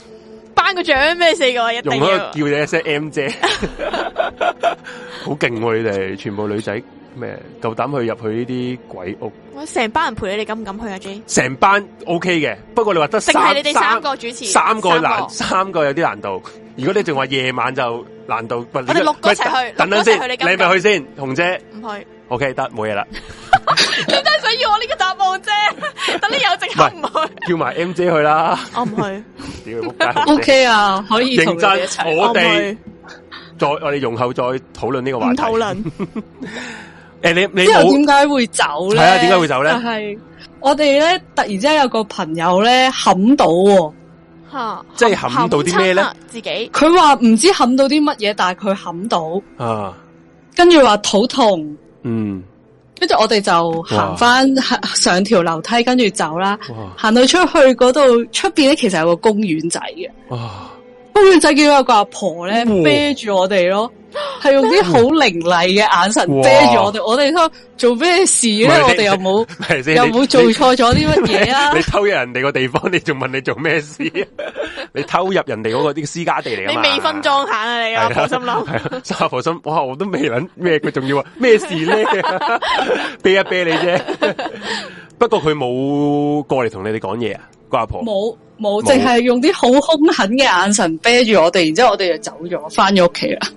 三個獎咩事噶？
用開叫你一聲 M 姐，好勁喎！你哋全部女仔咩夠膽去入去呢啲鬼屋？
我成班人陪你哋，敢唔敢去啊？J
成班 OK 嘅，不過你話得淨係你哋三個主持，三個難，三個有啲難度。如果你仲話夜晚就難度，我哋六個一齊去，六個一齊去，你你咪去先，紅姐唔去，OK 得冇嘢啦。
你真係想要我呢個答案啫？等 你有直行唔去，
叫埋 M 姐去啦。我唔去。屌，O K 啊，可以認真。我哋再我哋容後再討論呢個話題。討
論。
誒，你你點解
會走咧？係啊，點解會走咧？係、啊、我哋咧，突然之間有個朋友咧，冚到吓、哦， 即係冚到啲咩咧？ 自己。佢話唔知冚到啲乜嘢，但係佢冚到
啊。
跟住話肚痛，嗯。跟住我哋就行翻上條樓梯，跟住走啦。行到出去嗰度，出邊咧其實有個公園仔嘅。哇！個女仔見到有個阿婆咧，啤住我哋咯，係用啲好凌厲嘅眼神啤住我哋。我哋都做咩事咧？我哋又
冇，又冇做錯咗啲乜嘢啊？你偷入人哋個地方，你仲問你做咩事？ 你偷入人哋嗰個啲私家地嚟，你未分
贓下啊？你阿婆
心諗，係阿婆心，哇，我都未諗咩，佢仲要話咩事咧？啤 一啤你啫。不過佢冇過嚟同你哋講嘢啊，阿婆
冇。冇，淨係用啲好凶狠嘅眼神啤住我哋，然之後我哋就走咗，翻咗屋企啦。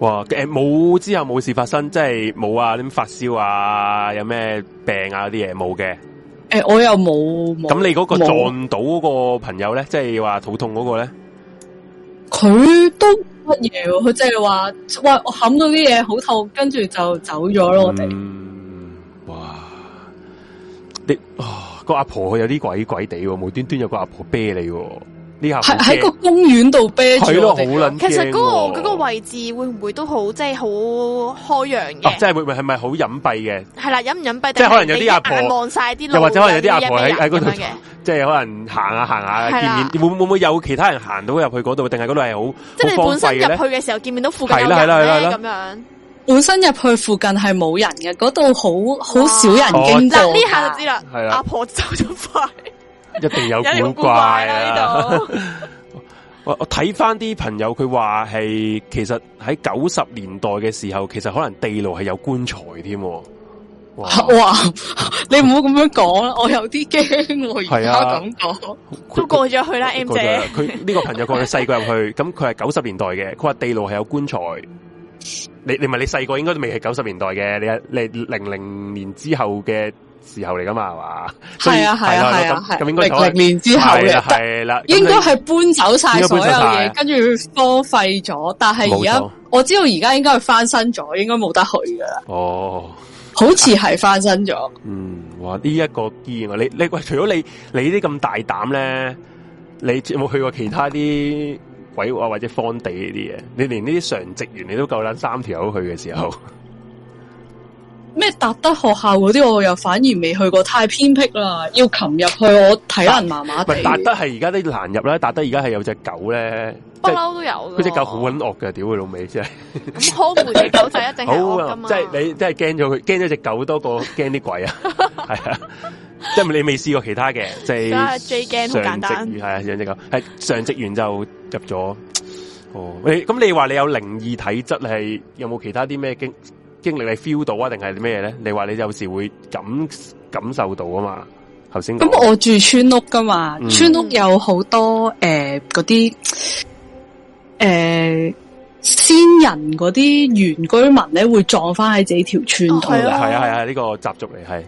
哇！誒、欸，冇之後冇事發生，即係冇啊，點發燒啊，有咩病啊，嗰啲嘢冇嘅。
誒、欸，我又冇。咁你嗰個撞
到嗰個朋友咧，即係話肚痛嗰個咧？佢都
乜嘢？佢即係話，哇，我冚到啲嘢好痛，跟住就走
咗咯。我、嗯、哋。哇！你啊～個阿婆佢有啲鬼鬼地，無端端有個阿婆啤你，呢下係喺個公園度啤，佢都好驚，其實嗰、嗰個嗰、嗰個
位置會唔會都好即係好開揚嘅、
哦？即係會唔會係咪好隱蔽嘅？
係啦，隱唔隱蔽？即係可能有啲阿婆望晒啲又或者可能有啲阿婆喺喺嗰度，
即係可能行下、啊、行下、啊、見面，會唔會，會有其他人行到入去嗰度？定係嗰度係好即係你本身入去
嘅時候見面都附近係啦，係啦，係啦，咁樣。本身入去
附近係冇人
嘅，嗰度好好少人經過。
呢下、啊、就知啦，阿、啊、婆
走咗快，
一定有古怪啦、啊 啊！ 我我睇翻啲朋友，佢話係其實喺九十年代嘅時候，其實可能地牢係有棺材添。哇！哇 你唔好咁樣講啦，
我
有啲驚。係啊，咁講都過咗去啦。M 姐，佢
呢、這個朋友佢細個入去，咁佢係九十年代嘅，佢話地牢係有棺材。你你唔係你細個應該都未係九十年代嘅，你你零零年之後嘅時候嚟噶嘛係嘛？所以，係啊係啊，咁零零年之後嘅係啦，應該係
搬
走晒所
有嘢，跟
住、啊、荒廢咗。但係而家我知道而家應該係翻身咗，應該冇
得去噶啦。哦，好似係翻身咗、啊。嗯，哇，呢、這、一個意外，你你喂，除咗你你啲咁大膽咧，你有冇去過其他啲？鬼或者荒地呢啲嘢，你連呢啲常職員你都夠膽三條友去嘅時候，
咩達德學校嗰啲我又反而未去過，太偏僻啦。要擒入去
我睇下人麻麻地。達德係而家啲難入啦，達德而家係有隻狗咧，不嬲都
有。佢隻狗
好狠惡嘅，屌佢老味，真係。
咁呵護嘅狗就一定好啊！即
係你真係驚咗佢，驚咗隻狗多過驚啲鬼啊！係 啊。即係你未試過其他嘅，即係常職即係兩隻狗，係上職員就入咗哦。咁你話你有靈異體質，係有冇其他啲咩經經歷，你 feel 到啊？定係咩咧？你話你有時會感感受到啊嘛？頭先咁
我住村屋噶嘛，嗯，村屋有好多誒嗰啲誒先人嗰啲原居民咧，會撞翻喺自己條村度，係啊係啊係啊，
呢、啊呢個習俗嚟係。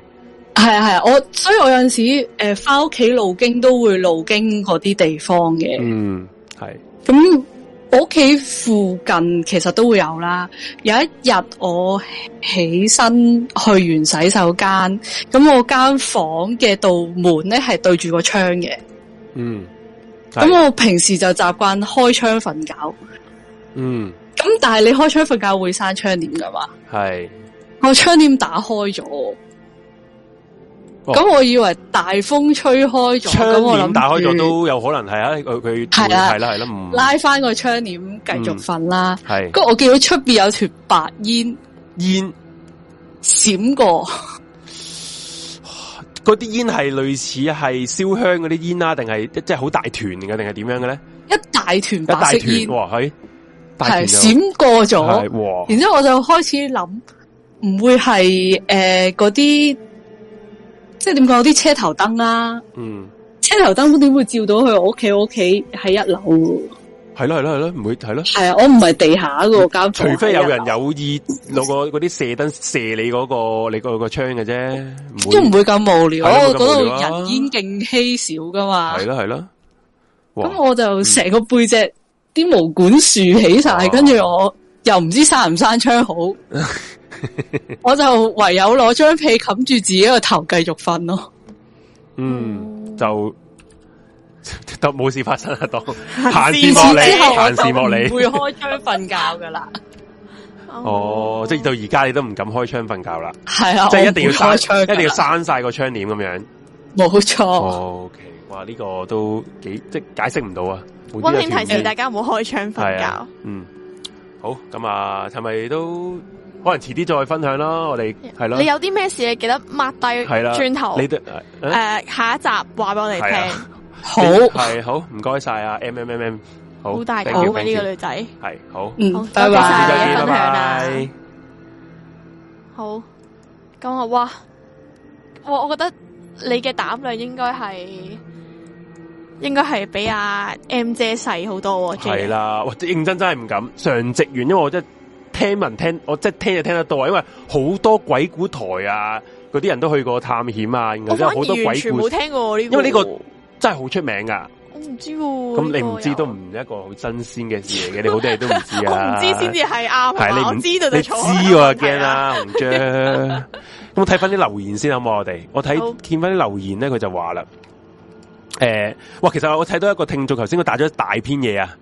係啊係啊，我所以我有陣時誒翻屋企路經都會路經嗰啲地方嘅。嗯，係。咁我屋企附近其實都會有啦。有一日我起身去完洗手間，咁我間房嘅道門咧係對住個窗嘅。嗯。
咁我
平時就習慣開窗瞓覺。嗯。咁但係你開窗瞓覺會閂窗簾？噶嘛。係。我窗簾打開咗。咁、哦、我以為大風吹開咗，窗簾打開咗都
有可能係啊，佢佢係啦係啦係啦，唔拉
翻個窗簾繼續瞓啦。係、嗯，不過我見到出邊有團白煙，
煙閃過，嗰啲煙係類似係燒香嗰啲煙啦，定係即係好大團嘅，定係點樣嘅咧？一大團白色煙，係閃過咗，然
之後我就開始諗，唔會係誒嗰啲。呃即係點講？啲車頭燈啦、啊，嗯，車頭燈點會照到去我屋企？我屋企喺一樓，
係咯係咯係咯，唔會係咯。係啊，我
唔係地下嘅交，除非有人
有意攞個嗰啲射燈射你嗰、嗰個你嗰個窗嘅啫，都唔會咁無聊。嗰度、啊、人煙
勁稀少噶嘛，係
咯係咯。咁
我就成個背脊啲、嗯、毛管豎起晒、啊，跟住我又唔知閂唔閂窗好。 我就唯有攞張被冚住自己個頭繼續瞓咯。嗯，
就都冇事發生啊，當閒事莫理，閒事莫理。會
開窗瞓覺噶啦。
哦，即係到而家你都唔敢開窗瞓覺啦。係 啊，即係一定要閂窗，一定要閂晒個窗簾咁樣。冇錯。哦、o、okay, K，哇，呢、這個都幾即係解釋唔到啊。温馨提示大
家唔好開窗瞓覺、啊。
嗯，好。咁啊，係咪都？可能遲啲再分享囉。我哋係咯。你有
啲咩事，你記得抹低，係啦、啊，轉頭你
誒、啊呃、
下一集話俾我哋聽。
好係好，唔該晒啊！M M M M，好大好嘅呢個女仔，係好，嗯，拜，拜多謝晒你嘅分享啦、啊、
好咁我哇，我我覺得你嘅膽量應該係應該係比阿 M 姐細好多、
啊。
係啦、啊，認真真係唔敢，常職員，因為我真。聽聞聽，我即係聽就聽得到啊！因為好多鬼故台啊，嗰啲人都去過探險啊，然後真係好多鬼故，冇聽過呢因為呢，這個、這個、真係好出名噶。
我唔知，啊，咁，嗯、這個，你唔知都
唔一個好新鮮嘅事嚟嘅、 啊， 你好多嘢都唔知啊。我唔知先至
係啱，係你唔知道就錯。你知我
驚啦，紅 章。咁我睇翻啲留言先好冇？我哋，我睇見翻啲留言咧，佢就話啦，誒、呃，哇，其實我睇到一個聽眾頭先佢打咗一大篇嘢啊。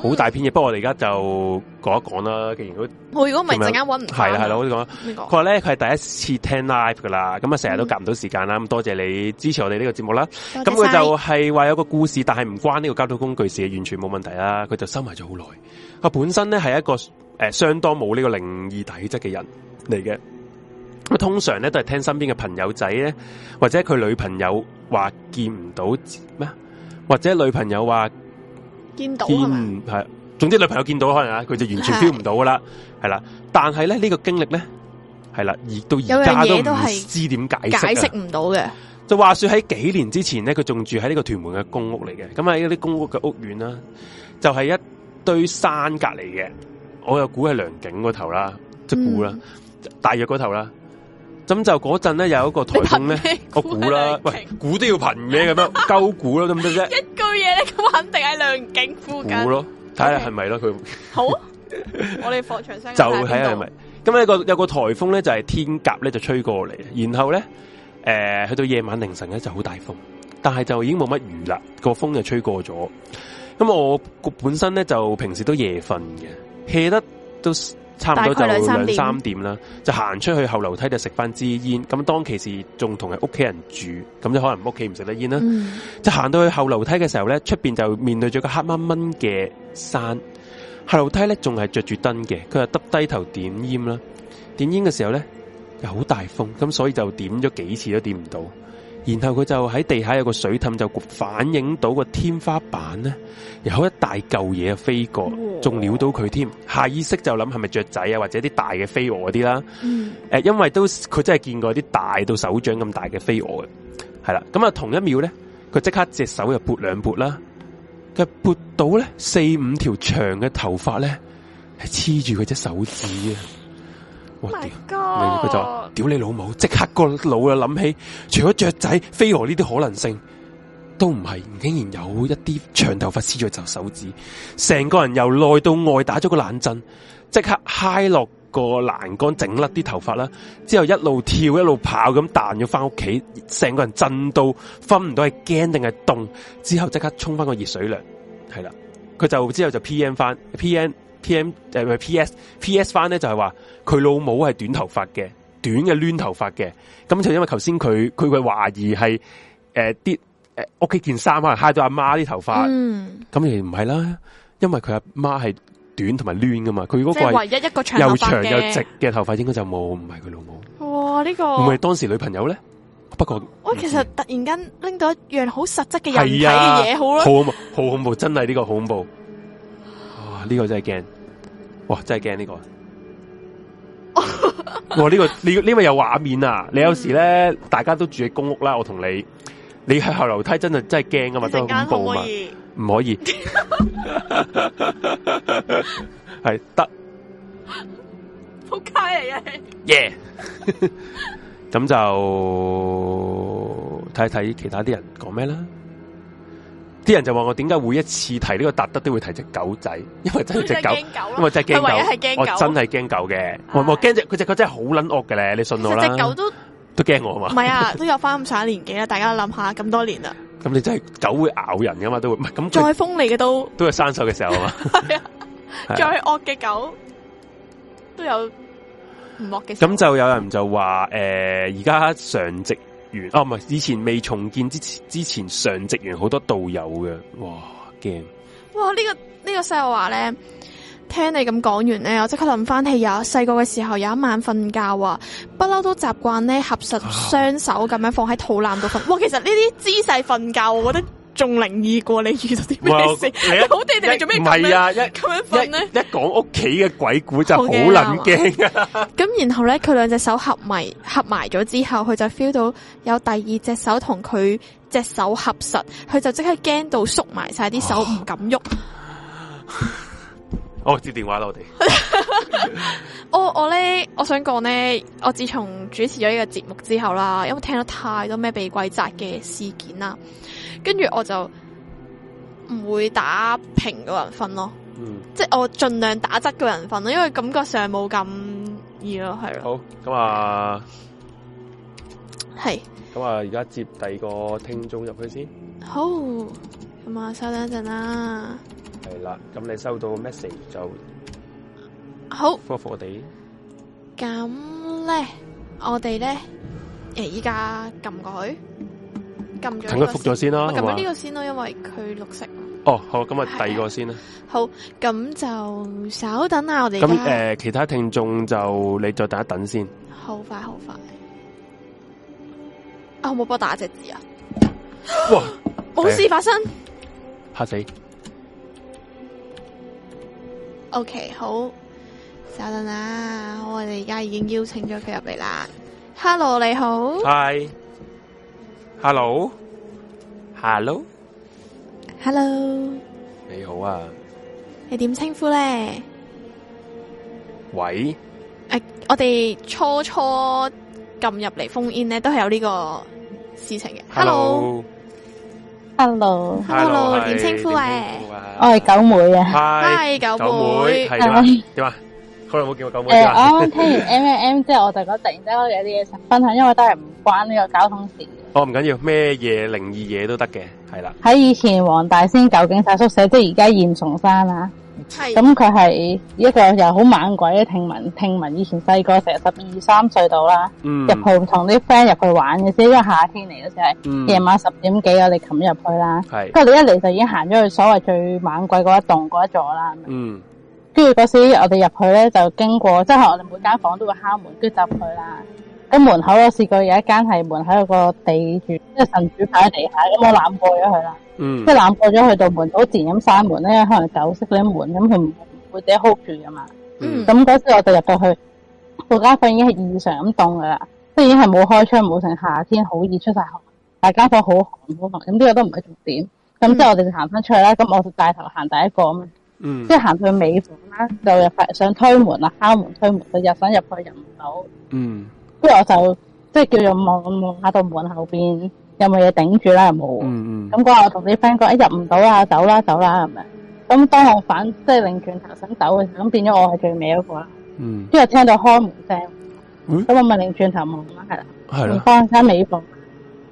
好、嗯、大篇嘢，不過我哋而家就講一講啦。既然佢、嗯，我如果唔係陣間揾唔到，係啦係啦，我先講。佢話咧，佢係第一次聽 live 噶啦，咁、嗯、啊，成日都夾唔到時間啦。咁多謝你支持我哋呢個節目啦。咁佢就係話有個故事，但係唔關呢個交通工具事，完全冇問題啦。佢就收埋咗好耐。佢本身咧係一個誒、呃，相當冇呢個靈異體質嘅人嚟嘅。咁通常咧都係聽身邊嘅朋友仔咧，或者佢女朋友話見唔到咩，或者女朋友話。見到係，總之女朋友見到可能啊，佢就完全 feel 唔到噶啦，係啦。但係咧呢、這個經歷咧，係啦，而到而家都唔知怎麼解釋點解解釋唔到嘅。就話說喺幾年之前咧，佢仲住喺呢個屯門嘅公屋嚟嘅，咁喺一啲公屋嘅屋苑、就是、啦，就係一堆山隔籬嘅。我又估喺良景嗰頭啦，即估啦，大約嗰頭啦。咁就嗰陣咧有一個颱風咧，我估啦，喂，估都要憑嘅咁樣， 鳩估啦，得唔得啫？對
咁肯定喺亮景呼緊。好咯，
睇下係咪咯佢。好， 我哋放長
聲就睇下係咪。
咁呢、那個有個台風咧就係、是、天鴿咧就吹過嚟，然後咧誒去到夜晚凌晨咧就好大風，但係就已經冇乜雨啦，個風就吹過咗。咁我個本身咧就平時都夜瞓嘅，hea 得都。差唔多就兩三點啦，就行出去後樓梯就食翻支煙。咁當其時仲同係屋企人住，咁就可能屋企唔食得煙啦。就行到去後樓梯嘅時候咧，出邊就面對咗個黑掹掹嘅山。後樓梯咧仲係着住燈嘅，佢就耷低頭點煙啦。點煙嘅時候咧又好大風，咁所以就點咗幾次都點唔到。然後佢就喺地下有個水氹，就反映到個天花板咧，有一大舊嘢飛過，仲撩到佢添，下意識就諗係咪雀仔啊，或者啲大嘅飛蛾嗰啲啦。誒、嗯呃，因為都佢真係見過啲大到手掌咁大嘅飛蛾嘅，係啦。咁啊，同一秒咧，佢即刻隻手就撥兩撥啦，佢撥到咧四五條長嘅頭髮咧，係黐住佢隻手指。我屌佢就屌你老母，即刻個腦又諗起除咗雀仔、飛蛾呢啲可能性，都唔係，竟然有一啲長頭髮黐咗喺手指，成個人由內到外打咗個冷震，即刻揩落個欄杆整甩啲頭髮啦，之後一路跳一路跑咁彈咗翻屋企，成個人震到分唔到係驚定係凍，之後即刻沖翻個熱水涼，係啦，佢就之後就 PN 翻 PN。P.M. 誒、呃、P.S.P.S. 翻咧就係話佢老母係短頭髮嘅，短嘅攣頭髮嘅。咁就因為頭先佢佢佢懷疑係誒啲誒屋企件衫可能揩到阿媽啲頭髮，咁而唔係啦。因為佢阿媽係短同埋攣噶嘛，佢嗰個唯一一個長又長又直嘅頭髮，應該就冇唔係佢老母。
哇！呢、這個唔會
當時女朋友咧？不過
我、哦、其實突然間拎到一樣好實質嘅人體嘢、啊，好
咯、 這個，好恐怖，真係呢個好恐怖。呢、這個真係驚，哇！真係驚呢個。 哇！呢、這個呢呢，這個這個、有畫面啊。你有時咧，嗯、大家都住喺公屋啦。我同你，你喺後樓梯真係真係驚啊嘛，都係恐怖啊。唔可以，不可以 是，係得
仆街嚟嘅。耶，
咁就睇睇其他啲人講咩啦。啲人就話我點解每一次提呢個達德都會提隻狗仔，因為真係隻狗，因為真係驚狗、狗，我真係驚狗嘅，我驚隻佢隻狗真係好撚惡嘅咧，哎、你信我啦。隻狗都都驚我嘛？唔係啊，
都有翻咁上年紀啦，大家諗下咁多年啦。
咁你真係狗會咬人噶嘛？都會唔係咁再鋒利嘅都都有生銹嘅時候 啊嘛。再
惡嘅狗都有唔惡嘅。咁
就有人就話誒，而、呃、家常直。完啊，唔係，以前未重建之前，之前上職員好多導遊嘅，哇驚！
哇、這個這個、呢個呢個細路話咧，聽你咁講完咧，我即刻諗翻起有細個嘅時候，有一晚瞓覺啊，不嬲都習慣咧合實雙手咁樣放喺肚腩度瞓、啊。哇，其實呢啲姿勢瞓覺，我覺得。仲靈異過，你遇到啲咩事？好地地你做咩？唔係
啊，一咁樣瞓咧，一講屋企嘅鬼故就好撚驚。
咁 對吧 然後咧，佢兩隻手合埋，合埋咗之後，佢就 feel 到有第二隻手同佢隻手合實，佢就即刻驚到縮埋晒啲手動，唔敢喐。
我接電話啦，我哋
我我咧，我想講咧，我自從主持咗呢個節目之後啦，因為聽咗太多咩被鬼責嘅事件啦。跟住我就唔會打平個人分咯，嗯，即係我盡量打側個人分咯，因為感覺上冇咁易
咯，係啊，好咁啊，係咁啊，而家接第二個聽眾入去先。
好咁啊，稍等一陣啦。
係啦，咁你收到 message 就好，佛佛地。
咁咧，我哋咧，誒，依家撳過去。佢覆咗，先撳咗呢個先咯，因為佢綠色。
哦，好，咁咪第二個先啦。
好，咁就稍等下、啊、我哋。咁，誒、呃，
其他聽眾就你再等一等先。
好快，好快。啊，可唔可幫我打一隻字啊？
哇！
冇事發生。
嚇死
！OK，好。稍等啦、啊，我哋而家已經邀請咗佢入嚟啦。Hello，你好。
Hi。Hello，Hello，Hello，Hello? Hello? 你好啊，
你點稱呼咧？
喂，
誒、哎，我哋初初撳入嚟封煙咧，都係有呢個事情嘅。Hello，Hello，Hello，
點稱呼誒、啊？
我係九妹啊，嗨，九妹，係咩？
點啊？可能冇見過九五三。誒，我聽完 M、
MM、M M 之後，我就覺得突然之間有啲嘢想分享，因為都係唔關呢個交通事的。
哦，唔緊要，咩嘢靈異嘢都得嘅，係啦。
喺以前黃大仙舊警察宿舍，即係而家現松山啊，係。咁佢係一個又好猛鬼，聽聞聽聞，以前細個成日十二三歲到啦，入、嗯、去同啲 friend 入去玩嘅，只因為夏天嚟嘅時係，夜、嗯、晚十點幾我哋冚入去啦，係、嗯。不過你一嚟就已經行咗去所謂最猛鬼嗰一棟嗰一座啦，嗯。跟住嗰時，我哋入去咧就經過，即係我哋每間房都會敲門，跟住入去啦。咁門口我試過有一間係門口有個地柱，即係神主牌喺地下，咁我攬過咗佢啦。嗯，即係攬過咗去到門，好自然咁閂門咧，因為可能舊式嗰啲門咁，佢會會啲 hold 住噶嘛。嗯、咁、嗯、嗰時我哋入到去，嗰間房已經係異常咁凍噶啦，即係已經係冇開窗，冇成夏天好熱出晒汗，大家伙好寒好寒。咁、嗯、呢、嗯、個都唔係重點。咁之後我哋就行翻出去啦。咁我就帶頭行第一個嘛嗯、即係行去尾房啦，就又想推門啦，敲門推門，佢又想入去入唔到。嗯，跟住我就即係叫做望望下，看看到門後邊有冇嘢頂住啦，又冇。嗯嗯。咁嗰下我同啲 friend 講：，哎，入唔到啦，走啦，走啦，係咪？咁當我反即係擰轉頭想走嘅時候，咁變咗我係最尾一個啦。嗯。之後聽到開門聲，咁、嗯、我咪擰轉頭望啦，係啦。係。望翻尾房，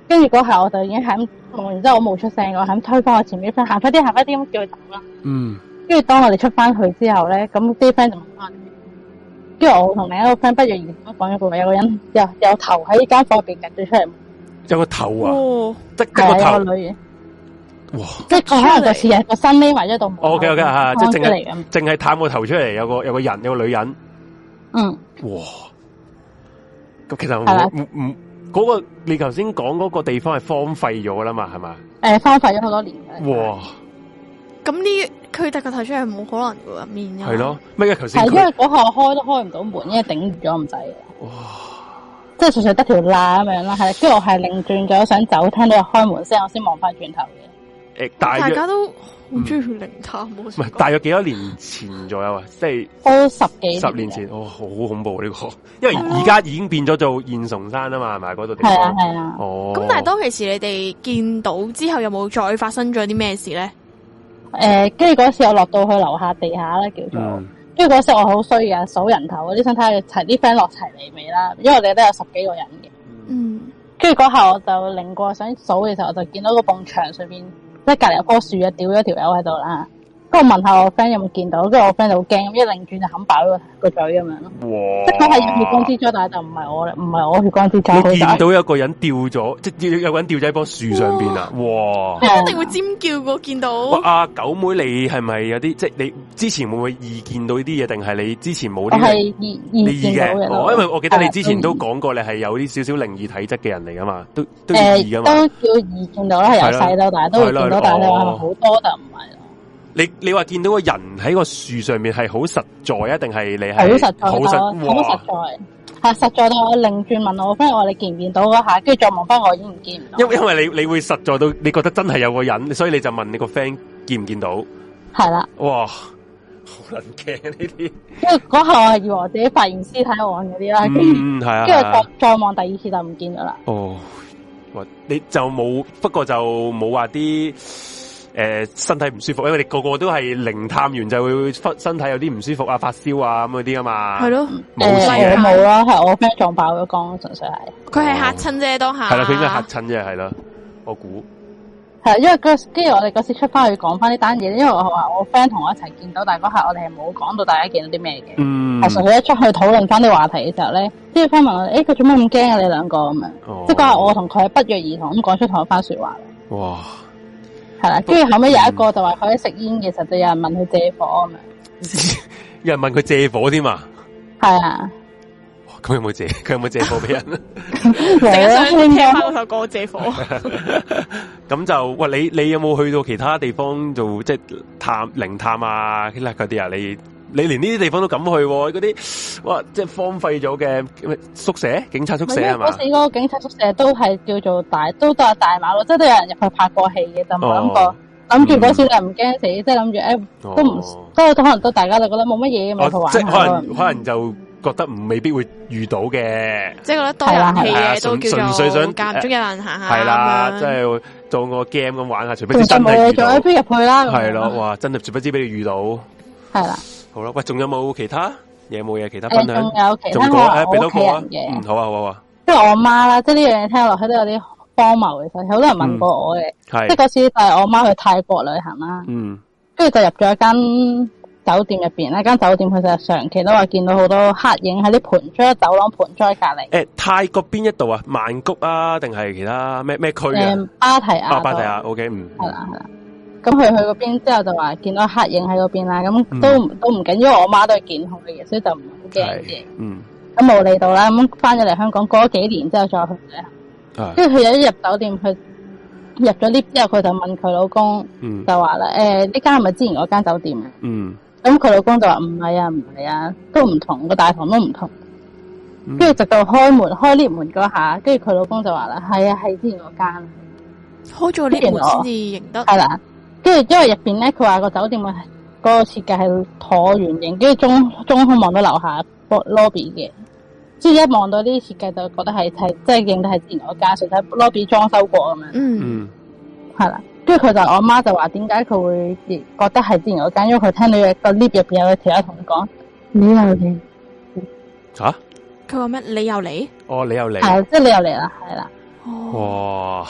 跟住嗰下我就已經喺，望，完之後我冇出聲，我喺咁推翻我前面，翻行快啲，行快啲，咁叫佢走啦。嗯。跟住當我哋出翻去之後咧，咁啲 friend 就問翻，跟住我同另一個 friend 不約而同講咗句，
有個人有，有頭
喺呢間房入邊夾咗出嚟，有個頭啊，哦、即，即個頭，哇，即係可能就似人個身匿
埋喺度，哦，O K O K 啊，即係淨係淨係探個頭出嚟，有個有個人有個女人，嗯，哇，咁其實唔唔嗰個你頭先講嗰個地方係荒廢咗啦嘛，係咪？誒、
哦，荒廢咗好多年，哇。咁呢？佢哋
個提出嚟係冇可能噶，面係
咯，咩啊？頭先係因為
嗰下開都開唔到門，因為頂唔咗咁滯。哇，即純！即係純粹得條罅咁樣啦，係。跟住我係擰轉咗想走，聽到開門聲，我先望翻轉頭
嘅。誒、欸，大家都
好中意去靈探，唔、嗯、錯。
大約幾多年前左右，即係。多
十幾年
十年前，哦，好恐怖呢、啊這個，因為而家已經變咗做燕崇山啊嘛，係、那、咪、個？嗰度係啊，係啊。哦。咁但係
當其時你哋見到之後，有冇再發生咗啲咩事咧？誒、呃，跟住嗰時我落
到去樓下地下啦，叫做跟住嗰時我好衰啊，數人頭嗰啲想睇下齊啲 friend 落齊嚟未啦，因為我哋都有十幾個人嘅。嗯，跟住嗰下我就擰過想數嘅時候，我就見到個埲牆上邊即係隔籬有棵樹啊，吊咗條友喺度啦。我問下我 friend 有冇見到，跟住我 friend 就好驚，一擰轉就啃爆個個嘴咁樣
咯。即係佢係血光
之災，但係就唔係我，唔係我血光之災就見
到有個人掉咗，即係有個人吊咗喺棵樹上邊啊！哇！即係一定
會尖叫噶，見到。
阿九妹，你係咪有啲即係你之前會唔會易見到呢啲嘢？定係你之前冇啲？
係易易見到嘅。我因為我記得你之前
都講過，你係有啲少少靈異體質嘅人嚟噶嘛？都都易噶嘛？都
叫易見到啦，係由細到大都會見到，但係話好多就唔係。
你你話見到個人喺個樹上面係好實在啊？定係你係好實在，好實
在，係實在到我擰轉問我 friend，我話你見唔見到嗰下？跟住再望翻我，我已經見
唔到。因因為你，你你會實在到你覺得真係有個人，所以你就問你個 friend 見唔見到？係啦。哇，好撚驚呢
啲。因為嗰下我係以為我自己發現屍體案嗰啲啦。嗯，係啊。跟住再望第二次就唔見
咗啦。哦，你就冇，不過就冇話啲。誒、呃，身體唔舒服，因為你個個都係靈探完就會身體有啲唔舒服啊，發燒啊咁嗰啲啊嘛。
係咯，冇錯冇啦，係、呃、我 friend、啊、撞爆咗缸，純粹係佢係吓
親啫，都吓
係啦，佢應該吓親啫，係啦我估
係因為跟住我哋嗰次出翻去講翻呢單嘢，因為我話我 friend 同我一齊見到，但係嗰刻我哋係冇講到大家見到啲咩嘅。嗯，其實佢一出去討論翻啲話題嘅時候咧，跟住翻問我誒，佢做咩咁驚啊？你兩個咁樣，即係嗰話我同佢不約而同咁講出同一番說話。哇！係啦，跟住後尾有一個就話可以食煙嘅，實際
有人問佢借火啊嘛， 有人問
佢
借火添嘛？係啊，咁有冇借？佢有冇借火俾人？
正 有了 想聽翻嗰首歌借火
咁就喂，你你有冇去到其他地方做即係、就是、探靈探啊？嗰啲啊，你？你連呢啲地方都敢去？嗰啲哇，即係荒廢咗嘅宿舍、警察宿舍係嘛？我嗰
個警察宿舍都係叫做大，都都係大馬路，即係都有人入去拍過戲嘅，就冇諗過諗住嗰時就唔驚死，哦、即係諗住誒都唔、哦、都可能都大家就覺得冇乜嘢咁去玩。即係可能可
能就覺得唔未必會遇到嘅，即
係覺得多入戲嘅嘢都叫做純粹想夾中有人行下。係啦，即係
做個 game 咁玩下，除非真係遇到，做一
邊入去啦。
係咯，哇！真係，殊不知俾你遇到。
係啦。
好啦，喂，仲有冇其他嘢？冇嘢其他分享。仲有其他嘅，俾多一個。嗯，好啊，好啊，好啊，因為，
即係我媽啦，即係呢樣嘢聽落去都有啲荒謬嘅，其實好多人問過我嘅。係、嗯。即係嗰次就係我媽去泰國旅行啦。嗯。跟住就入咗一間酒店入邊，一間酒店佢就長期都話見到好多黑影喺啲盆栽走廊盤、盆栽隔籬。誒，
泰國邊一度啊？曼谷啊，定係其他咩咩區？巴提亞啊，巴提亞啊巴提亞，OK，嗯。係啦，係
啦。咁佢去嗰邊之後就話見到黑影喺嗰邊啦，咁都、嗯、都唔緊，因為我媽都係見好嘅嘢，所以就唔好驚嘅。
嗯，
咁冇理到啦，咁翻咗嚟香港過咗幾年之後再去睇下。
係，跟
住佢一入酒店，佢入咗 lift 之後，佢就問佢老公，嗯、就話啦：，誒、欸，呢間係咪之前嗰間酒店啊？
嗯，
咁佢老公就話：唔係啊，唔係啊，都唔同，個大堂都唔同。
跟
住直到開門開 lift 門嗰下，跟住佢老公就話啦：係啊，係之前嗰間。開咗 lift 門先至
認得，係啦。
因為入邊咧，佢話個酒店嘅，嗰個設計係橢圓形，跟住中中空望到樓下 lobby 嘅。即係一望到呢啲設計，就覺得係、係即係認得係之前嗰間，純粹 lobby 裝修過咁
樣。
嗯，係啦。跟住佢就我媽就話，點解佢會覺得係之前嗰間？因為佢聽到嘅個 lift 入邊有個條友同佢講，你又嚟
吓？
佢話咩？你又嚟？
哦，你又嚟？即、啊、係、就是、
你又嚟啦，係啦。哦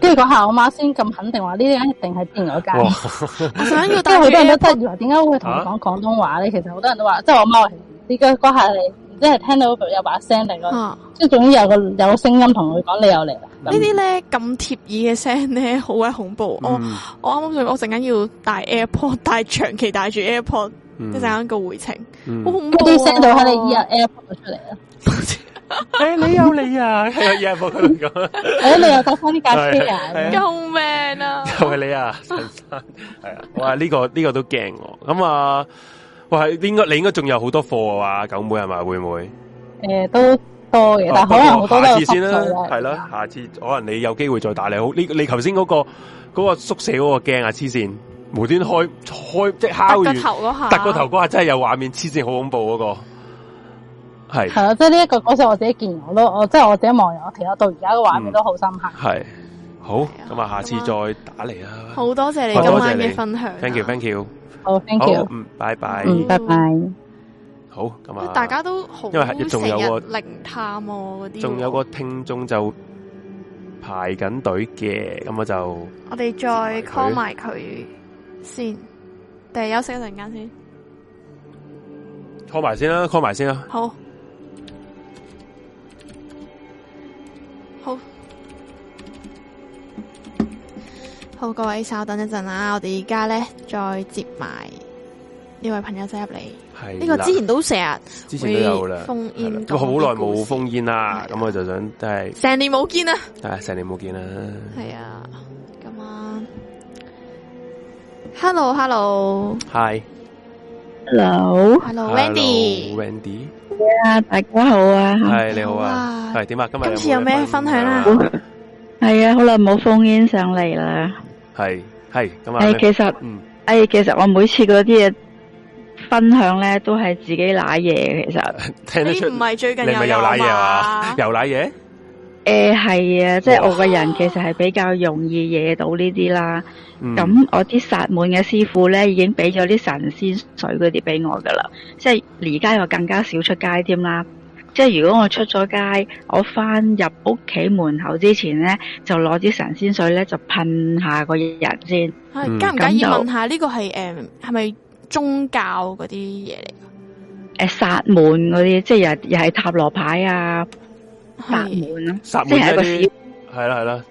跟住嗰下，我媽先咁肯定話呢間一定係邊
個間。我
想要即係好多人都質疑話點解會同佢講廣東話咧、啊？其實好多人都話，即、就、係、是、我媽話呢間嗰下，即係、就是、聽到
有把聲定、啊、個，即
係總之有個有聲音同佢講你又嚟啦。呢啲咧
咁貼耳嘅聲咧，好、嗯、鬼恐怖！嗯哦、我剛剛我啱啱我陣間要戴 AirPod，戴長期戴住 AirPod，、嗯、一陣間個回程好、嗯、恐怖啲聲，到喺你依個 AirPod 出嚟啊！嗯 你有你啊，你
有冇 F 嗰
度你哎，你又打翻、啊、 架先啊，啊！救命啊！ 又
係你啊！係啊，哇、這個，呢個呢個都驚我咁啊！哇，應該你應該仲有好多貨啊，九妹係咪會唔會？
誒、
呃，都多嘅、啊，但係可能、啊、多下次先啦，
係啦！下次可能你有機會再打你。好、那個，呢你頭先嗰個、那個宿舍嗰個鏡啊，黐線，無端開開即係敲完，突個頭嗰下，突個頭嗰下真係有畫面，黐線好恐怖嗰、那個。係係啊，
即係
呢一個嗰時我自己見我咯，我即係我自己望我其實到而家嘅畫面都
好深刻、嗯。係好，咁啊，下次再打嚟啦。好多謝你今晚嘅分享。Thank you，Thank you。好，Thank you。嗯，拜拜，拜拜。哦嗯、拜拜。好，咁、嗯、啊，大家都
好，因為仲、嗯、有個、嗯、零探啊，啲仲有個
聽眾就排緊隊嘅，咁、嗯、我就
我哋再 call 埋佢先，定係休息一陣間先。
call 埋先啦，call 埋先啦。好。
好，好，各位稍等一陣啊，我哋而家咧再接埋呢位朋友仔入嚟。
係呢個之前都
成日，之前都有啦，封煙，
好耐冇封煙啦，咁我就想即係成年冇見啦，係成年冇見啦，係
啊，今晚
，Hello，Hello，Hi，Hello，Hello，Wendy，Wendy。
啊！大家好啊，係你好啊，
係、啊、點啊？今日今次有咩分享啊？
係 啊，好耐冇封煙上嚟啦。
係係咁啊！誒，其實誒、嗯
哎，其實我每次嗰啲嘢分享咧，都係自己瀨嘢嘅。其實
聽得出唔係最近你咪又瀨嘢啊？又瀨嘢？
誒、呃、係啊，即係我個人其實係比較容易惹到呢啲啦。
咁、
啊、我啲煞門嘅師傅咧，已經俾咗啲神仙水嗰啲俾我噶啦。即係而家又更加少出街添啦。即係如果我出咗街，我翻入屋企門口之前咧，就攞啲神仙水咧，就噴下個人先。係，介唔介意問下
呢，這個係，誒係咪宗教嗰啲嘢嚟？
誒，煞門嗰啲，即係又又係塔羅牌啊。法門啦，即係一個師
傅，係啦係啦，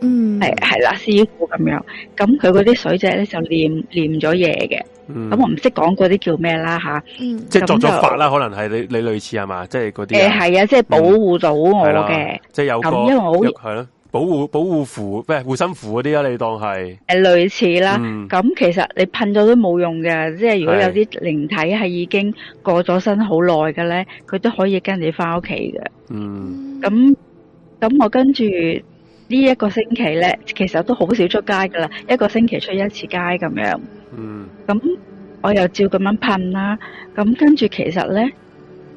嗯，誒係啦，師傅咁樣，咁佢嗰啲水隻咧就念念咗嘢嘅，咁我唔識講嗰啲叫咩啦吓，即係作咗法啦，
可能係你你類似係嘛，即係嗰啲，誒係啊，即係保
護到我嘅，即係有個係咯。因
為保護保護符，咩護身符嗰啲啦，你當係
誒類似啦。咁、嗯、其實你噴咗都冇用嘅，即係如果有啲靈體係已經過咗身好耐嘅咧，佢都可以跟住你翻屋企嘅。
嗯，
咁咁我跟住呢一個星期咧，其實都好少出街噶啦，一個星期出一次街咁樣。嗯，咁我又照咁樣噴啦。咁跟住其實咧，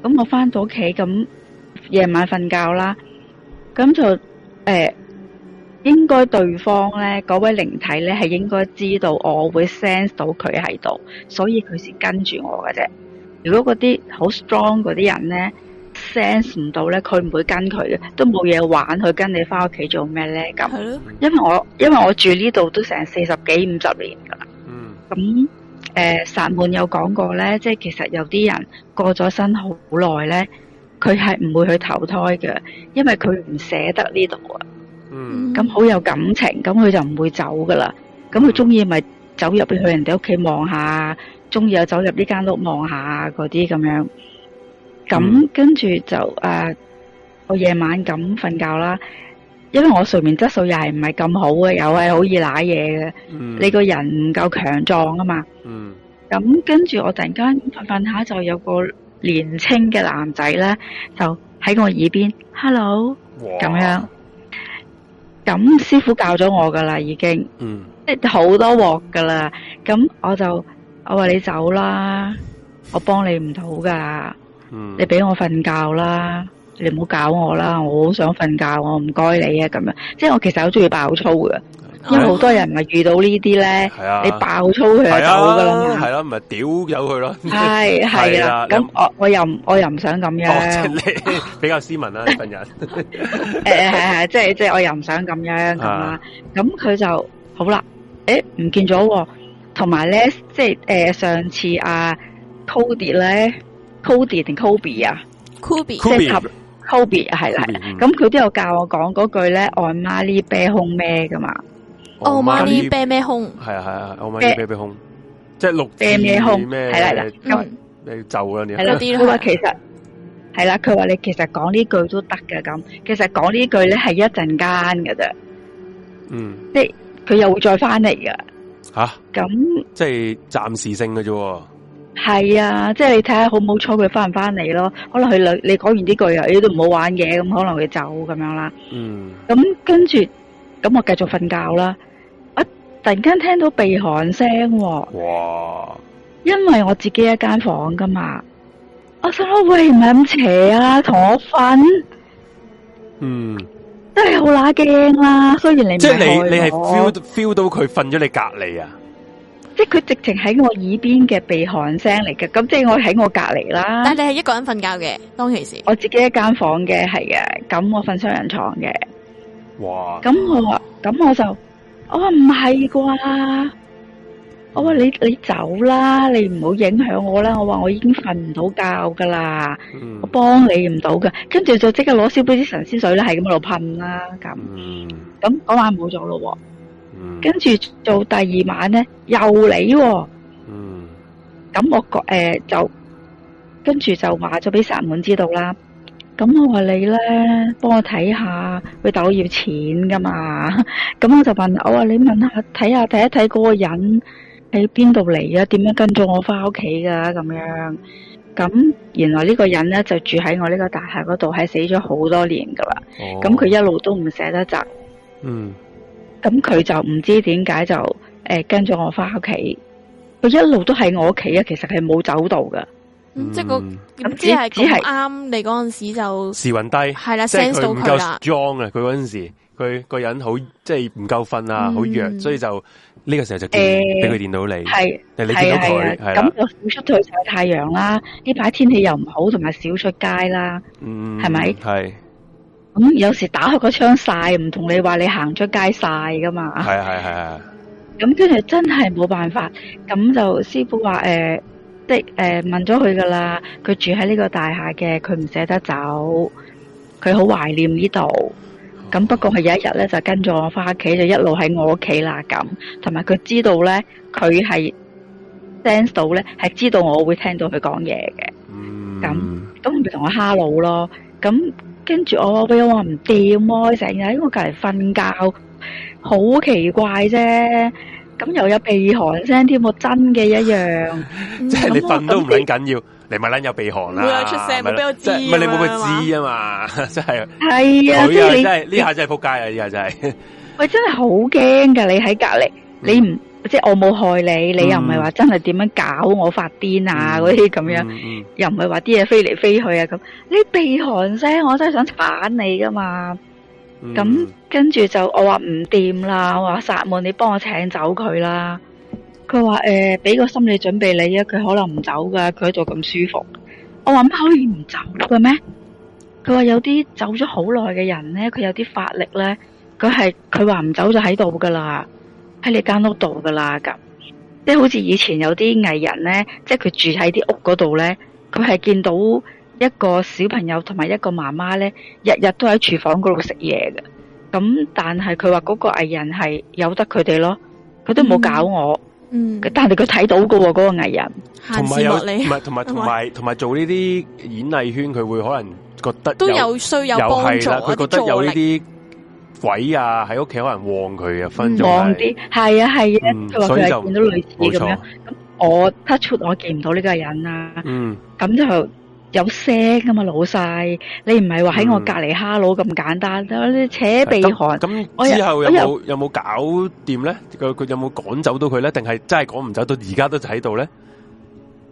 咁我翻到屋企咁夜晚瞓覺啦，咁就誒。欸應該對方咧，嗰位靈體咧係應該知道我會 sense 到佢喺度，所以佢先跟住我嘅啫。如果嗰啲好 strong 嗰啲人咧 sense 唔到咧，佢唔會跟佢嘅，都冇嘢玩，佢跟你返屋企做咩咧？咁係咯。因為我因為我住呢度都成四十幾五十年噶啦。嗯。咁誒，薩滿有講過咧，即係其實有啲人過咗身好耐咧，佢係唔會去投胎嘅，因為佢唔捨得呢度啊。咁、嗯、好有感情，咁佢就唔會走噶啦。咁佢中意咪走入去人哋屋企望下，中意又走入呢間屋望下嗰啲咁樣。咁跟住就誒、嗯啊，我夜晚咁瞓覺啦。因為我睡眠質素又係唔係咁好嘅，又係好易瀨嘢嘅。你個人唔夠強壯啊嘛。咁、嗯、跟住我突然間瞓瞓下就有個年輕嘅男仔咧，就喺我耳邊，hello，咁樣。咁師傅教咗我噶啦，已經，嗯，即係好多鑊噶啦。咁我就我話你走啦，我幫你唔到噶，嗯，你俾我瞓覺啦，你唔好搞我啦，我好想瞓覺，我唔該你啊，咁樣，即係我其實好中意爆粗㗎。因為好多人咪遇到呢啲咧，你爆粗佢就冇噶啦
嘛，係咯，咪屌咗佢咯，係係啦。咁
我我又我又唔想咁樣，我
比較斯文啦、啊，今
日、哎。誒係係，即係即係我又唔想咁樣咁啊。咁佢就好啦。誒唔見咗，同埋咧即係誒上次阿、啊、Cody 咧，Cody 定 Kobe 啊，Kobe 即係 Kobe 係啦，咁佢都有教我講嗰句咧，我媽哩啤胸咩噶嘛。歐瑪尼啤咩空
係啊係啊，歐瑪尼啤啤空，即係六字咩空咩係啦啦，咁你走啦，你係啦啲啦，佢話
其實係啦，佢話你其實講呢句都得噶，咁其實講呢句咧係一陣間噶啫，嗯，即係佢又會再翻嚟噶
吓，咁即係暫時性噶啫，
係啊，即係你睇下好唔好彩佢翻唔翻嚟咯，可能佢你你講完呢句啊，你都唔好玩嘢，咁可能會走咁樣啦，
嗯，
咁跟住咁我繼續瞓覺啦。突然間聽到鼻鼾聲，哇！因為我自己一間房噶嘛，我想我喂，唔係咁邪啊，同我瞓，嗯，都係好乸驚啦。雖然你是即係你，你係 feel
feel 到佢瞓咗你隔籬，啊，
即係佢直情喺我耳邊嘅鼻鼾聲嚟嘅，咁即係我喺我隔籬啦。但
係你係一個人瞓覺嘅，
當其時，我自己一間房嘅，係嘅。咁我瞓雙人床嘅，
哇！咁
我話咁我就。我話唔係啩，我話你你走啦，你唔好影響我啦。我話我已經瞓唔到覺噶啦，嗯，我幫你唔到噶，跟住就即刻攞燒杯啲神仙水噴啦，係咁喺度噴啦咁。咁嗰晚冇咗咯，跟住，哦嗯，到第二晚咧，又嚟你，哦，咁，嗯，我覺誒、呃，就跟住就話咗俾薩滿知道啦。咁我話你咧，幫我睇下，佢大佬要錢噶嘛？咁我就問，我話你問下，睇下睇一睇嗰個人喺邊度嚟啊？點樣跟咗我翻屋企噶咁樣？咁原來呢個人咧就住喺我呢個大廈嗰度，係死咗好多年噶啦。
咁、哦、佢一
路都唔捨得走。嗯。咁佢就唔知點解就誒、欸、跟咗我翻屋企，佢一路都喺我屋企啊，其實係冇走到噶。
嗯、即係個咁即係咁啱，你嗰陣時
就時
運低係啦，sense 到佢啦，壯啊，佢嗰陣時佢個人好即係唔夠瞓啦，好弱，所以就呢、這個時候就見俾佢、欸、電到你，係你見到佢。咁就
少出去曬太陽啦，呢排天氣又唔好，同埋少出街啦，
係咪？係、
嗯、咁有時打開個窗曬，唔同你話你行出街曬噶嘛。係係係。咁跟住真係冇辦法，咁就師傅話誒。欸即係誒問咗佢噶啦，佢住喺呢個大廈嘅，佢唔捨得走，佢好懷念呢度。咁、oh. 不過佢有一日咧，就跟咗我翻屋企，就一路喺我屋企啦。咁同埋佢知道咧，佢係 sense 到咧，係知道我會聽到佢講嘢嘅。咁咁佢同我哈佬咯。咁跟住我俾我話唔掂，成日因為我隔籬瞓覺，好奇怪啫。咁又有鼻鼾聲添，我真嘅一樣，
即係你
瞓都唔撚緊要，你咪撚有鼻鼾啦，出聲咪俾我知，咪你冇俾我知啫嘛，真
係係啊，即係你真係呢
下真係仆街啊，呢下真係，
喂真係
好驚噶，你喺隔籬，你唔即係我冇害你，你又唔係話真係點樣搞我發癲啊，嗰啲咁樣，又唔係話啲嘢飛嚟飛去啊，咁你鼻鼾聲，我真係想打你噶嘛。咁、嗯、跟住就我話唔掂啦，我話薩滿，你幫我請走佢啦。佢話誒，俾、欸、個心理準備你啊，佢可能唔走噶，佢喺度咁舒服。我話乜可以唔走嘅咩？佢話有啲走咗好耐嘅人咧，佢有啲法力咧，佢係佢話唔走就喺度噶啦，喺你間屋度噶啦咁，即、就、係、是、好似以前有啲藝人咧，即係佢住喺啲屋嗰度咧，佢係見到。一個小朋友同埋一個媽媽咧，日日都喺廚房嗰度食嘢嘅。咁但係佢話嗰個藝人係由得佢哋咯，佢都冇搞我。嗯，
嗯
但係佢睇到嘅喎，嗰個藝人。
同埋有唔係，同埋同埋
同埋做呢啲演藝圈，佢會可能覺得有都有需有幫助。佢覺得有呢啲鬼啊喺屋企可能旺佢、嗯、啊，分咗啲
係啊係啊，嗯、佢話佢所以見到類似咁樣。咁我 touch 我見唔到呢個人啊，嗯，咁就。有聲噶嘛，老細，你唔係話喺我隔籬哈佬咁簡單，嗯、扯鼻鼾，
咁之後有冇有冇搞掂咧？佢佢有冇趕走到佢咧？定係真係趕唔走到而家都喺度咧？
誒、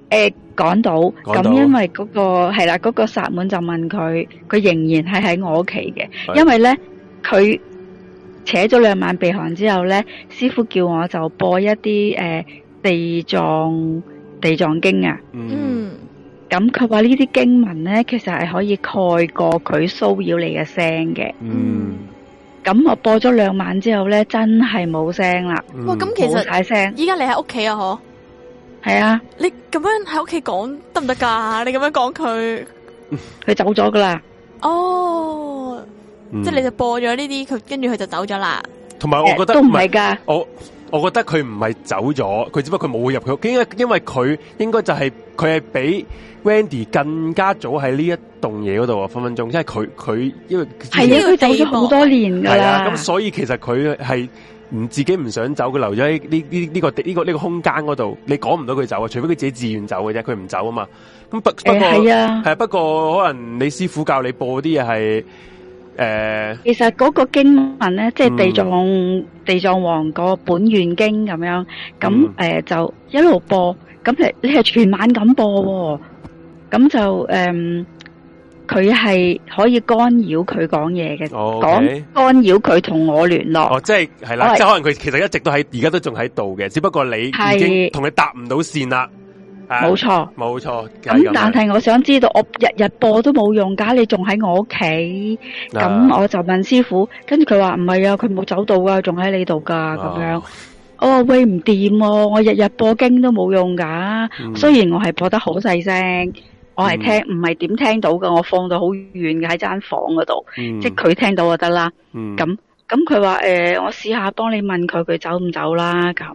呃，趕到咁，到因為嗰、那個係啦，嗰、那個薩滿就問佢，佢仍然係喺我屋企嘅，因為咧佢扯咗兩晚鼻鼾之後咧，師傅叫我就播一啲誒、呃、地藏地藏經啊，嗯。咁佢話呢啲經文咧，其實係可以蓋過佢騷擾你嘅聲嘅。嗯，咁我播咗兩晚之後咧，真係冇聲啦。哇、嗯，咁其實晒聲。
依家你喺屋企啊，嗬？
係啊。
你咁樣喺屋企講得唔得噶？你咁樣講佢，
佢 走咗噶啦。
哦、oh, 嗯，即係你就播咗呢啲，佢跟住佢就走咗啦。
同埋我覺得都唔係噶。我覺得佢唔係走咗，佢只不過佢冇入佢屋。因為因為佢應該就係佢係比 Wendy 更加早喺呢一棟嘢嗰度，分分鐘，因為佢佢因為係啊，佢走咗好
多年噶，係啊，咁
所以其實佢係唔自己唔想走，佢留咗喺呢呢呢個呢個呢個空間嗰度，你趕唔到佢走啊，除非佢自己自願走嘅啫，佢唔走啊嘛。咁不，不過係啊、欸、啊係，係不過可能你師傅教你播啲嘢係。
誒，其實個經文咧，即係地藏、嗯、地藏王個本願經咁樣，咁誒、嗯呃、就一路播，咁你你係全晚咁播、哦，咁就誒，佢、嗯、係可以干擾佢講嘢嘅，哦講、okay? 干擾佢同我聯絡。哦，
即係係啦，是即係可能佢其實一直都喺，而家都仲喺度嘅，只不過你已經同佢搭唔到線啦。冇錯，冇、啊、錯。咁但係
我想知道，我日日播都冇用噶，你仲喺我屋企。咁我就問師傅，跟住佢話唔係啊，佢冇走到啊，仲喺呢度噶。咁樣、啊，我話喂唔掂喎，我日日播經都冇用噶、嗯。雖然我係播得好細聲，我係聽唔係點聽到㗎？我放到好遠嘅喺間房嗰度、嗯，即係佢聽到就得啦。咁、嗯。咁佢話誒，我試下幫你問佢，佢走唔走啦？咁，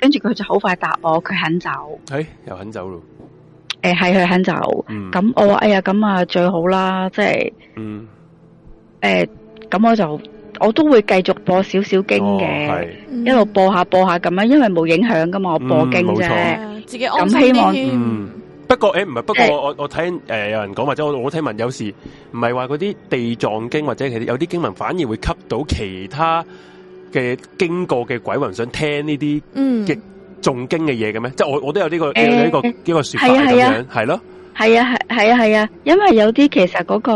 跟住佢就好快答我，佢肯走。
係、欸、又肯走咯？
誒、呃，係佢肯走。咁、嗯、我話哎呀，咁啊最好啦，即係，誒、嗯、咁、呃、我就我都會繼續播少少經嘅、哦，一路播下、嗯、播下咁樣，因為冇影響噶嘛，我播經啫、
嗯
嗯，自己安不過誒，唔、欸、係，不過我我誒、呃，有人講或者我我聽聞有時唔係話嗰啲地藏經或者其實有啲經文，反而會吸到其他嘅經過嘅鬼魂想聽呢啲嘅誦經嘅嘢嘅咩？即係我我都有呢、這個呢、欸這個呢、欸、個說法咁樣，係、啊啊、咯？係啊
係係啊係啊，因為有啲其實嗰、那個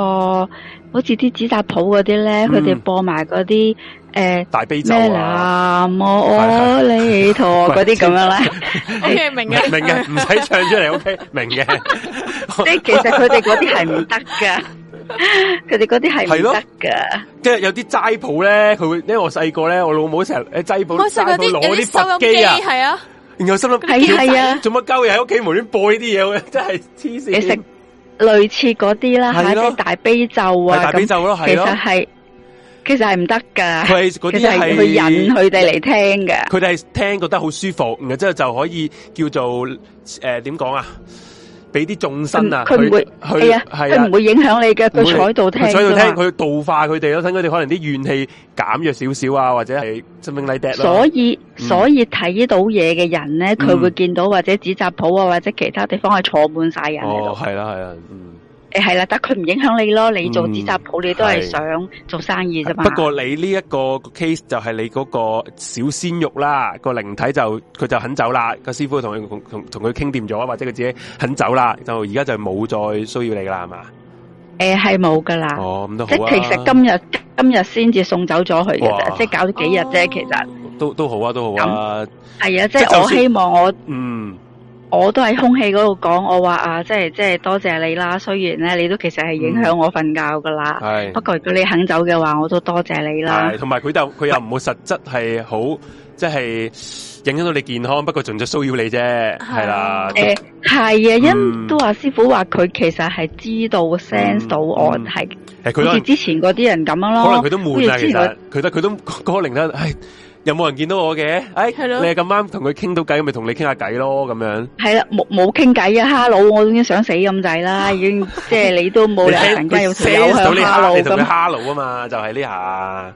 好似啲紙紮舖嗰啲咧，佢哋播埋嗰啲。誒、欸，大悲咒啊，南無阿彌陀嗰啲咁樣啦。O、
喔、K， 哎、明嘅，明嘅，唔使唱出嚟。 o、okay, K，明嘅。即係其實佢哋嗰啲係唔得噶，
佢哋嗰啲係唔得
噶。即係有啲齋譜咧，佢會，因為我細個咧，我老母成日誒齋譜，成日攞啲收音機啊，係啊，然後收咗機啊，做乜鳩嘢喺屋企無端端播呢啲嘢，真係黐
線。你食類似嗰啲啦，吓啲大悲咒啊，大悲咒咯，係咯，其實係。其實係唔得噶，佢係嗰
啲係去引佢哋嚟
聽噶。佢
哋聽覺得好舒服，然後之後就可以叫做誒點講啊，俾啲眾生啊，佢、嗯、唔會去、哎去哎、啊，佢唔會影
響你嘅佢坐喺度聽，聽，所以度聽佢
度化佢哋咯，等佢哋可能啲怨氣減弱少少啊，或者係證明你跌。所以
所以睇到嘢嘅人咧，佢、嗯、會見到或者紙紮舖啊，或者其他地方係坐滿晒人。哦，係啦、啊，係、啊、嗯。誒，係啦，但佢唔影響你咯。你做紙紮鋪，你都係想做生意啫嘛、嗯。不過
你呢一個 case 就係你嗰個小鮮肉啦，個靈體就佢就肯走啦。個師傅同佢同同佢傾掂咗，或者佢自己肯走啦，就而家就冇再需要你噶啦，係嘛？
誒、呃，係
冇噶啦。哦，咁都、啊、即其實今
日今日先至送走咗佢嘅啫，即係搞咗幾日啫、啊，其實
都都好啊，都好啊。
係係啊，即係我希望
我嗯。我
都喺空氣嗰度講，我話啊，即係即係多謝你啦。雖然咧，你都其實係影響我瞓覺
噶啦。係、嗯、不
過如果你肯走嘅話，我都多謝你啦。
同埋佢就佢又唔會實質係好即係、就是、影響到你健康，不過盡量騷擾你啫。係啦，
係、嗯、啊，因都話師傅話佢其實係知道 sense 到我係佢好似之前嗰啲人咁樣咯，可能佢都悶啊、那個。其實
佢佢都嗰咧係。有冇人見到我嘅？哎，你係咁啱同佢傾到偈，咪同你傾下偈咯，咁樣。係
啦，冇冇傾偈啊！哈嘍，我已經想死咁滯啦，已經即係你都冇理由成間要死，哈嘍咁。你聽到呢下？你同佢
哈嘍啊嘛，就係呢下。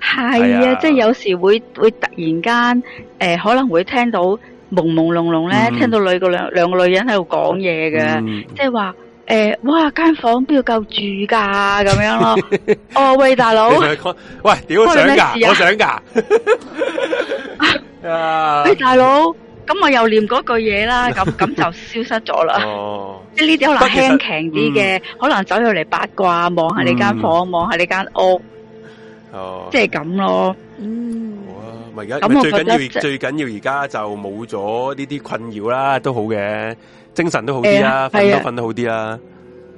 係啊，即係有時會會突然間誒，可能會聽到朦朦朧朧咧，聽到兩個兩兩個女人喺度講嘢嘅，即係話。誒、欸，哇！間房邊度夠住噶、啊，咁樣咯。
哦，喂，大佬，你想喂，屌、啊，我想噶，我想噶。啊！喂，大
佬，咁我又念嗰句嘢啦，咁 咁就消失咗啦。
哦，呢啲可能輕強啲嘅，
可能走入嚟八卦，望下呢間房，望下呢間屋。
哦，即係
咁咯。嗯。
哇！咪而家咁，我覺得最緊要而家就冇咗呢啲困擾啦，都好嘅。精神都好啲啦，瞓都瞓得好啲啦。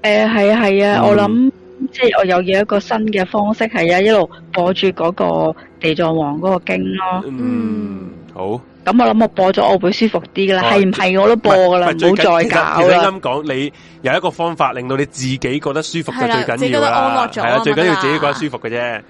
誒，係啊係啊，我諗即係我又要一個新嘅方式，係啊，一路播住嗰個地藏王嗰個經咯。嗯，嗯，
好。
咁我諗我播咗我會舒服啲噶啦，係唔係我都播噶啦，唔好再搞啦。啱啱
講你有一個方法令到你自己覺得舒服就最緊要啦，係啊，最緊要自己覺得舒服嘅啫。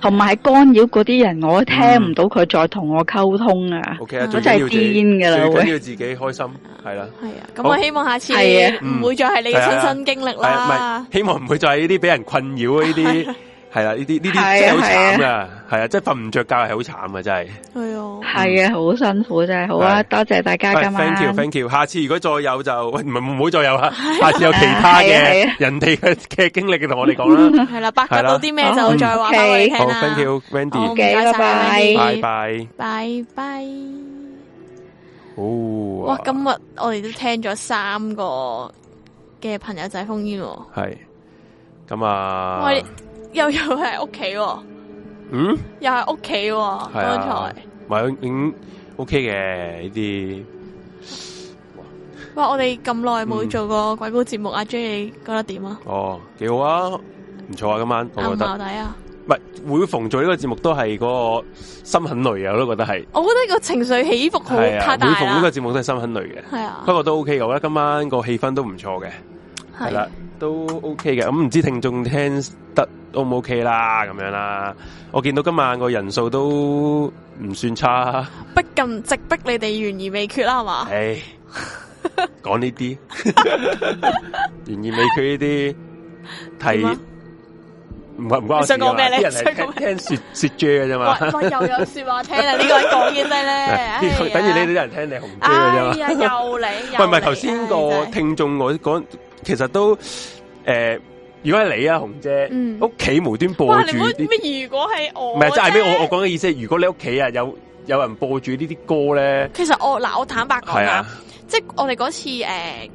同埋係干擾嗰啲人，我都聽唔到佢再同我溝通啊！我真係癲㗎啦，Okay、嗯。最緊要，要
自己開心，係、嗯、啦。
係啊，咁我希望下次唔會再係你親身經歷啦、啊嗯啊啊。
希望唔會再係呢啲俾人困擾啊呢啲。係啦，呢啲呢啲真係好慘噶，係啊，即係瞓唔着覺係好慘噶，真係。
係啊，係啊，好、就是啊嗯、辛苦真係，好啊，多謝大家今晚。Thank you，Thank
you，下次如果再有就，唔係唔好再有啦。 下次有其他嘅人哋 嘅、啊啊、經歷嘅同我哋講啦。係
啦、啊啊，八卦到啲咩就再話俾你聽啦。Thank you，Wendy，唔該晒，Wendy，拜拜！
拜拜，拜拜。
好！哇！
今日我哋都聽咗三個嘅朋友仔封煙。
係，咁、嗯、啊。嗯嗯嗯
嗯又又係屋企喎，嗯，又係屋企喎，剛才、
啊，唔係嗯，O K 嘅呢啲。
哇，我哋咁耐冇做過鬼故節目，阿、嗯啊、J 你覺得點啊？
哦，幾好啊，唔錯啊，今晚我覺得。阿毛啊？唔係，每逢做呢個節目都係嗰、那個心很累啊，我都覺得係。
我覺得個情緒起伏好、啊、大。每逢呢個
節目都係心很累嘅，係啊。不過都 O K，我覺得今晚個氣氛都唔錯嘅，
係啦。
都 OK 嘅，咁唔知聽眾聽得 O 唔 OK 啦，咁樣啦。我見到今晚個人數都唔算差，
逼近直逼你哋懸而未決啦，係嘛？係
講呢啲懸而未決呢啲題，唔係唔關我事我想講咩咧？啲人嚟聽說說 jay 嘅啫嘛，
哇又有說話聽啦！呢位講嘢咧，
等於呢啲人聽你紅 jay 啊，又
嚟，唔係唔係頭先個
聽眾我講。其實都誒、呃，如果係你啊，紅姐屋企，嗯、無端播住啲
如果係我，唔係即係咩？我我
講嘅意思係，如果你屋企啊有有人播住呢啲歌咧，
其實我嗱、呃、我坦白講啊，即係我哋嗰次誒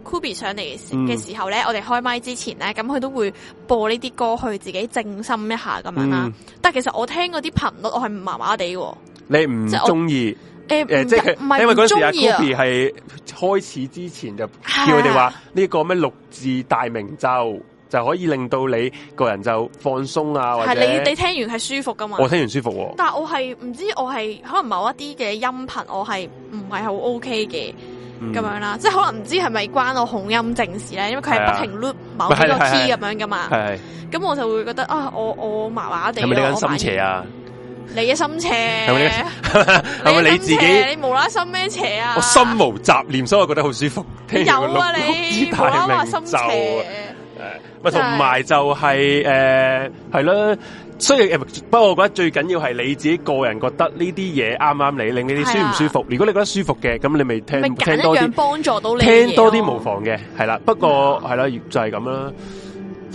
Kobe 上嚟嘅時候咧、嗯，我哋開麥之前咧，咁佢都會播呢啲歌去自己靜心一下咁樣啦。但係其實我聽嗰啲頻率，我係麻麻地喎。
你唔中意？誒、欸、誒，即係因為嗰時啊，Koopy 係開始之前就叫佢哋話呢個咩六字大明咒就可以令到你個人就放鬆啊，或者係你你聽
完係舒服噶嘛？我聽完舒服、哦但，但係我係唔知我係可能某一啲嘅音頻我係唔係好 OK 嘅咁、嗯、樣啦，即係可能唔知係咪關我恐音症事咧？因為佢係不停 loop 某一個 key 咁、啊啊、樣噶嘛，咁、啊、我就會覺得啊，我我麻麻地你樣心邪啊！你嘅心邪係咪
咧？係咪 你自己？你
無啦心咩邪啊？我
心無雜念，所以我覺得好舒服。聽有啊你，你唔好話心邪。咪同埋就係誒係啦，所以不過我覺得最緊要係你自己個人覺得呢啲嘢啱唔啱你，令你哋舒唔舒服，啊。如果你覺得舒服嘅，咁你咪聽、啊、聽多啲，幫
助到你的、啊、聽多啲無
妨嘅係啦。不過係、啊、啦，就係、是、咁啦。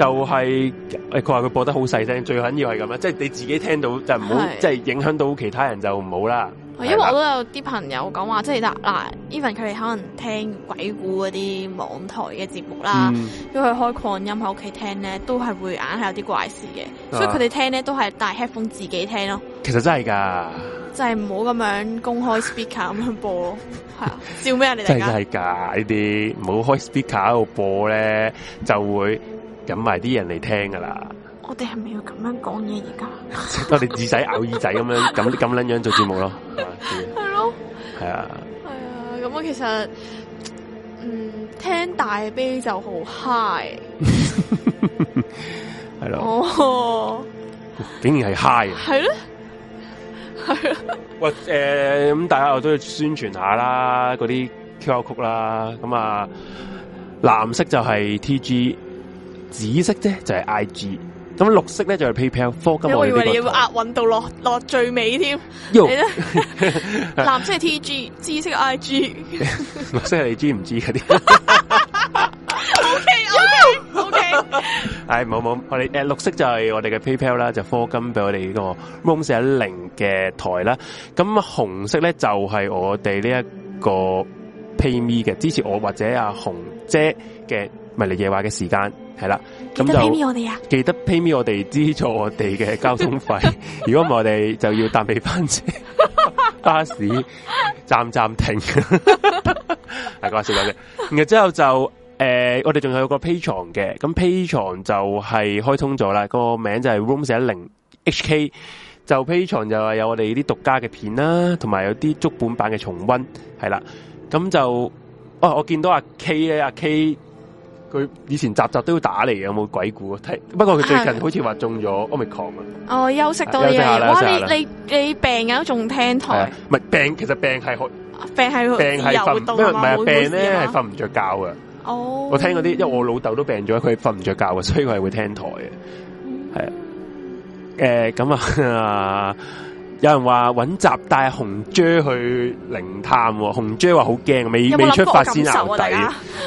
就係、是，佢話佢播得好細聲，最緊要係咁樣，即係你自己聽到就唔好，即係影響到其他人就唔好啦。
因為我都有啲朋友講話，即係嗱嗱，even 佢哋可能聽鬼故嗰啲網台嘅節目啦，如、嗯、果開擴音喺屋企聽咧，都係會硬係有啲怪事嘅、啊，所以佢哋聽咧都係戴 headphone 自己聽咯。
其實真係㗎，就
係唔好咁樣公開 speaker 咁 樣播嚇，笑咩人哋？照啊、你真係
真係㗎，呢啲唔好開 speaker 喺度播咧就會。引埋啲人嚟聽噶啦！
我哋係咪要咁樣講嘢而家？
我哋耳仔咬耳仔咁樣咁咁捻樣做節目咯？係 咯、嗯，係
啊，係啊！咁啊，其實，嗯，聽大啤就好 high，
係咯，哦、 oh，竟然係 high，
係咯，
係啊！喂，誒，咁、呃呃、大家我都要宣傳下啦，嗰啲 Q R 曲啦，咁啊，藍色就係 T G。紫色啫就係 I G，咁綠色咧就係 PayPal，科金我哋呢個台，我以為你要
壓運到落落最尾添，
係咧， 藍
色係 T G，紫色 I G，
綠色係你知唔知嗰啲
O K O K O K，
哎冇冇，我哋誒、呃、綠色就係我哋嘅 PayPal 啦，就科金俾我哋呢個 room 四一零嘅台啦，咁紅色咧就係我哋呢一個 Pay Me 嘅支持我或者阿紅姐嘅迷你夜話嘅時間。係啦，咁就記得 pay me 我哋啊，記得 pay me, 記得 pay me day, 知道我哋資助我哋嘅交通費，如果唔係我哋就要搭地班車、 巴士站站停。啊， 講下笑講啫。然後之後就誒、呃，我哋仲有個 Patreon 嘅，咁 Patreon 就係開通咗啦，那個名就係 room 四一零 HK。就 Patreon 就係有我哋啲獨家嘅片啦，同埋有啲足本版嘅重温。係啦，咁就哦，我見到阿 K 咧，阿 K。佢以前集集都要打嚟嘅，有冇鬼故？不過佢最近好似話中咗 Omicron
啊。哦、啊，休息到你你你你病啊，仲聽台？
唔係、啊、病，其實病係好，
病係病係瞓，唔係病咧
係瞓唔着覺㗎。哦、oh，我聽嗰啲，因為我老豆都病咗，佢瞓唔着覺嘅，所以佢係會聽台嘅。係啊，誒，咁啊。啊啊有人話揾雜帶紅 J 去靈探、哦，紅 J 話好驚，未未出發先留底。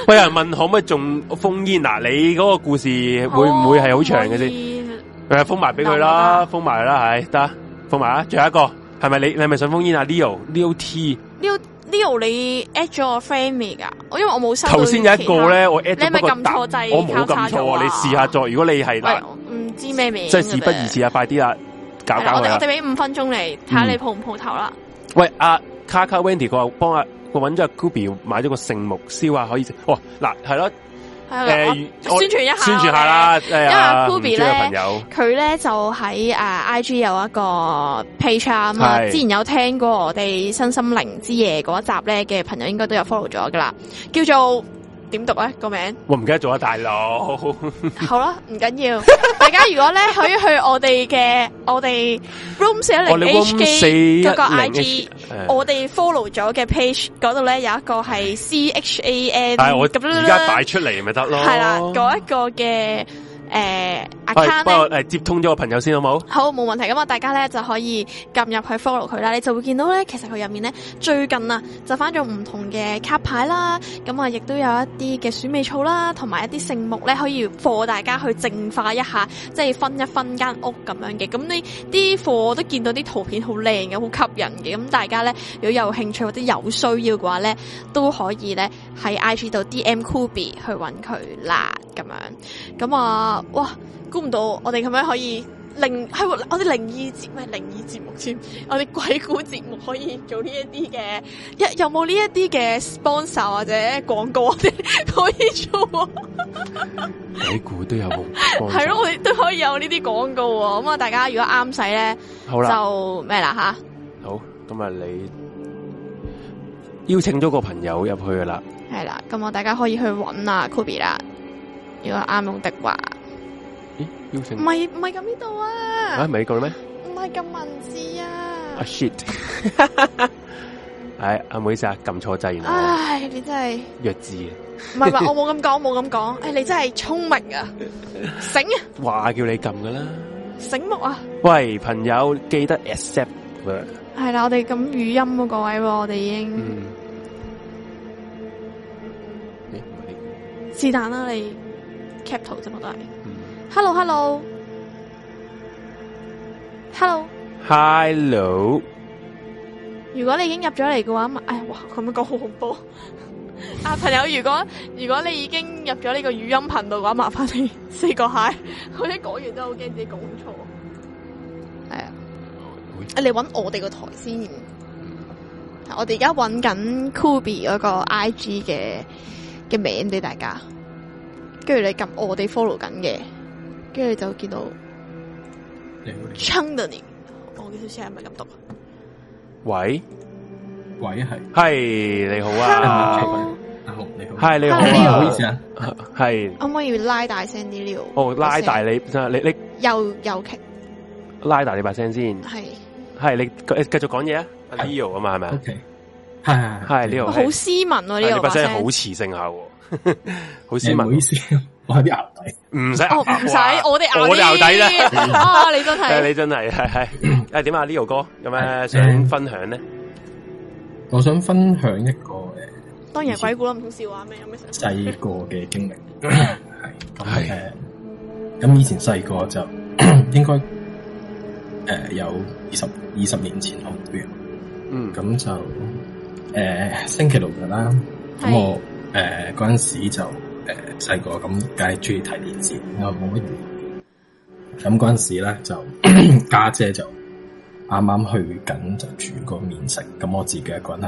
有人、啊、問 可唔可以仲封煙嗱、啊？你嗰個故事會唔會係好長嘅先？誒，封埋俾佢啦，封埋啦，係得，封埋啊！最後一個係咪你？你係咪想封煙啊？Leo，Leo
T，Leo，Leo，Leo, 你 at 咗我 friend 噶？我因為我冇收頭先、啊、有一個咧、啊，我 a 咪 d 咗個單，我冇撳錯啊！你試下
再。如果你係唔
知咩名，即係事不宜遲
啊！快啲啦！我哋
俾五分鐘嚟睇下你鋪唔鋪頭啦。
喂，阿卡卡 Wendy 佢話幫阿、啊、我搵咗阿 Kobe 買咗個聖木燒啊，可以食。哇、哦，嗱係咯，誒、呃、宣傳一下，宣傳下啦、okay。因為、啊、Kobe 咧，
佢咧就喺誒、啊、IG 有一個 page 啊嘛。之前有聽過我哋《新心靈之夜》嗰一集咧嘅朋友，應該都有 follow 咗噶啦，叫做。點讀啊個名？
我、哦、唔記得咗啊，大佬。 好啦，
唔緊要。 大家如果咧可以去我哋嘅我哋 room 410 HK 個 IG，、呃、我哋 follow 咗嘅 page 嗰度咧有一個係 C H A N，係、哎、我咁而家擺
出嚟咪得咯。係啦，
嗰一個嘅。誒 account 咧幫我
誒接通咗個朋友先好冇？
好，冇問題咁啊！大家咧就可以撳入去 follow 佢啦，你就會見到咧，其實佢入面咧最近啊，就翻咗唔同嘅卡牌啦，咁啊，亦都有一啲嘅鼠尾草啦，同埋一啲聖木咧，可以俾大家去淨化一下，即係分一分間屋咁樣嘅。咁呢啲貨都見到啲圖片好靚嘅，好吸引嘅。咁大家咧如果有興趣或者有需要嘅話咧，都可以咧喺 IG 度 D M Kubi 去搵佢啦，咁樣。咁啊～哇，估唔到我哋咁樣可以靈，係我哋靈異節，唔係靈異節目添，我哋鬼故節目可以做呢一啲嘅。一有冇呢一啲嘅 sponsor 或者廣告我哋可以做，
鬼故都有廣告，係 咯，我哋都
可以有呢啲廣告喎。咁啊，大家如果啱使咧，
好啦，就咩啦吓？好，咁啊，你邀請咗個朋友入去噶啦。
係啦，咁啊，大家可以去搵啊 Kobe 啦，如果啱
用的話。咦、欸，唔係
唔係咁呢度啊！啊，唔係呢個咩？唔係咁文字啊！
啊，shit！唉、 哎，啊，唔好意思啊，撳錯掣。唉，
你真係
弱智啊！唔係唔係，我冇
咁講，冇咁講。唉、哎，你真係聰明啊！ 醒啊！
話叫你撳㗎啦！
醒目啊！
喂，朋友，記得 accept 佢。
係啦，我哋咁語音各位，我哋已經嗯。誒、欸，嗰啲是但啦，你 cap 圖啫嘛，都係。Hello，Hello，Hello
hello. Hello. Hello.、
哎。 如果你已經入咗嚟嘅話，唉，哇，咁樣講好恐怖。啊，朋友，如果如果你已經入咗呢個語音頻道嘅話，麻煩你四個嗨， 我一講完都好驚自己講錯。係啊，誒，你搵我哋個台先。我哋而家搵緊 Kobe 嗰個 IG 嘅嘅名俾大家，跟住你撳我哋 follow 緊嘅。跟住就見到 Chandni 我嘅意思係咪咁讀啊？
喂， 喂係，係、hey, 你好啊，Hello? Hello, Hello, oh, hey. oh, 你好，係你好，你好，唔好意思啊，係
可唔可以拉大聲啲？Leo，
哦，拉大你你你又又。拉大你把聲先，係係你繼繼續講嘢啊，Leo 啊嘛係咪？OK，係係係，Leo，好斯
文啊 Leo 把聲好
磁性下，好斯文，唔好意思。我喺啲、 哦、牛底，唔使，唔使，我哋我哋牛底啦。你真係、 啊，你真係，係係。誒，點啊，Leo 哥有咩想分享咧，嗯？我想分享一個誒，
當然係鬼故啦，唔通笑話咩？有
咩細個嘅經歷係係誒？咁以前細個就應該誒有二十二十年前好遠，嗯，咁就誒、呃、星期六日啦。咁我誒嗰陣時就。誒、呃，細個咁梗係中意睇電視，我冇乜嘢。咁嗰陣時咧，就家 姐，姐就啱啱去緊就煮
個麵食，咁我自己一個人。